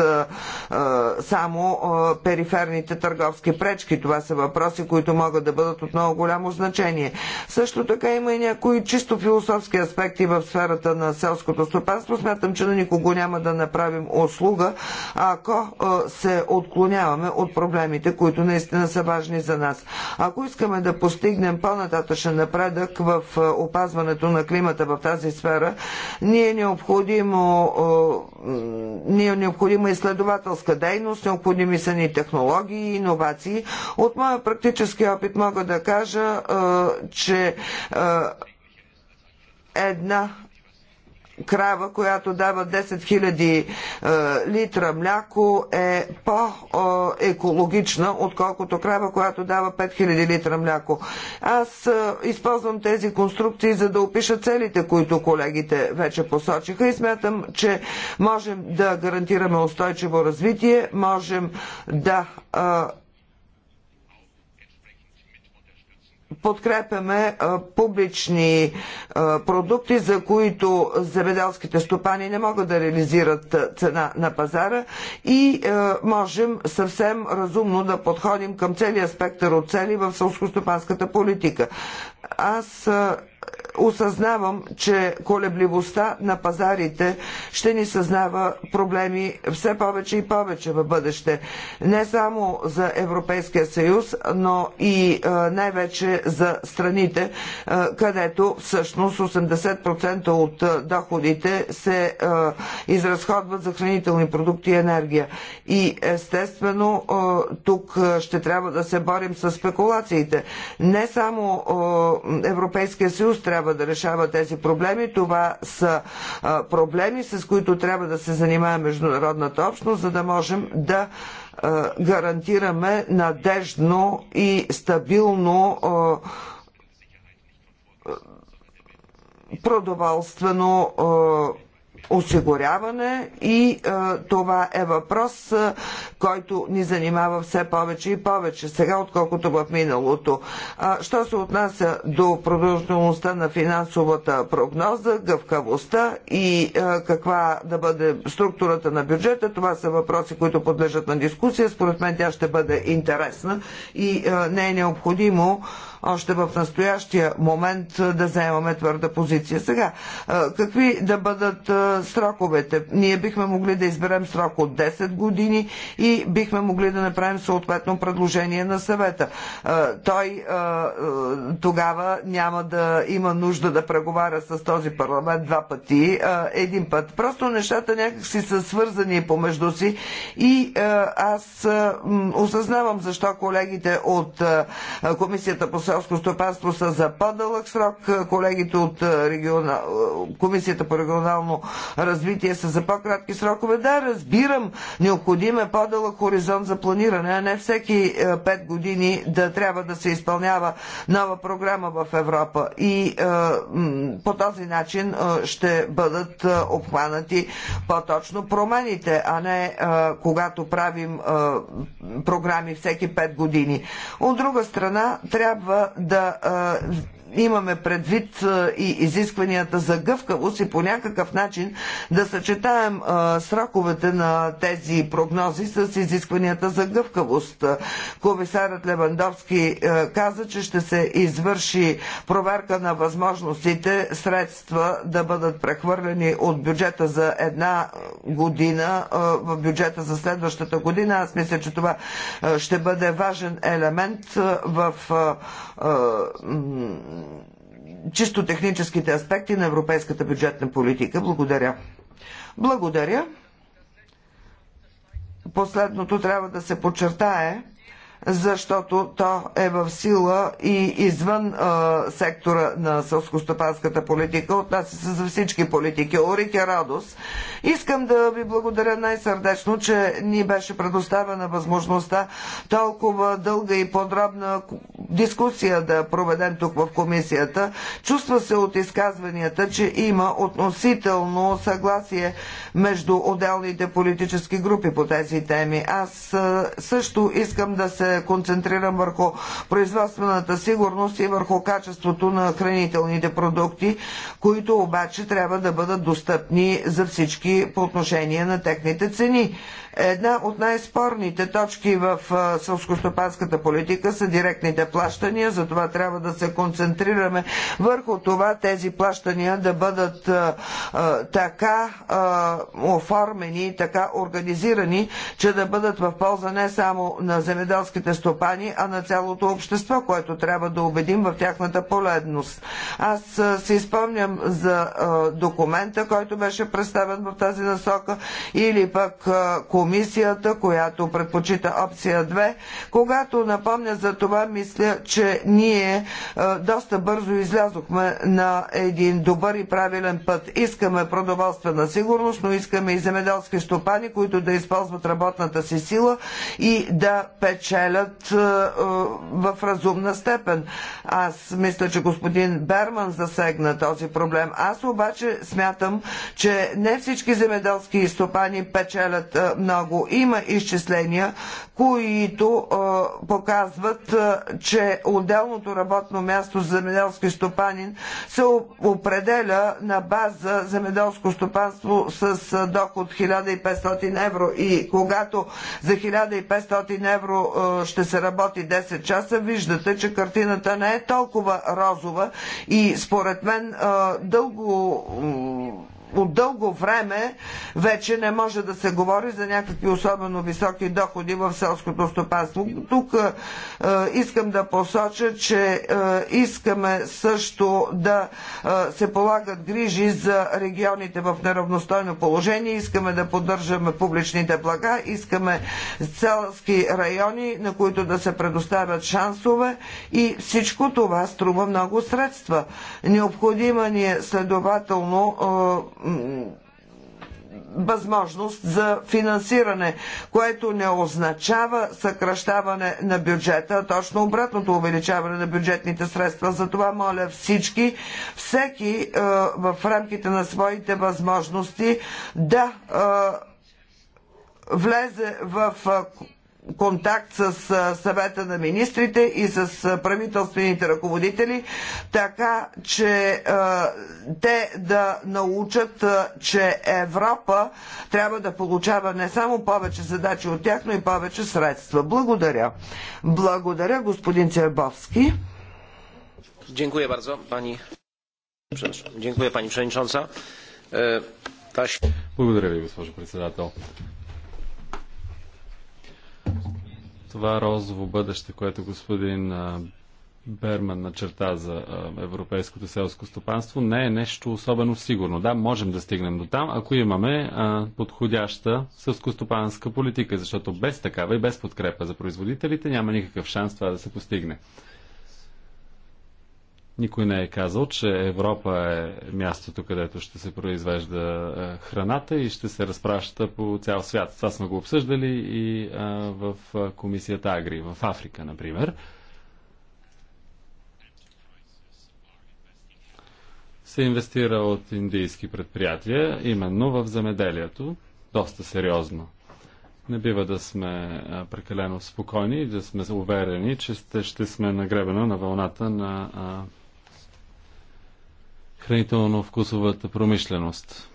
само периферните търговски пречки. Това са въпроси, които могат да бъдат от много голямо значение. Също така има и някои чисто философски аспекти в сферата на селското стопанство. Смятам, че на никого няма да направим услуга, ако се отклоняваме от проблемите, които наистина са важни за нас. Ако искаме да постигнем по-нататъчен напредък в опазването на климата в тази сфера, ние е необходимо, ни е необходима изследователска дейност, необходими са ни технологии и иновации. От моя практически опит мога да кажа, че една крава, която дава 10 000 литра мляко е по-екологична, отколкото крава, която дава 5 000 литра мляко. Аз използвам тези конструкции, за да опиша целите, които колегите вече посочиха и смятам, че можем да гарантираме устойчиво развитие, можем да подкрепяме публични продукти, за които земеделските стопани не могат да реализират цена на пазара и можем съвсем разумно да подходим към целия спектър от цели в сълскостопанската политика. Аз осъзнавам, че колебливостта на пазарите ще ни съзнава проблеми все повече и повече в бъдеще. Не само за Европейския съюз, но и най-вече за страните, където всъщност 80% от доходите се изразходват за хранителни продукти и енергия. И естествено тук ще трябва да се борим с спекулациите. Не само Европейския съюз трябва трябва да решава тези проблеми. Това са проблеми, с които трябва да се занимава международната общност, за да можем да гарантираме надежно и стабилно продоволствено осигуряване и а, това е въпрос, а, който ни занимава все повече и повече сега, отколкото в миналото. А, що се отнася до продължителността на финансовата прогноза, гъвкавостта и а, каква да бъде структурата на бюджета, това са въпроси, които подлежат на дискусия. Според мен тя ще бъде интересна и а, не е необходимо а, още в настоящия момент да заемаме твърда позиция. Сега, какви да бъдат сроковете? Ние бихме могли да изберем срок от 10 години и бихме могли да направим съответно предложение на съвета. Той тогава няма да има нужда да преговаря с този парламент два пъти, един път. Просто нещата някакси са свързани помежду си и аз осъзнавам защо колегите от Комисията по селско стопанство са за по-дълъг срок, колегите от е, региона... Е, Комисията по регионално развитие са за по-кратки срокове. Да, разбирам, необходим е по-дълъг хоризонт за планиране, а не всеки 5 е, години да трябва да се изпълнява нова програма в Европа. И по този начин ще бъдат обхванати по-точно промените, а не когато правим програми всеки 5 години. От друга страна, трябва да имаме предвид и изискванията за гъвкавост и по някакъв начин да съчетаем сроковете на тези прогнози с изискванията за гъвкавост. Комисарът Левандовски каза, че ще се извърши проверка на възможностите средства да бъдат прехвърлени от бюджета за една година в бюджета за следващата година. Аз мисля, че това ще бъде важен елемент в чисто техническите аспекти на европейската бюджетна политика. Благодаря. Благодаря. Последното трябва да се подчертае, защото то е в сила и извън а, сектора на сълскостопанската политика, отнася се за всички политики. е Радост, искам да ви благодаря най-сърдечно, че ни беше предоставена възможността толкова дълга и подробна дискусия да проведем тук в комисията. Чувства се от изказванията, че има относително съгласие между отделните политически групи по тези теми. Аз е, също искам да се концентрирам върху производствената сигурност и върху качеството на хранителните продукти, които обаче трябва да бъдат достъпни за всички по отношение на техните цени. Една от най-спорните точки в сълскостопанската политика са директните плащания, затова трябва да се концентрираме върху това тези плащания да бъдат така оформени, така организирани, че да бъдат в полза не само на земеделските стопани, а на цялото общество, което трябва да убедим в тяхната поледност. Аз се изпомням за документа, който беше представен в тази насока, или пък комисията, която предпочита опция 2. Когато напомня за това, мисля, че ние е, доста бързо излязохме на един добър и правилен път. Искаме продоволствена сигурност, но искаме и земеделски стопани, които да използват работната си сила и да печелят е, е, в разумна степен. Аз мисля, че господин Берман засегна този проблем. Аз обаче смятам, че не всички земеделски стопани печелят много много. Има изчисления, които а, показват, а, че отделното работно място за земеделски стопанин се определя на база земеделско стопанство с а, доход 1500 евро. И когато за 1500 евро а, ще се работи 10 часа, виждате, че картината не е толкова розова и според мен а, дълго от дълго време вече не може да се говори за някакви особено високи доходи в селското стопанство. Тук а, е, искам да посоча, че а, е, искаме също да а, е, се полагат грижи за регионите в неравностойно положение, искаме да поддържаме публичните блага, искаме селски райони, на които да се предоставят шансове и всичко това струва много средства. Необходима ни е следователно възможност за финансиране, което не означава съкръщаване на бюджета, а точно обратното увеличаване на бюджетните средства. Затова моля всички, всеки е, в рамките на своите възможности да е, влезе в е, контакт с съвета на министрите и с правителствените ръководители, така че те да научат, че Европа трябва да получава не само повече задачи от тях, но и повече средства. Благодаря. Благодаря, господин Цербовски. Дякую bardzo пани... Дякую, пани przewodnicząca. E, Благодаря ви, госпожо председател. това розово бъдеще, което господин Берман начерта за европейското селско стопанство, не е нещо особено сигурно. Да, можем да стигнем до там, ако имаме подходяща селскостопанска политика, защото без такава и без подкрепа за производителите няма никакъв шанс това да се постигне. Никой не е казал, че Европа е мястото, където ще се произвежда е, храната и ще се разпраща по цял свят. Това сме го обсъждали и е, в е, комисията Агри, в Африка, например. се инвестира от индийски предприятия, именно в земеделието, доста сериозно. Не бива да сме прекалено спокойни и да сме уверени, че ще сме нагребена на вълната на хранително-вкусовата промишленост.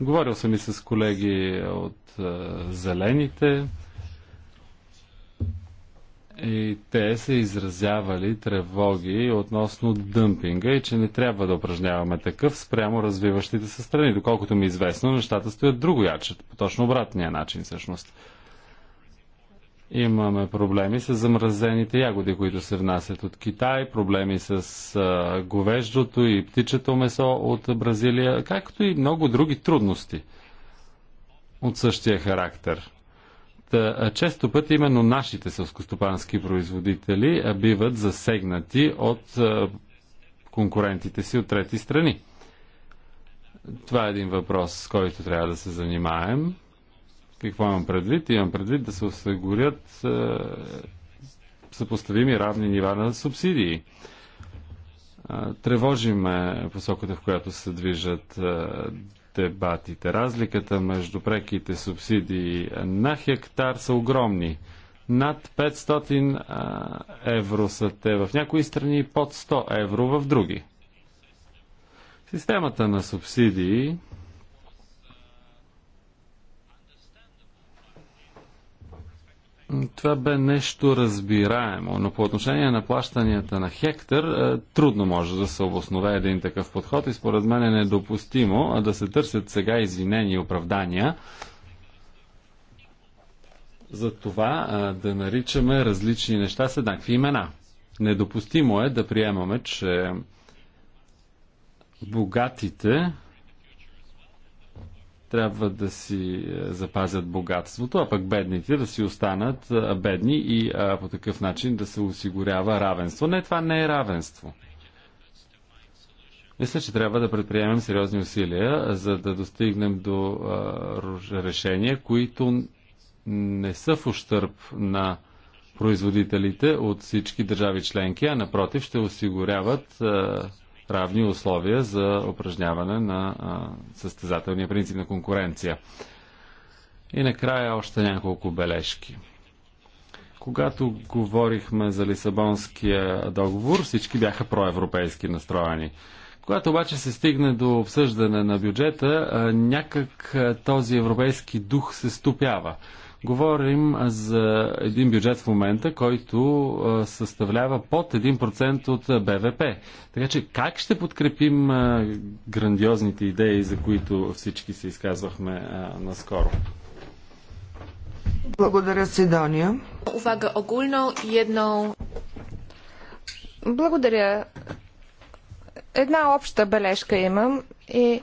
Говорил съм и с колеги от а, е, Зелените и те са изразявали тревоги относно дъмпинга и че не трябва да упражняваме такъв спрямо развиващите се страни. Доколкото ми е известно, нещата стоят друго яче, по точно обратния начин всъщност. Имаме проблеми с замразените ягоди, които се внасят от Китай, проблеми с а, говеждото и птичето месо от Бразилия, както и много други трудности от същия характер. Та, често пъти именно нашите селскостопански производители биват засегнати от а, конкурентите си от трети страни. Това е един въпрос, с който трябва да се занимаем. Какво имам предвид? Имам предвид да се осигурят е, съпоставими равни нива на субсидии. Е, тревожиме посоката, в която се движат е, дебатите. Разликата между преките субсидии на хектар са огромни. Над 500 евро са те в някои страни, под 100 евро в други. Системата на субсидии това бе нещо разбираемо, но по отношение на плащанията на хектар е, трудно може да се обоснове един такъв подход и според мен е недопустимо да се търсят сега извинения и оправдания за това е, да наричаме различни неща с еднакви имена. Недопустимо е да приемаме, че богатите трябва да си е, запазят богатството, а пък бедните да си останат е, бедни и е, по такъв начин да се осигурява равенство. Не, това не е равенство. Мисля, че трябва да предприемем сериозни усилия, за да достигнем до а, решения, които не са в ущърп на производителите от всички държави членки, а напротив ще осигуряват а, равни условия за упражняване на състезателния принцип на конкуренция. И накрая още няколко бележки. Когато говорихме за Лисабонския договор, всички бяха проевропейски настроени. Когато обаче се стигне до обсъждане на бюджета, някак този европейски дух се стопява. Говорим за един бюджет в момента, който съставлява под 1% от БВП. Така че как ще подкрепим грандиозните идеи, за които всички се изказвахме наскоро? Благодаря, Сидония. Увага огулно и едно... Благодаря. Една обща бележка имам и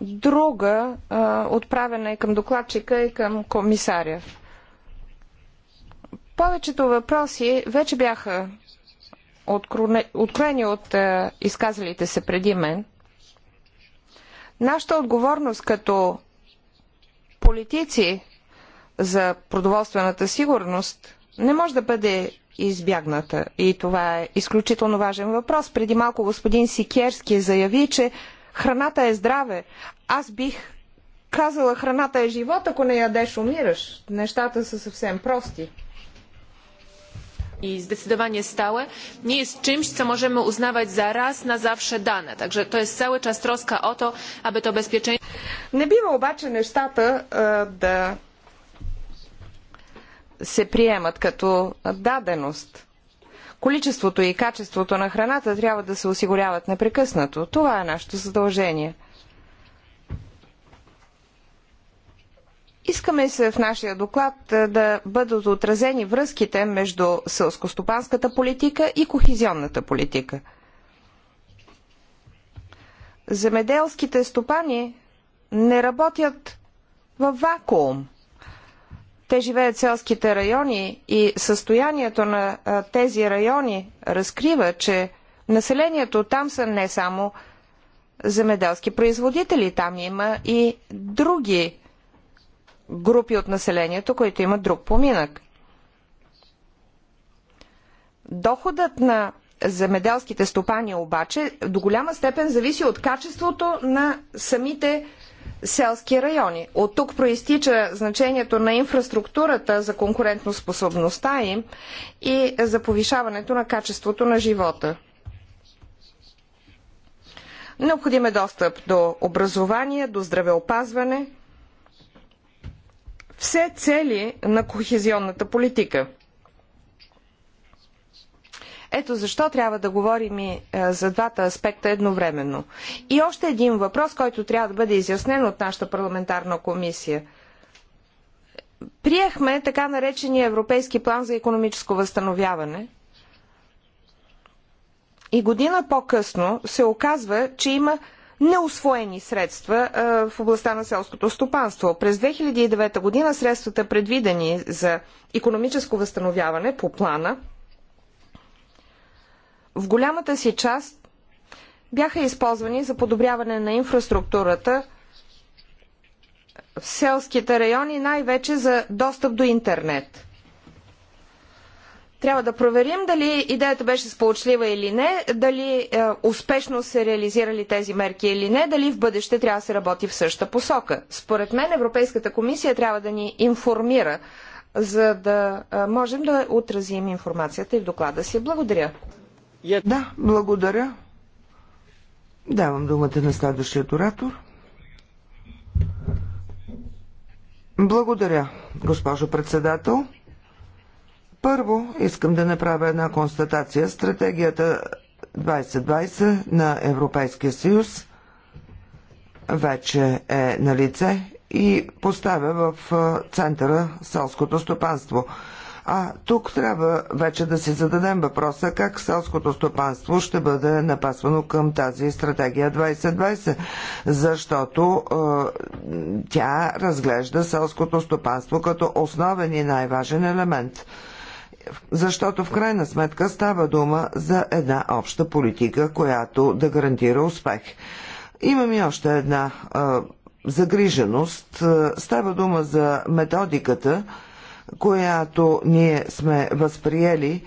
друга, отправена и е към докладчика, и към комисаря. Повечето въпроси вече бяха откроени от изказалите се преди мен. Нашата отговорност като политици за продоволствената сигурност не може да бъде избягната. И това е изключително важен въпрос. Преди малко господин Сикерски заяви, че Храната е здраве. Аз бих казала, храната е живот, ако не ядеш, умираш. Нещата са съвсем прости. I zdecydowanie stałe nie jest czymś, co możemy uznawać za raz na zawsze dane. Także to jest cały czas troska o to, aby to bezpieczeństwo. Nie bywa obaczy nesztata, da se przyjemat, kato dadenost количеството и качеството на храната трябва да се осигуряват непрекъснато. Това е нашето задължение. Искаме се в нашия доклад да бъдат отразени връзките между селскостопанската политика и кохизионната политика. Земеделските стопани не работят в вакуум – те живеят в селските райони и състоянието на тези райони разкрива, че населението там са не само земеделски производители, там има и други групи от населението, които имат друг поминък. Доходът на земеделските стопани обаче до голяма степен зависи от качеството на самите селски райони. От тук проистича значението на инфраструктурата за конкурентоспособността им и за повишаването на качеството на живота. Необходим е достъп до образование, до здравеопазване. Все цели на кохезионната политика – ето защо трябва да говорим и е, за двата аспекта едновременно. И още един въпрос, който трябва да бъде изяснен от нашата парламентарна комисия. Приехме така наречения Европейски план за економическо възстановяване. И година по-късно се оказва, че има неосвоени средства а, е, в областта на селското стопанство. През 2009 година средствата предвидени за економическо възстановяване по плана в голямата си част бяха използвани за подобряване на инфраструктурата в селските райони, най-вече за достъп до интернет. Трябва да проверим дали идеята беше сполучлива или не, дали е, успешно се реализирали тези мерки или не, дали в бъдеще трябва да се работи в същата посока. Според мен Европейската комисия трябва да ни информира, за да е, можем да отразим информацията и в доклада си. Благодаря. Да, благодаря. Давам думата на следващия оратор. Благодаря, госпожо председател. Първо искам да направя една констатация. Стратегията 2020 на Европейския съюз вече е на лице и поставя в центъра селското стопанство. А тук трябва вече да си зададем въпроса как селското стопанство ще бъде напасвано към тази стратегия 2020, защото е, тя разглежда селското стопанство като основен и най-важен елемент. Защото в крайна сметка става дума за една обща политика, която да гарантира успех. Имам и още една е, загриженост. Става дума за методиката, която ние сме възприели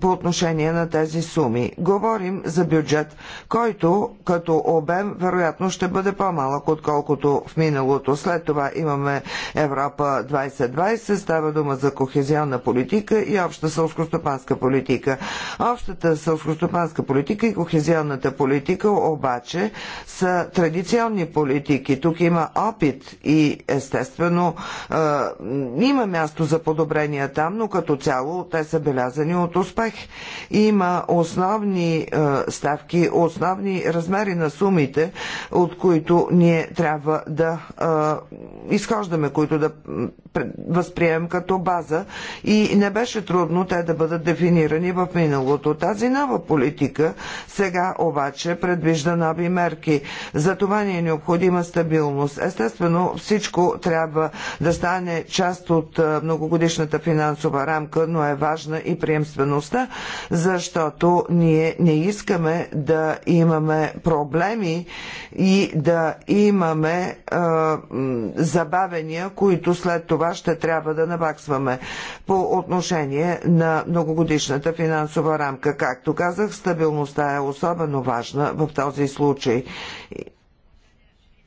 по отношение на тези суми. Говорим за бюджет, който като обем вероятно ще бъде по-малък, отколкото в миналото. След това имаме Европа 2020, става дума за кохезионна политика и обща сълскостопанска политика. Общата сълскостопанска политика и кохезионната политика обаче са традиционни политики. Тук има опит и естествено е, има място за подобрения там, но като цяло те са белязани от успех успех. Има основни е, ставки, основни размери на сумите, от които ние трябва да е, изхождаме, които да възприемем като база и не беше трудно те да бъдат дефинирани в миналото. Тази нова политика сега обаче предвижда нови мерки. За това ни е необходима стабилност. Естествено, всичко трябва да стане част от е, многогодишната финансова рамка, но е важна и приемственост властта, защото ние не искаме да имаме проблеми и да имаме е, забавения, които след това ще трябва да набаксваме по отношение на многогодишната финансова рамка. Както казах, стабилността е особено важна в този случай.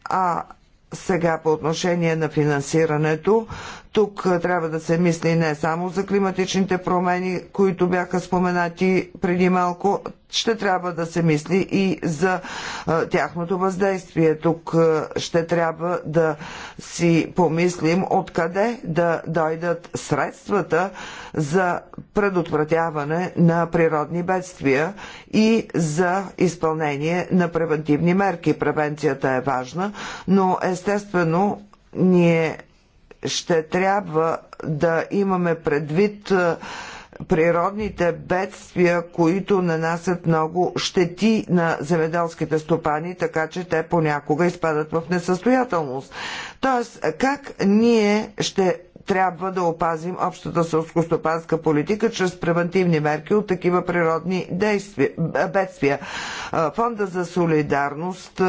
А сега по отношение на финансирането, тук трябва да се мисли не само за климатичните промени, които бяха споменати преди малко, ще трябва да се мисли и за а, тяхното въздействие. Тук а, ще трябва да си помислим откъде да дойдат средствата за предотвратяване на природни бедствия и за изпълнение на превентивни мерки. Превенцията е важна, но естествено ние ще трябва да имаме предвид е, природните бедствия, които нанасят много щети на земеделските стопани, така че те понякога изпадат в несъстоятелност. Тоест, как ние ще трябва да опазим общата селскостопанска политика чрез превентивни мерки от такива природни действия, бедствия. Фонда за солидарност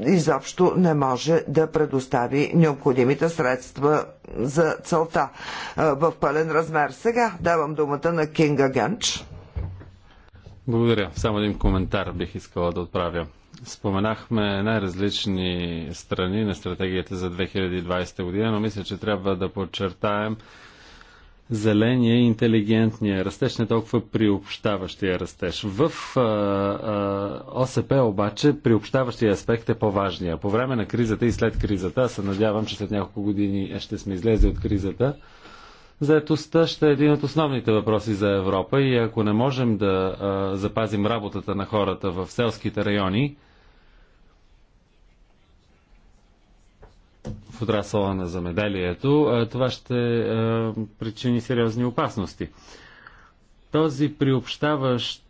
изобщо не може да предостави необходимите средства за целта в пълен размер. Сега давам думата на Кинга Генч. Благодаря. Само един коментар бих искала да отправя. Споменахме най-различни страни на стратегията за 2020 година, но мисля, че трябва да подчертаем зеления и интелигентния растеж, не толкова приобщаващия растеж. В а, а, ОСП обаче приобщаващия аспект е по-важния. По време на кризата и след кризата, се надявам, че след няколко години ще сме излезли от кризата, Заетостта ще е един от основните въпроси за Европа и ако не можем да а, запазим работата на хората в селските райони, в отрасъла на замеделието, това ще причини сериозни опасности. Този приобщаващ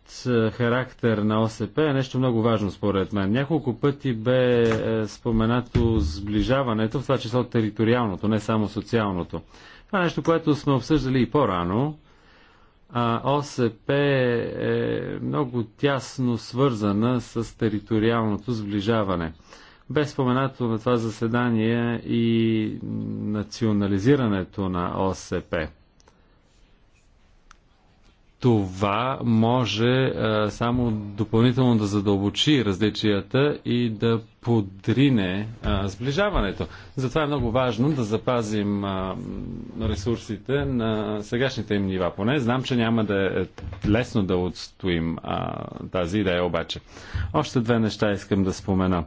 характер на ОСП е нещо много важно според мен. Няколко пъти бе споменато сближаването, в това число териториалното, не само социалното. Това е нещо, което сме обсъждали и по-рано. ОСП е, е много тясно свързана с териториалното сближаване. Без споменато на това заседание и национализирането на ОСП. Това може а, само допълнително да задълбочи различията и да подрине а, сближаването. Затова е много важно да запазим а, ресурсите на сегашните им нива. Поне знам, че няма да е лесно да отстоим а, тази идея обаче. Още две неща искам да спомена.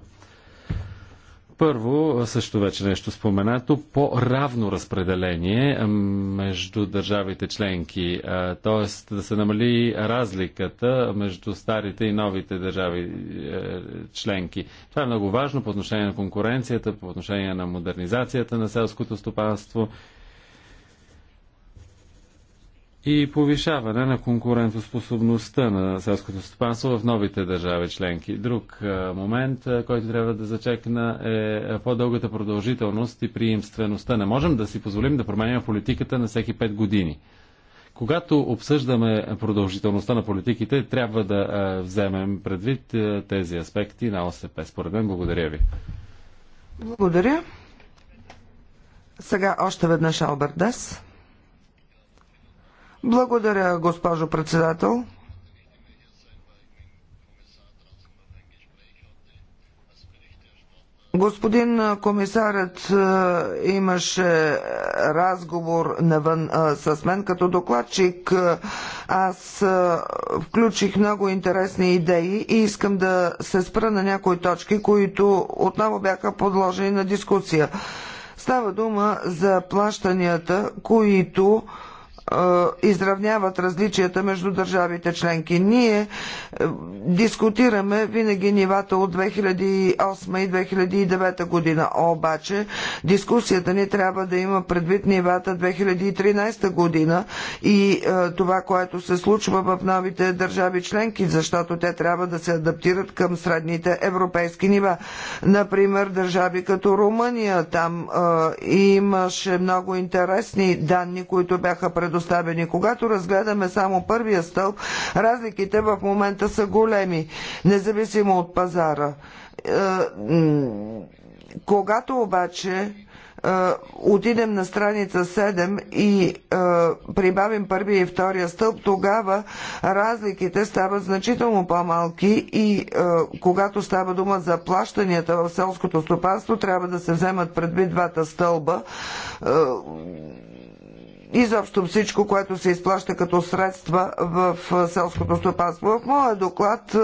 Първо, също вече нещо споменато, по-равно разпределение между държавите членки, т.е. да се намали разликата между старите и новите държави е, членки. Това е много важно по отношение на конкуренцията, по отношение на модернизацията на селското стопанство и повишаване на конкурентоспособността на селското стопанство в новите държави членки. Друг момент, който трябва да зачекна е, е по-дългата продължителност и приемствеността. Не можем да си позволим да променяме политиката на всеки 5 години. Когато обсъждаме продължителността на политиките, трябва да вземем предвид тези аспекти на ОСП. Според мен, благодаря ви. Благодаря. Сега още веднъж Алберт Дес. Благодаря, госпожо председател. Господин комисарът е, имаше разговор навън е, с мен като докладчик. Е, аз включих много интересни идеи и искам да се спра на някои точки, които отново бяха подложени на дискусия. Става дума за плащанията, които изравняват различията между държавите членки. Ние е, дискутираме винаги нивата от 2008 и 2009 година, обаче дискусията ни трябва да има предвид нивата 2013 година и е, това, което се случва в новите държави членки, защото те трябва да се адаптират към средните европейски нива. Например, държави като Румъния, там е, имаше много интересни данни, които бяха предоставени предоставени. Когато разгледаме само първия стълб, разликите в момента са големи, независимо от пазара. Е, когато обаче е, отидем на страница 7 и е, прибавим първия и втория стълб, тогава разликите стават значително по-малки и когато става дума за плащанията в селското стопанство, трябва да се вземат предвид двата стълба изобщо всичко, което се изплаща като средства в селското стопанство. В моя доклад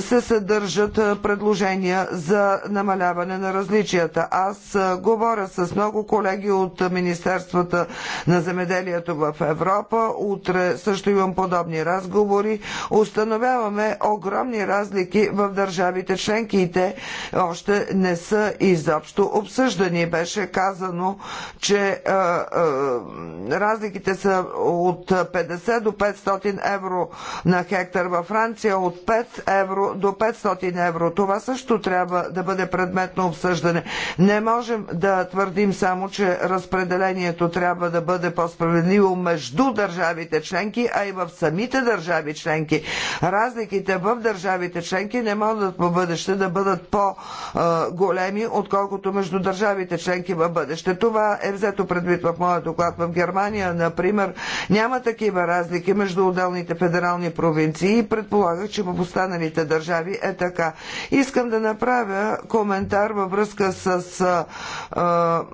се съдържат предложения за намаляване на различията. Аз говоря с много колеги от Министерствата на земеделието в Европа. Утре също имам подобни разговори. Установяваме огромни разлики в държавите членки и те още не са изобщо обсъждани. Беше казано, че разликите са от 50 до 500 евро на хектар във Франция, от 5 евро до 500 евро. Това също трябва да бъде предмет на обсъждане. Не можем да твърдим само, че разпределението трябва да бъде по-справедливо между държавите членки, а и в самите държави членки. Разликите в държавите членки не могат в бъдеще да бъдат по-големи, отколкото между държавите членки в бъдеще. Това е взето предвид в моя доклад доклад. В Германия, например, няма такива разлики между отделните федерални провинции и предполагах, че в останалите държави е така. Искам да направя коментар във връзка с а, а,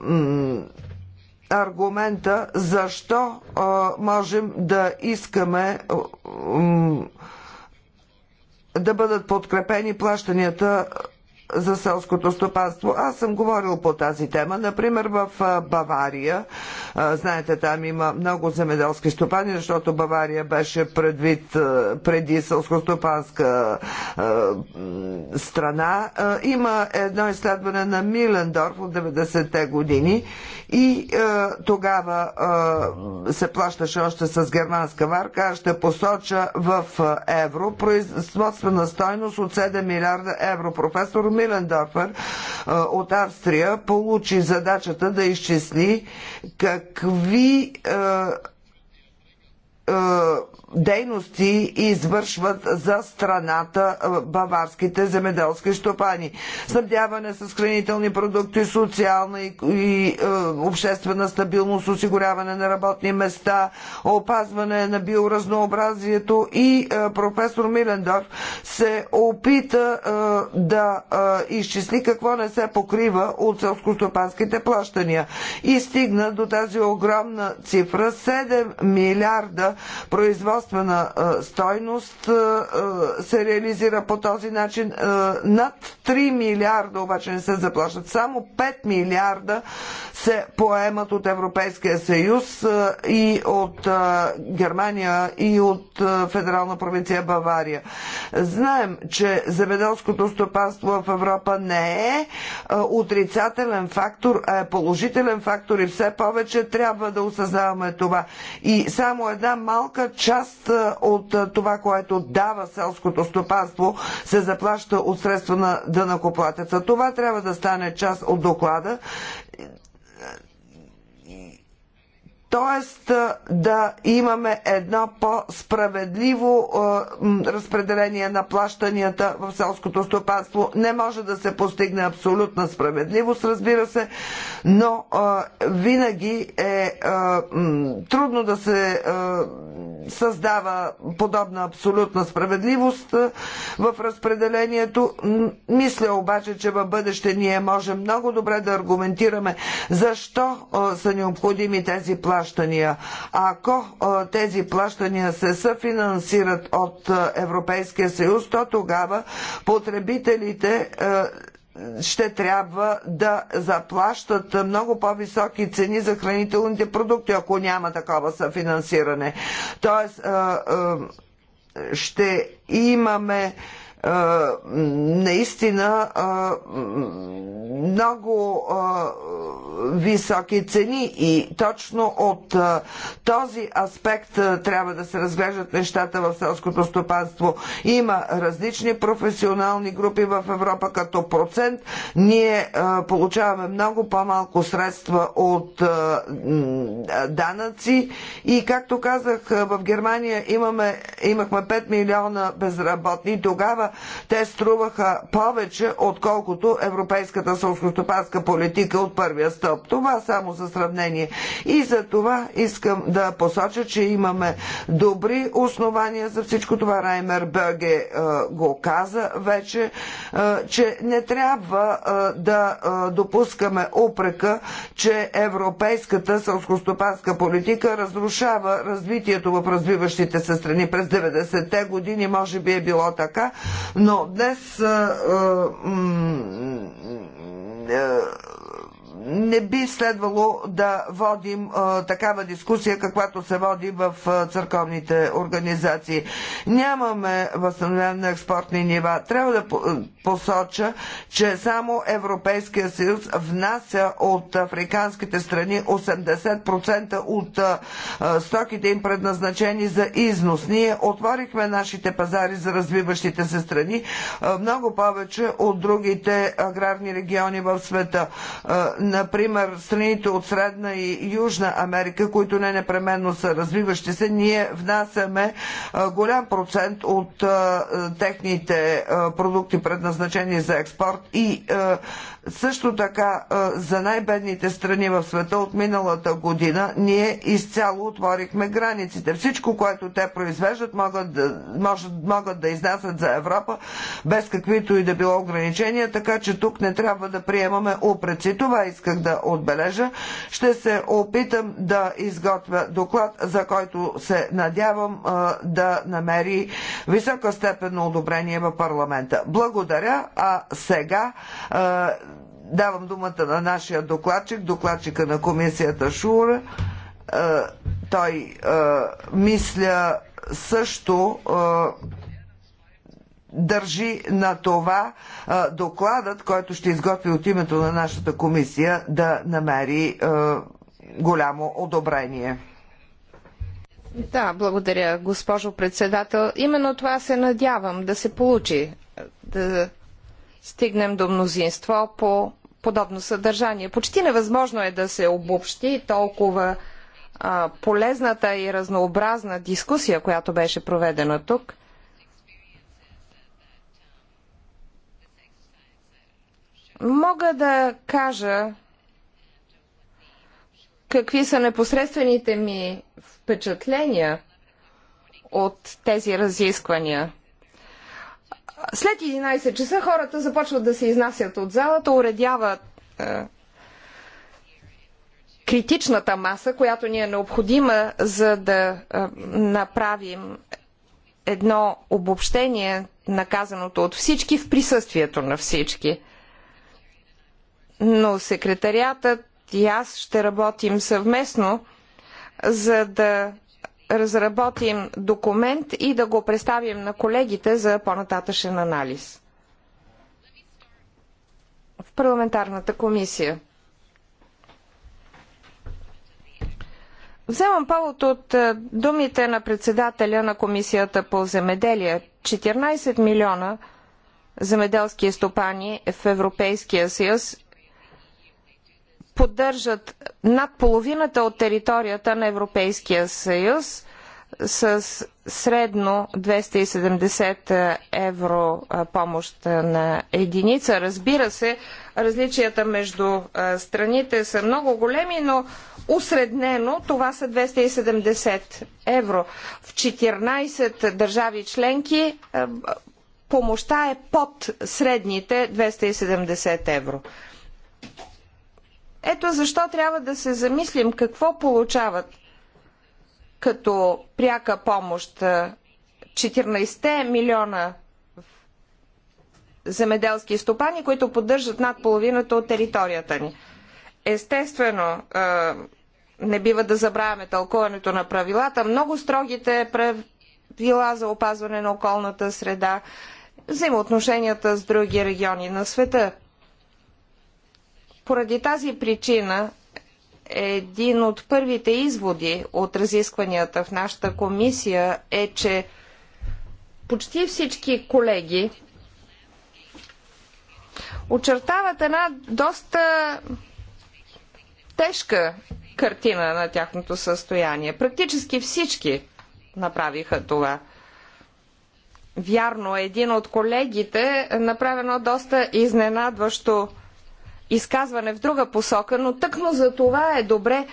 аргумента защо а, можем да искаме а, да бъдат подкрепени плащанията за селското стопанство. Аз съм говорил по тази тема. Например, в Бавария, знаете, там има много земеделски стопани, защото Бавария беше предвид преди селскостопанска страна. Има едно изследване на Милендорф от 90-те години и е, тогава е, се плащаше още с германска марка. Аз ще посоча в е, евро производствена стойност от 7 милиарда евро. Професор Милендорфер е, от Австрия получи задачата да изчисли какви е, е, дейности извършват за страната баварските земеделски щопани. Снабдяване с хранителни продукти, социална и, и е, обществена стабилност, осигуряване на работни места, опазване на биоразнообразието и е, професор Милендорф се опита е, да е, изчисли какво не се покрива от селско-стопанските плащания и стигна до тази огромна цифра 7 милиарда производства производствена стойност се реализира по този начин. Над 3 милиарда обаче не се заплащат. Само 5 милиарда се поемат от Европейския съюз и от Германия и от федерална провинция Бавария. Знаем, че земеделското стопанство в Европа не е отрицателен фактор, а е положителен фактор и все повече трябва да осъзнаваме това. И само една малка част част е, от е, това, което дава селското стопанство, се заплаща от средства на дънакоплатеца. Това трябва да стане част от доклада Тоест да имаме едно по-справедливо разпределение на плащанията в селското стопанство. Не може да се постигне абсолютна справедливост, разбира се, но винаги е, трудно да се създава подобна абсолютна справедливост в разпределението. Мисля обаче, че във бъдеще ние можем много добре да аргументираме защо са необходими тези плащания плащания. Ако тези плащания се съфинансират от Европейския съюз, то тогава потребителите ще трябва да заплащат много по-високи цени за хранителните продукти, ако няма такова съфинансиране. Тоест, ще имаме наистина много високи цени и точно от този аспект трябва да се разглеждат нещата в селското стопанство. Има различни професионални групи в Европа като процент. Ние получаваме много по-малко средства от данъци и както казах в Германия имаме, имахме 5 милиона безработни. Тогава те струваха повече, отколкото европейската селскостопанска политика от първия стълб. Това само за сравнение. И за това искам да посоча, че имаме добри основания за всичко това. Раймер Бърге е, го каза вече, е, че не трябва е, да допускаме упрека, че европейската селскостопанска политика разрушава развитието в развиващите се страни през 90-те години. Може би е било така, но днес не би следвало да водим а, такава дискусия, каквато се води в а, църковните организации. Нямаме възстановяване на експортни нива. Трябва да посоча, че само Европейския съюз внася от африканските страни 80% от а, стоките им предназначени за износ. Ние отворихме нашите пазари за развиващите се страни а, много повече от другите аграрни региони в света. А, например, страните от Средна и Южна Америка, които не непременно са развиващи се, ние внасяме голям процент от техните продукти, предназначени за експорт и също така за най-бедните страни в света от миналата година ние изцяло отворихме границите. Всичко, което те произвеждат, могат да, могат, могат да изнасят за Европа без каквито и да било ограничения, така че тук не трябва да приемаме упреци. Това иска исках да отбележа. Ще се опитам да изготвя доклад, за който се надявам да намери висока степен на одобрение в парламента. Благодаря, а сега давам думата на нашия докладчик, докладчика на комисията Шура. Той мисля също държи на това докладът, който ще изготви от името на нашата комисия, да намери голямо одобрение. Да, благодаря, госпожо председател. Именно това се надявам да се получи, да стигнем до мнозинство по подобно съдържание. Почти невъзможно е да се обобщи толкова а, полезната и разнообразна дискусия, която беше проведена тук. Мога да кажа какви са непосредствените ми впечатления от тези разисквания. След 11 часа хората започват да се изнасят от залата, уредяват е, критичната маса, която ни е необходима, за да е, направим едно обобщение на казаното от всички в присъствието на всички но секретариатът и аз ще работим съвместно, за да разработим документ и да го представим на колегите за по-нататъчен анализ. В парламентарната комисия. Вземам повод от е, думите на председателя на Комисията по земеделие. 14 милиона земеделски стопани в Европейския съюз поддържат над половината от територията на Европейския съюз с средно 270 е, евро е, помощ на единица. Разбира се, различията между е, страните са много големи, но усреднено това са 270 евро. В 14 държави членки помощта е под средните 270 евро. Ето защо трябва да се замислим какво получават като пряка помощ 14 милиона земеделски стопани, които поддържат над половината от територията ни. Естествено, не бива да забравяме тълкуването на правилата, много строгите правила за опазване на околната среда, взаимоотношенията с други региони на света. Поради тази причина един от първите изводи от разискванията в нашата комисия е, че почти всички колеги очертават една доста тежка картина на тяхното състояние. Практически всички направиха това. Вярно, един от колегите направено доста изненадващо изказване в друга посока, но тъкмо за това е добре е,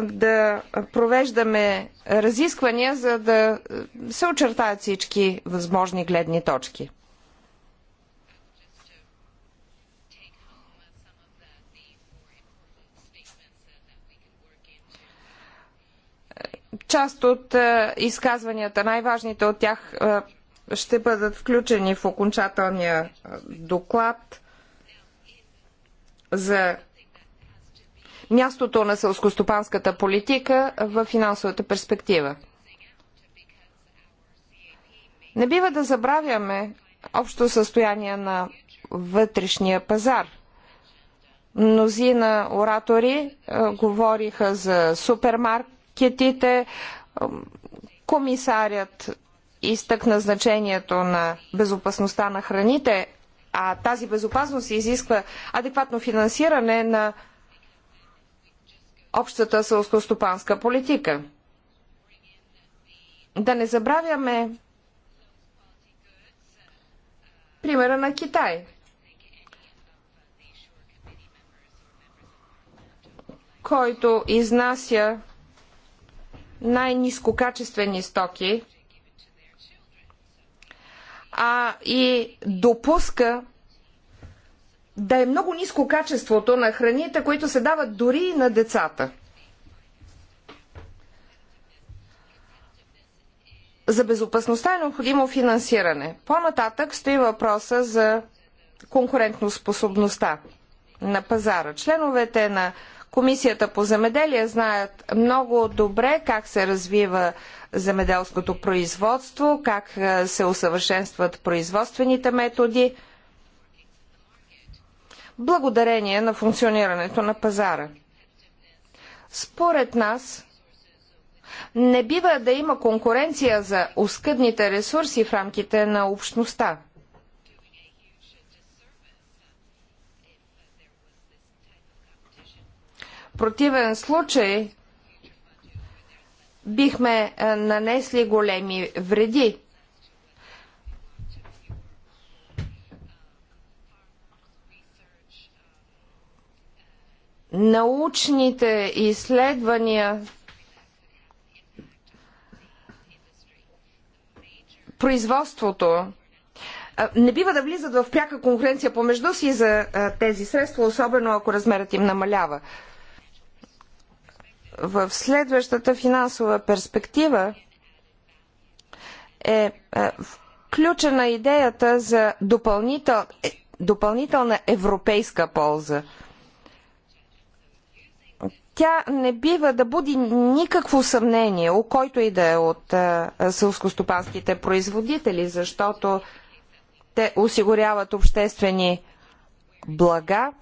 да провеждаме разисквания, за да се очертаят всички възможни гледни точки. Част от е, изказванията, най-важните от тях, е, ще бъдат включени в окончателния доклад за мястото на селскостопанската политика в финансовата перспектива. Не бива да забравяме общо състояние на вътрешния пазар. Мнозина оратори е, говориха за супермаркетите, е, комисарят изтъкна значението на безопасността на храните, а тази безопасност изисква адекватно финансиране на общата сълскостопанска политика. Да не забравяме примера на Китай. който изнася най-низкокачествени стоки а и допуска да е много ниско качеството на храните, които се дават дори и на децата. За безопасността е необходимо финансиране. По-нататък стои въпроса за конкурентно способността на пазара. Членовете на Комисията по земеделие знаят много добре как се развива земеделското производство, как се усъвършенстват производствените методи, благодарение на функционирането на пазара. Според нас, не бива да има конкуренция за оскъдните ресурси в рамките на общността. противен случай бихме е, нанесли големи вреди. Научните изследвания производството е, не бива да влизат в пряка конкуренция помежду си за е, тези средства, особено ако размерът им намалява в следващата финансова перспектива е, е включена идеята за допълнител, е, допълнителна европейска полза. Тя не бива да буди никакво съмнение, у който и да е от е, сълскостопанските производители, защото те осигуряват обществени блага,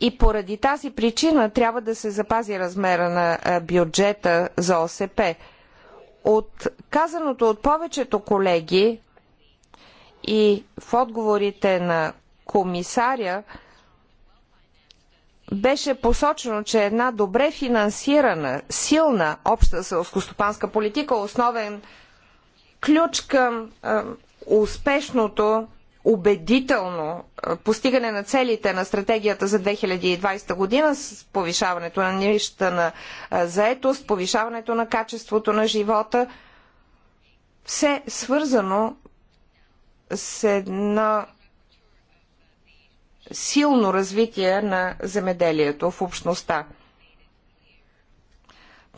и поради тази причина трябва да се запази размера на бюджета за ОСП. От казаното от повечето колеги и в отговорите на комисаря беше посочено, че една добре финансирана, силна обща селскостопанска политика е основен ключ към е, успешното убедително постигане на целите на стратегията за 2020 година с повишаването на нивищата на заетост, повишаването на качеството на живота, все свързано с едно силно развитие на земеделието в общността.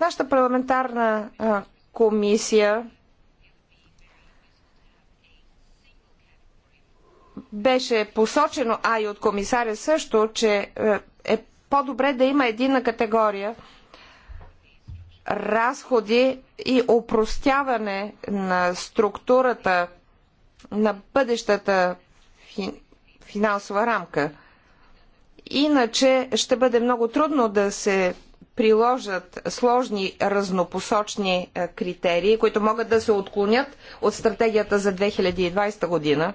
Нашата парламентарна комисия Беше посочено, а и от комисаря също, че е, е по-добре да има единна категория разходи и упростяване на структурата на бъдещата финансова рамка. Иначе ще бъде много трудно да се приложат сложни разнопосочни е, критерии, които могат да се отклонят от стратегията за 2020 година.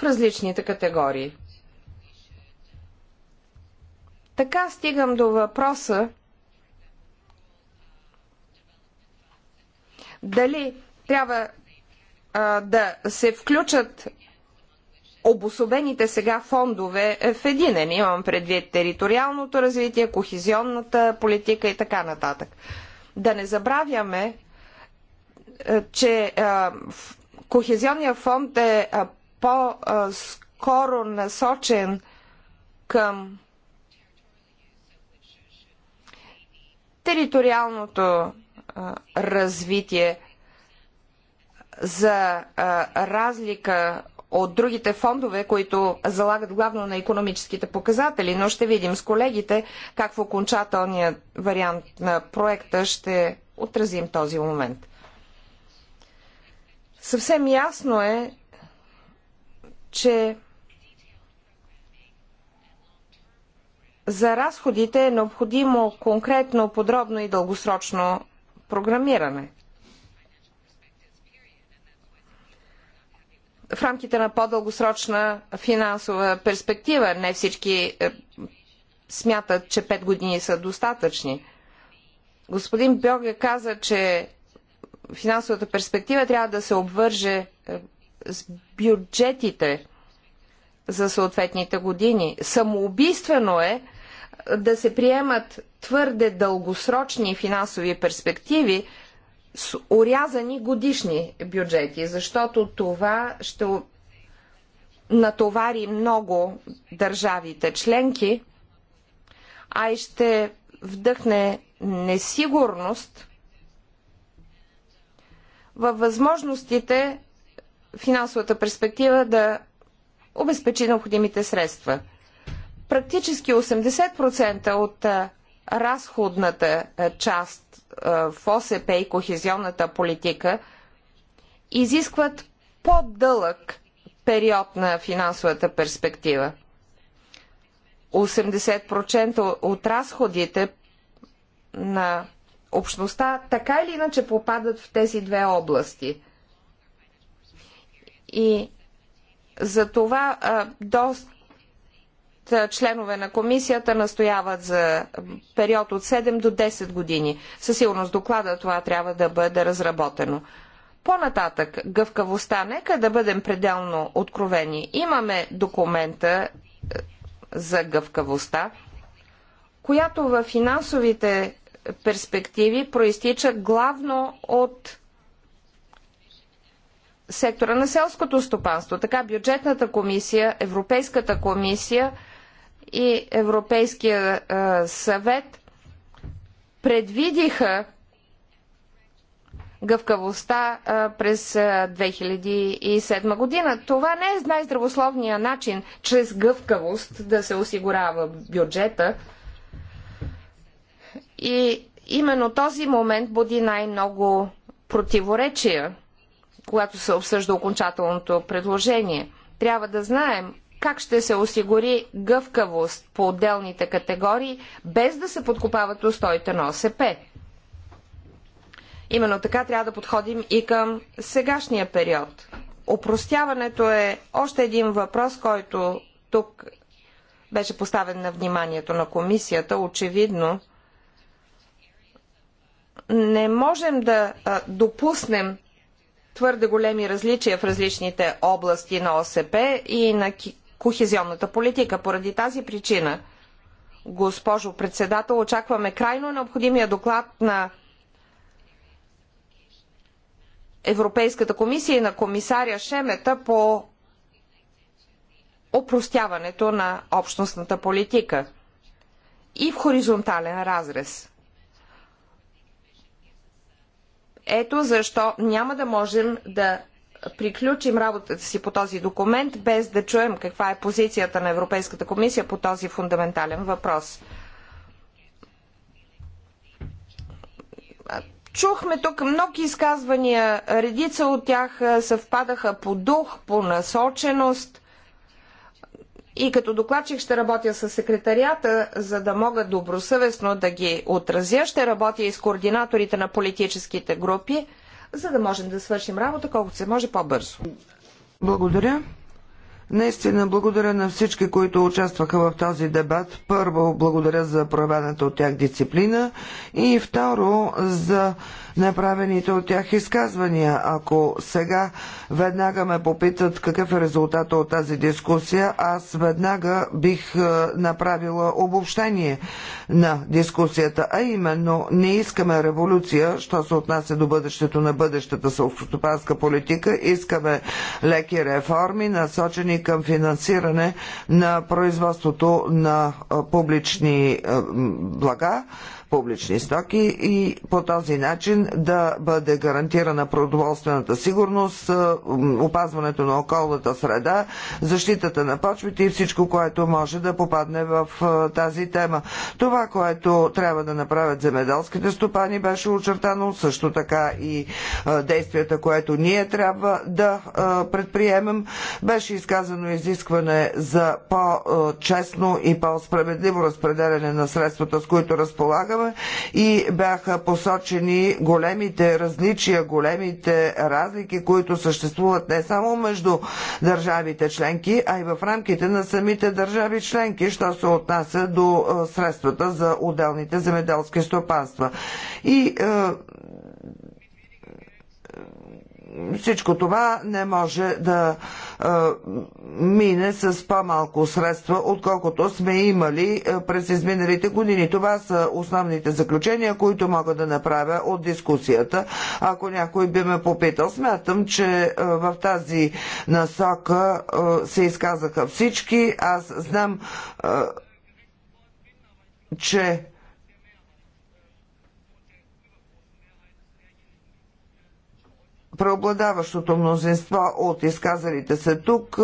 в различните категории. Така стигам до въпроса дали трябва а, да се включат обособените сега фондове в единен. Имам предвид териториалното развитие, кохезионната политика и така нататък. Да не забравяме, че а, Кохезионният фонд е по-скоро насочен към териториалното развитие за разлика от другите фондове, които залагат главно на економическите показатели, но ще видим с колегите как в окончателния вариант на проекта ще отразим този момент. Съвсем ясно е, че за разходите е необходимо конкретно, подробно и дългосрочно програмиране. В рамките на по-дългосрочна финансова перспектива не всички е, смятат, че 5 години са достатъчни. Господин Бьоге каза, че финансовата перспектива трябва да се обвърже е, с бюджетите за съответните години. Самоубийствено е да се приемат твърде дългосрочни финансови перспективи с урязани годишни бюджети, защото това ще натовари много държавите членки, а и ще вдъхне несигурност във възможностите финансовата перспектива да обезпечи необходимите средства. Практически 80% от разходната част в ОСП и кохезионната политика изискват по-дълъг период на финансовата перспектива. 80% от разходите на общността така или иначе попадат в тези две области – и за това доста членове на комисията настояват за период от 7 до 10 години. Със сигурност доклада това трябва да бъде разработено. По-нататък, гъвкавостта, нека да бъдем пределно откровени. Имаме документа е, за гъвкавостта, която в финансовите перспективи проистича главно от сектора на селското стопанство. Така бюджетната комисия, Европейската комисия и Европейския а, е, съвет предвидиха гъвкавостта а, е, през 2007 е, година. Това не е най-здравословния начин чрез гъвкавост да се осигурява бюджета. И именно този момент буди най-много противоречия когато се обсъжда окончателното предложение. Трябва да знаем как ще се осигури гъвкавост по отделните категории, без да се подкопават устоите на ОСП. Именно така трябва да подходим и към сегашния период. Опростяването е още един въпрос, който тук беше поставен на вниманието на комисията. Очевидно, не можем да допуснем твърде големи различия в различните области на ОСП и на кохезионната политика. Поради тази причина, госпожо председател, очакваме крайно необходимия доклад на Европейската комисия и на комисаря Шемета по опростяването на общностната политика и в хоризонтален разрез. Ето защо няма да можем да приключим работата си по този документ, без да чуем каква е позицията на Европейската комисия по този фундаментален въпрос. Чухме тук много изказвания, редица от тях съвпадаха по дух, по насоченост и като докладчик ще работя с секретарията, за да мога добросъвестно да ги отразя. Ще работя и с координаторите на политическите групи, за да можем да свършим работа колкото се може по-бързо. Благодаря. Наистина благодаря на всички, които участваха в този дебат. Първо, благодаря за проявената от тях дисциплина и второ, за направените от тях изказвания. Ако сега веднага ме попитат какъв е резултата от тази дискусия, аз веднага бих е, направила обобщение на дискусията, а именно не искаме революция, що се отнася до бъдещето на бъдещата селскостопанска политика, искаме леки реформи, насочени към финансиране на производството на е, публични е, блага, публични стоки и по този начин да бъде гарантирана продоволствената сигурност, е, опазването на околната среда, защитата на почвите и всичко, което може да попадне в е, тази тема. Това, което трябва да направят земеделските стопани, беше очертано също така и е, действията, което ние трябва да предприемем. Беше изказано изискване за по-честно и по-справедливо разпределяне на средствата, с които разполагаме сила и бяха посочени големите различия, големите разлики, които съществуват не само между държавите членки, а и в рамките на самите държави членки, що се отнася до средствата за отделните земеделски стопанства. И всичко това не може да мине с по-малко средства, отколкото сме имали през изминалите години. Това са основните заключения, които мога да направя от дискусията. Ако някой би ме попитал, смятам, че в тази насока се изказаха всички. Аз знам, че преобладаващото мнозинство от изказалите се тук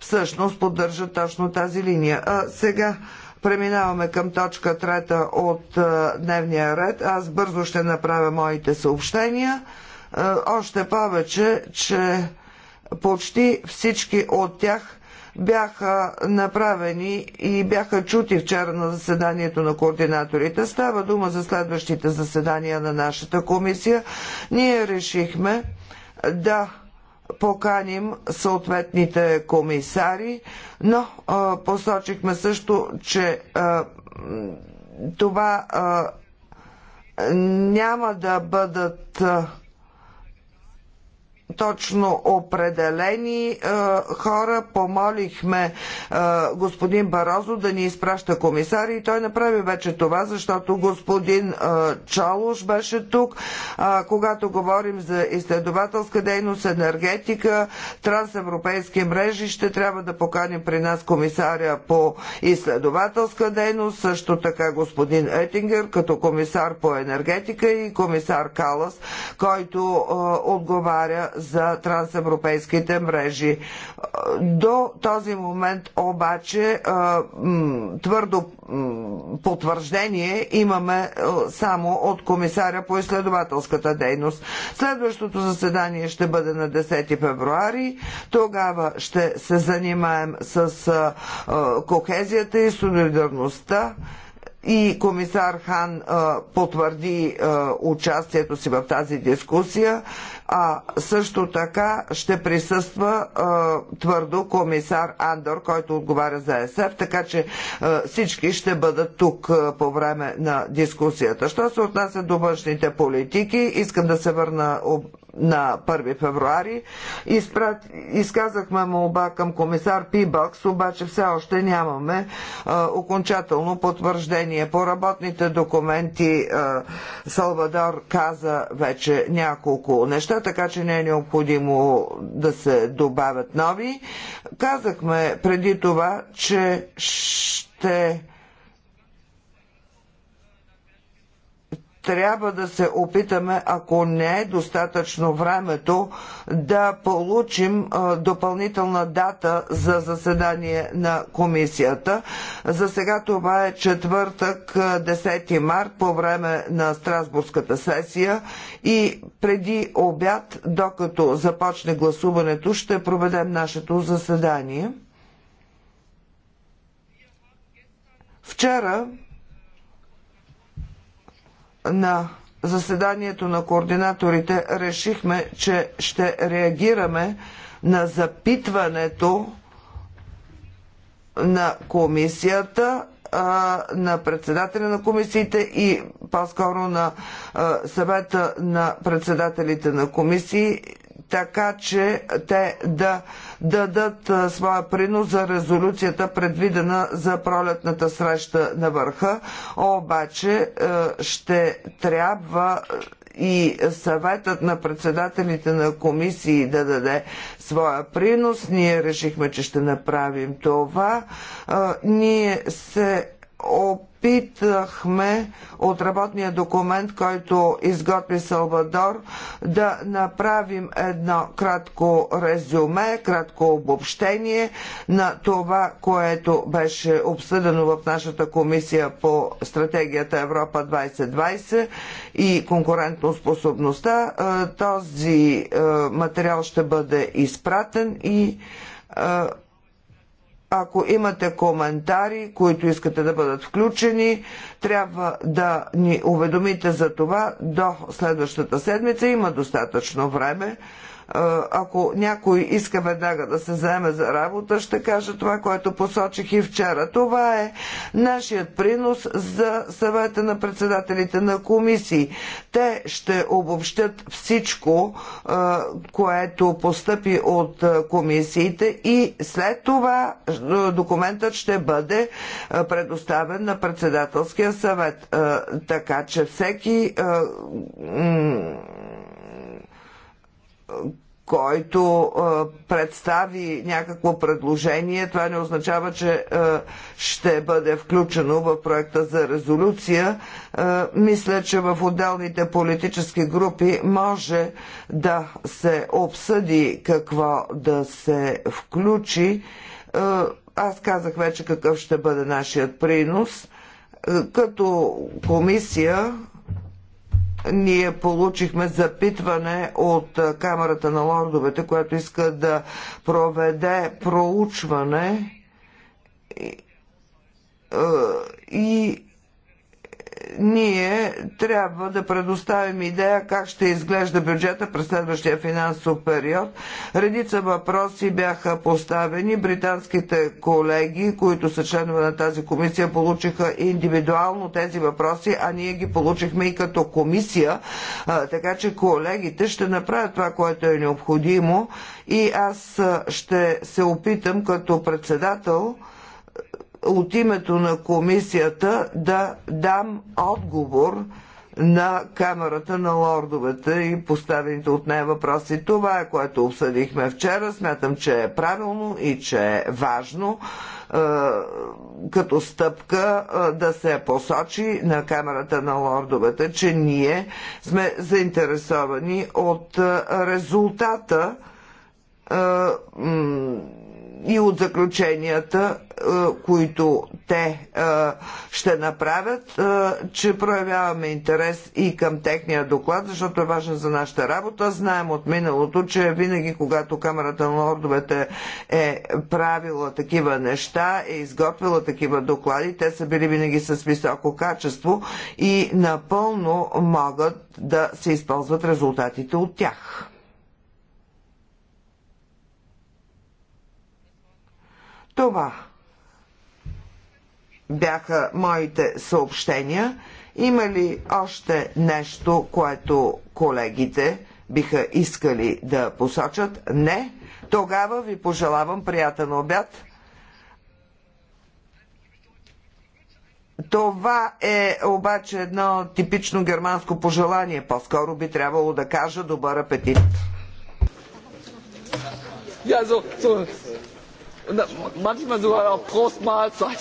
всъщност поддържат точно тази линия. А сега преминаваме към точка трета от дневния ред. Аз бързо ще направя моите съобщения. Още повече, че почти всички от тях бяха направени и бяха чути вчера на заседанието на координаторите. Става дума за следващите заседания на нашата комисия. Ние решихме да поканим съответните комисари, но а, посочихме също, че а, това а, няма да бъдат а, точно определени е, хора. Помолихме е, господин Барозо да ни изпраща комисари и той направи вече това, защото господин е, Чалуш беше тук. Е, когато говорим за изследователска дейност, енергетика, трансевропейски мрежи, ще трябва да поканим при нас комисаря по изследователска дейност, също така господин Етингер като комисар по енергетика и комисар Калас, който е, отговаря за трансевропейските мрежи. До този момент обаче твърдо потвърждение имаме само от комисаря по изследователската дейност. Следващото заседание ще бъде на 10 февруари. Тогава ще се занимаем с кохезията и солидарността и комисар Хан а, потвърди а, участието си в тази дискусия, а също така ще присъства а, твърдо комисар Андор, който отговаря за ЕСФ, така че а, всички ще бъдат тук а, по време на дискусията. Що се отнася до външните политики, искам да се върна об на 1 февруари. Изпрат... Изказахме оба към комисар Пибакс, обаче все още нямаме а, е, окончателно потвърждение. По работните документи а, е, Салвадор каза вече няколко неща, така че не е необходимо да се добавят нови. Казахме преди това, че ще трябва да се опитаме, ако не е достатъчно времето, да получим допълнителна дата за заседание на комисията. За сега това е четвъртък, 10 март, по време на Страсбургската сесия и преди обяд, докато започне гласуването, ще проведем нашето заседание. Вчера на заседанието на координаторите решихме, че ще реагираме на запитването на комисията, на председателя на комисиите и по-скоро на съвета на председателите на комисии, така че те да дадат своя принос за резолюцията, предвидена за пролетната среща на върха, обаче ще трябва и съветът на председателите на комисии да даде своя принос. Ние решихме, че ще направим това. Ние се опитваме опитахме от работния документ, който изготви Салвадор, да направим едно кратко резюме, кратко обобщение на това, което беше обсъдено в нашата комисия по стратегията Европа 2020 и конкурентоспособността. Е, този е, материал ще бъде изпратен и е, ако имате коментари, които искате да бъдат включени, трябва да ни уведомите за това до следващата седмица. Има достатъчно време ако някой иска веднага да се заеме за работа, ще кажа това, което посочих и вчера. Това е нашият принос за съвета на председателите на комисии. Те ще обобщат всичко, което постъпи от комисиите и след това документът ще бъде предоставен на председателския съвет. Така че всеки който представи някакво предложение, това не означава, че ще бъде включено в проекта за резолюция. мисля, че в отделните политически групи може да се обсъди какво да се включи. аз казах вече какъв ще бъде нашият принос. като комисия ние получихме запитване от Камерата на лордовете, която иска да проведе проучване и ние трябва да предоставим идея как ще изглежда бюджета през следващия финансов период. Редица въпроси бяха поставени. Британските колеги, които са членове на тази комисия, получиха индивидуално тези въпроси, а ние ги получихме и като комисия. Така че колегите ще направят това, което е необходимо и аз ще се опитам като председател от името на комисията да дам отговор на Камерата на лордовете и поставените от нея въпроси. Това е което обсъдихме вчера. Смятам, че е правилно и че е важно е, като стъпка е, да се посочи на Камерата на лордовете, че ние сме заинтересовани от е, резултата и от заключенията, е, които те е, ще направят, е, че проявяваме интерес и към техния доклад, защото е важен за нашата работа. Знаем от миналото, че винаги, когато Камерата на лордовете е правила такива неща, е изготвила такива доклади, те са били винаги с високо качество и напълно могат да се използват резултатите от тях. Това бяха моите съобщения. Има ли още нещо, което колегите биха искали да посочат? Не. Тогава ви пожелавам приятен обяд. Това е обаче едно типично германско пожелание. По-скоро би трябвало да кажа добър апетит. Ja, so, so manchmal sogar auch Prost Mahlzeit.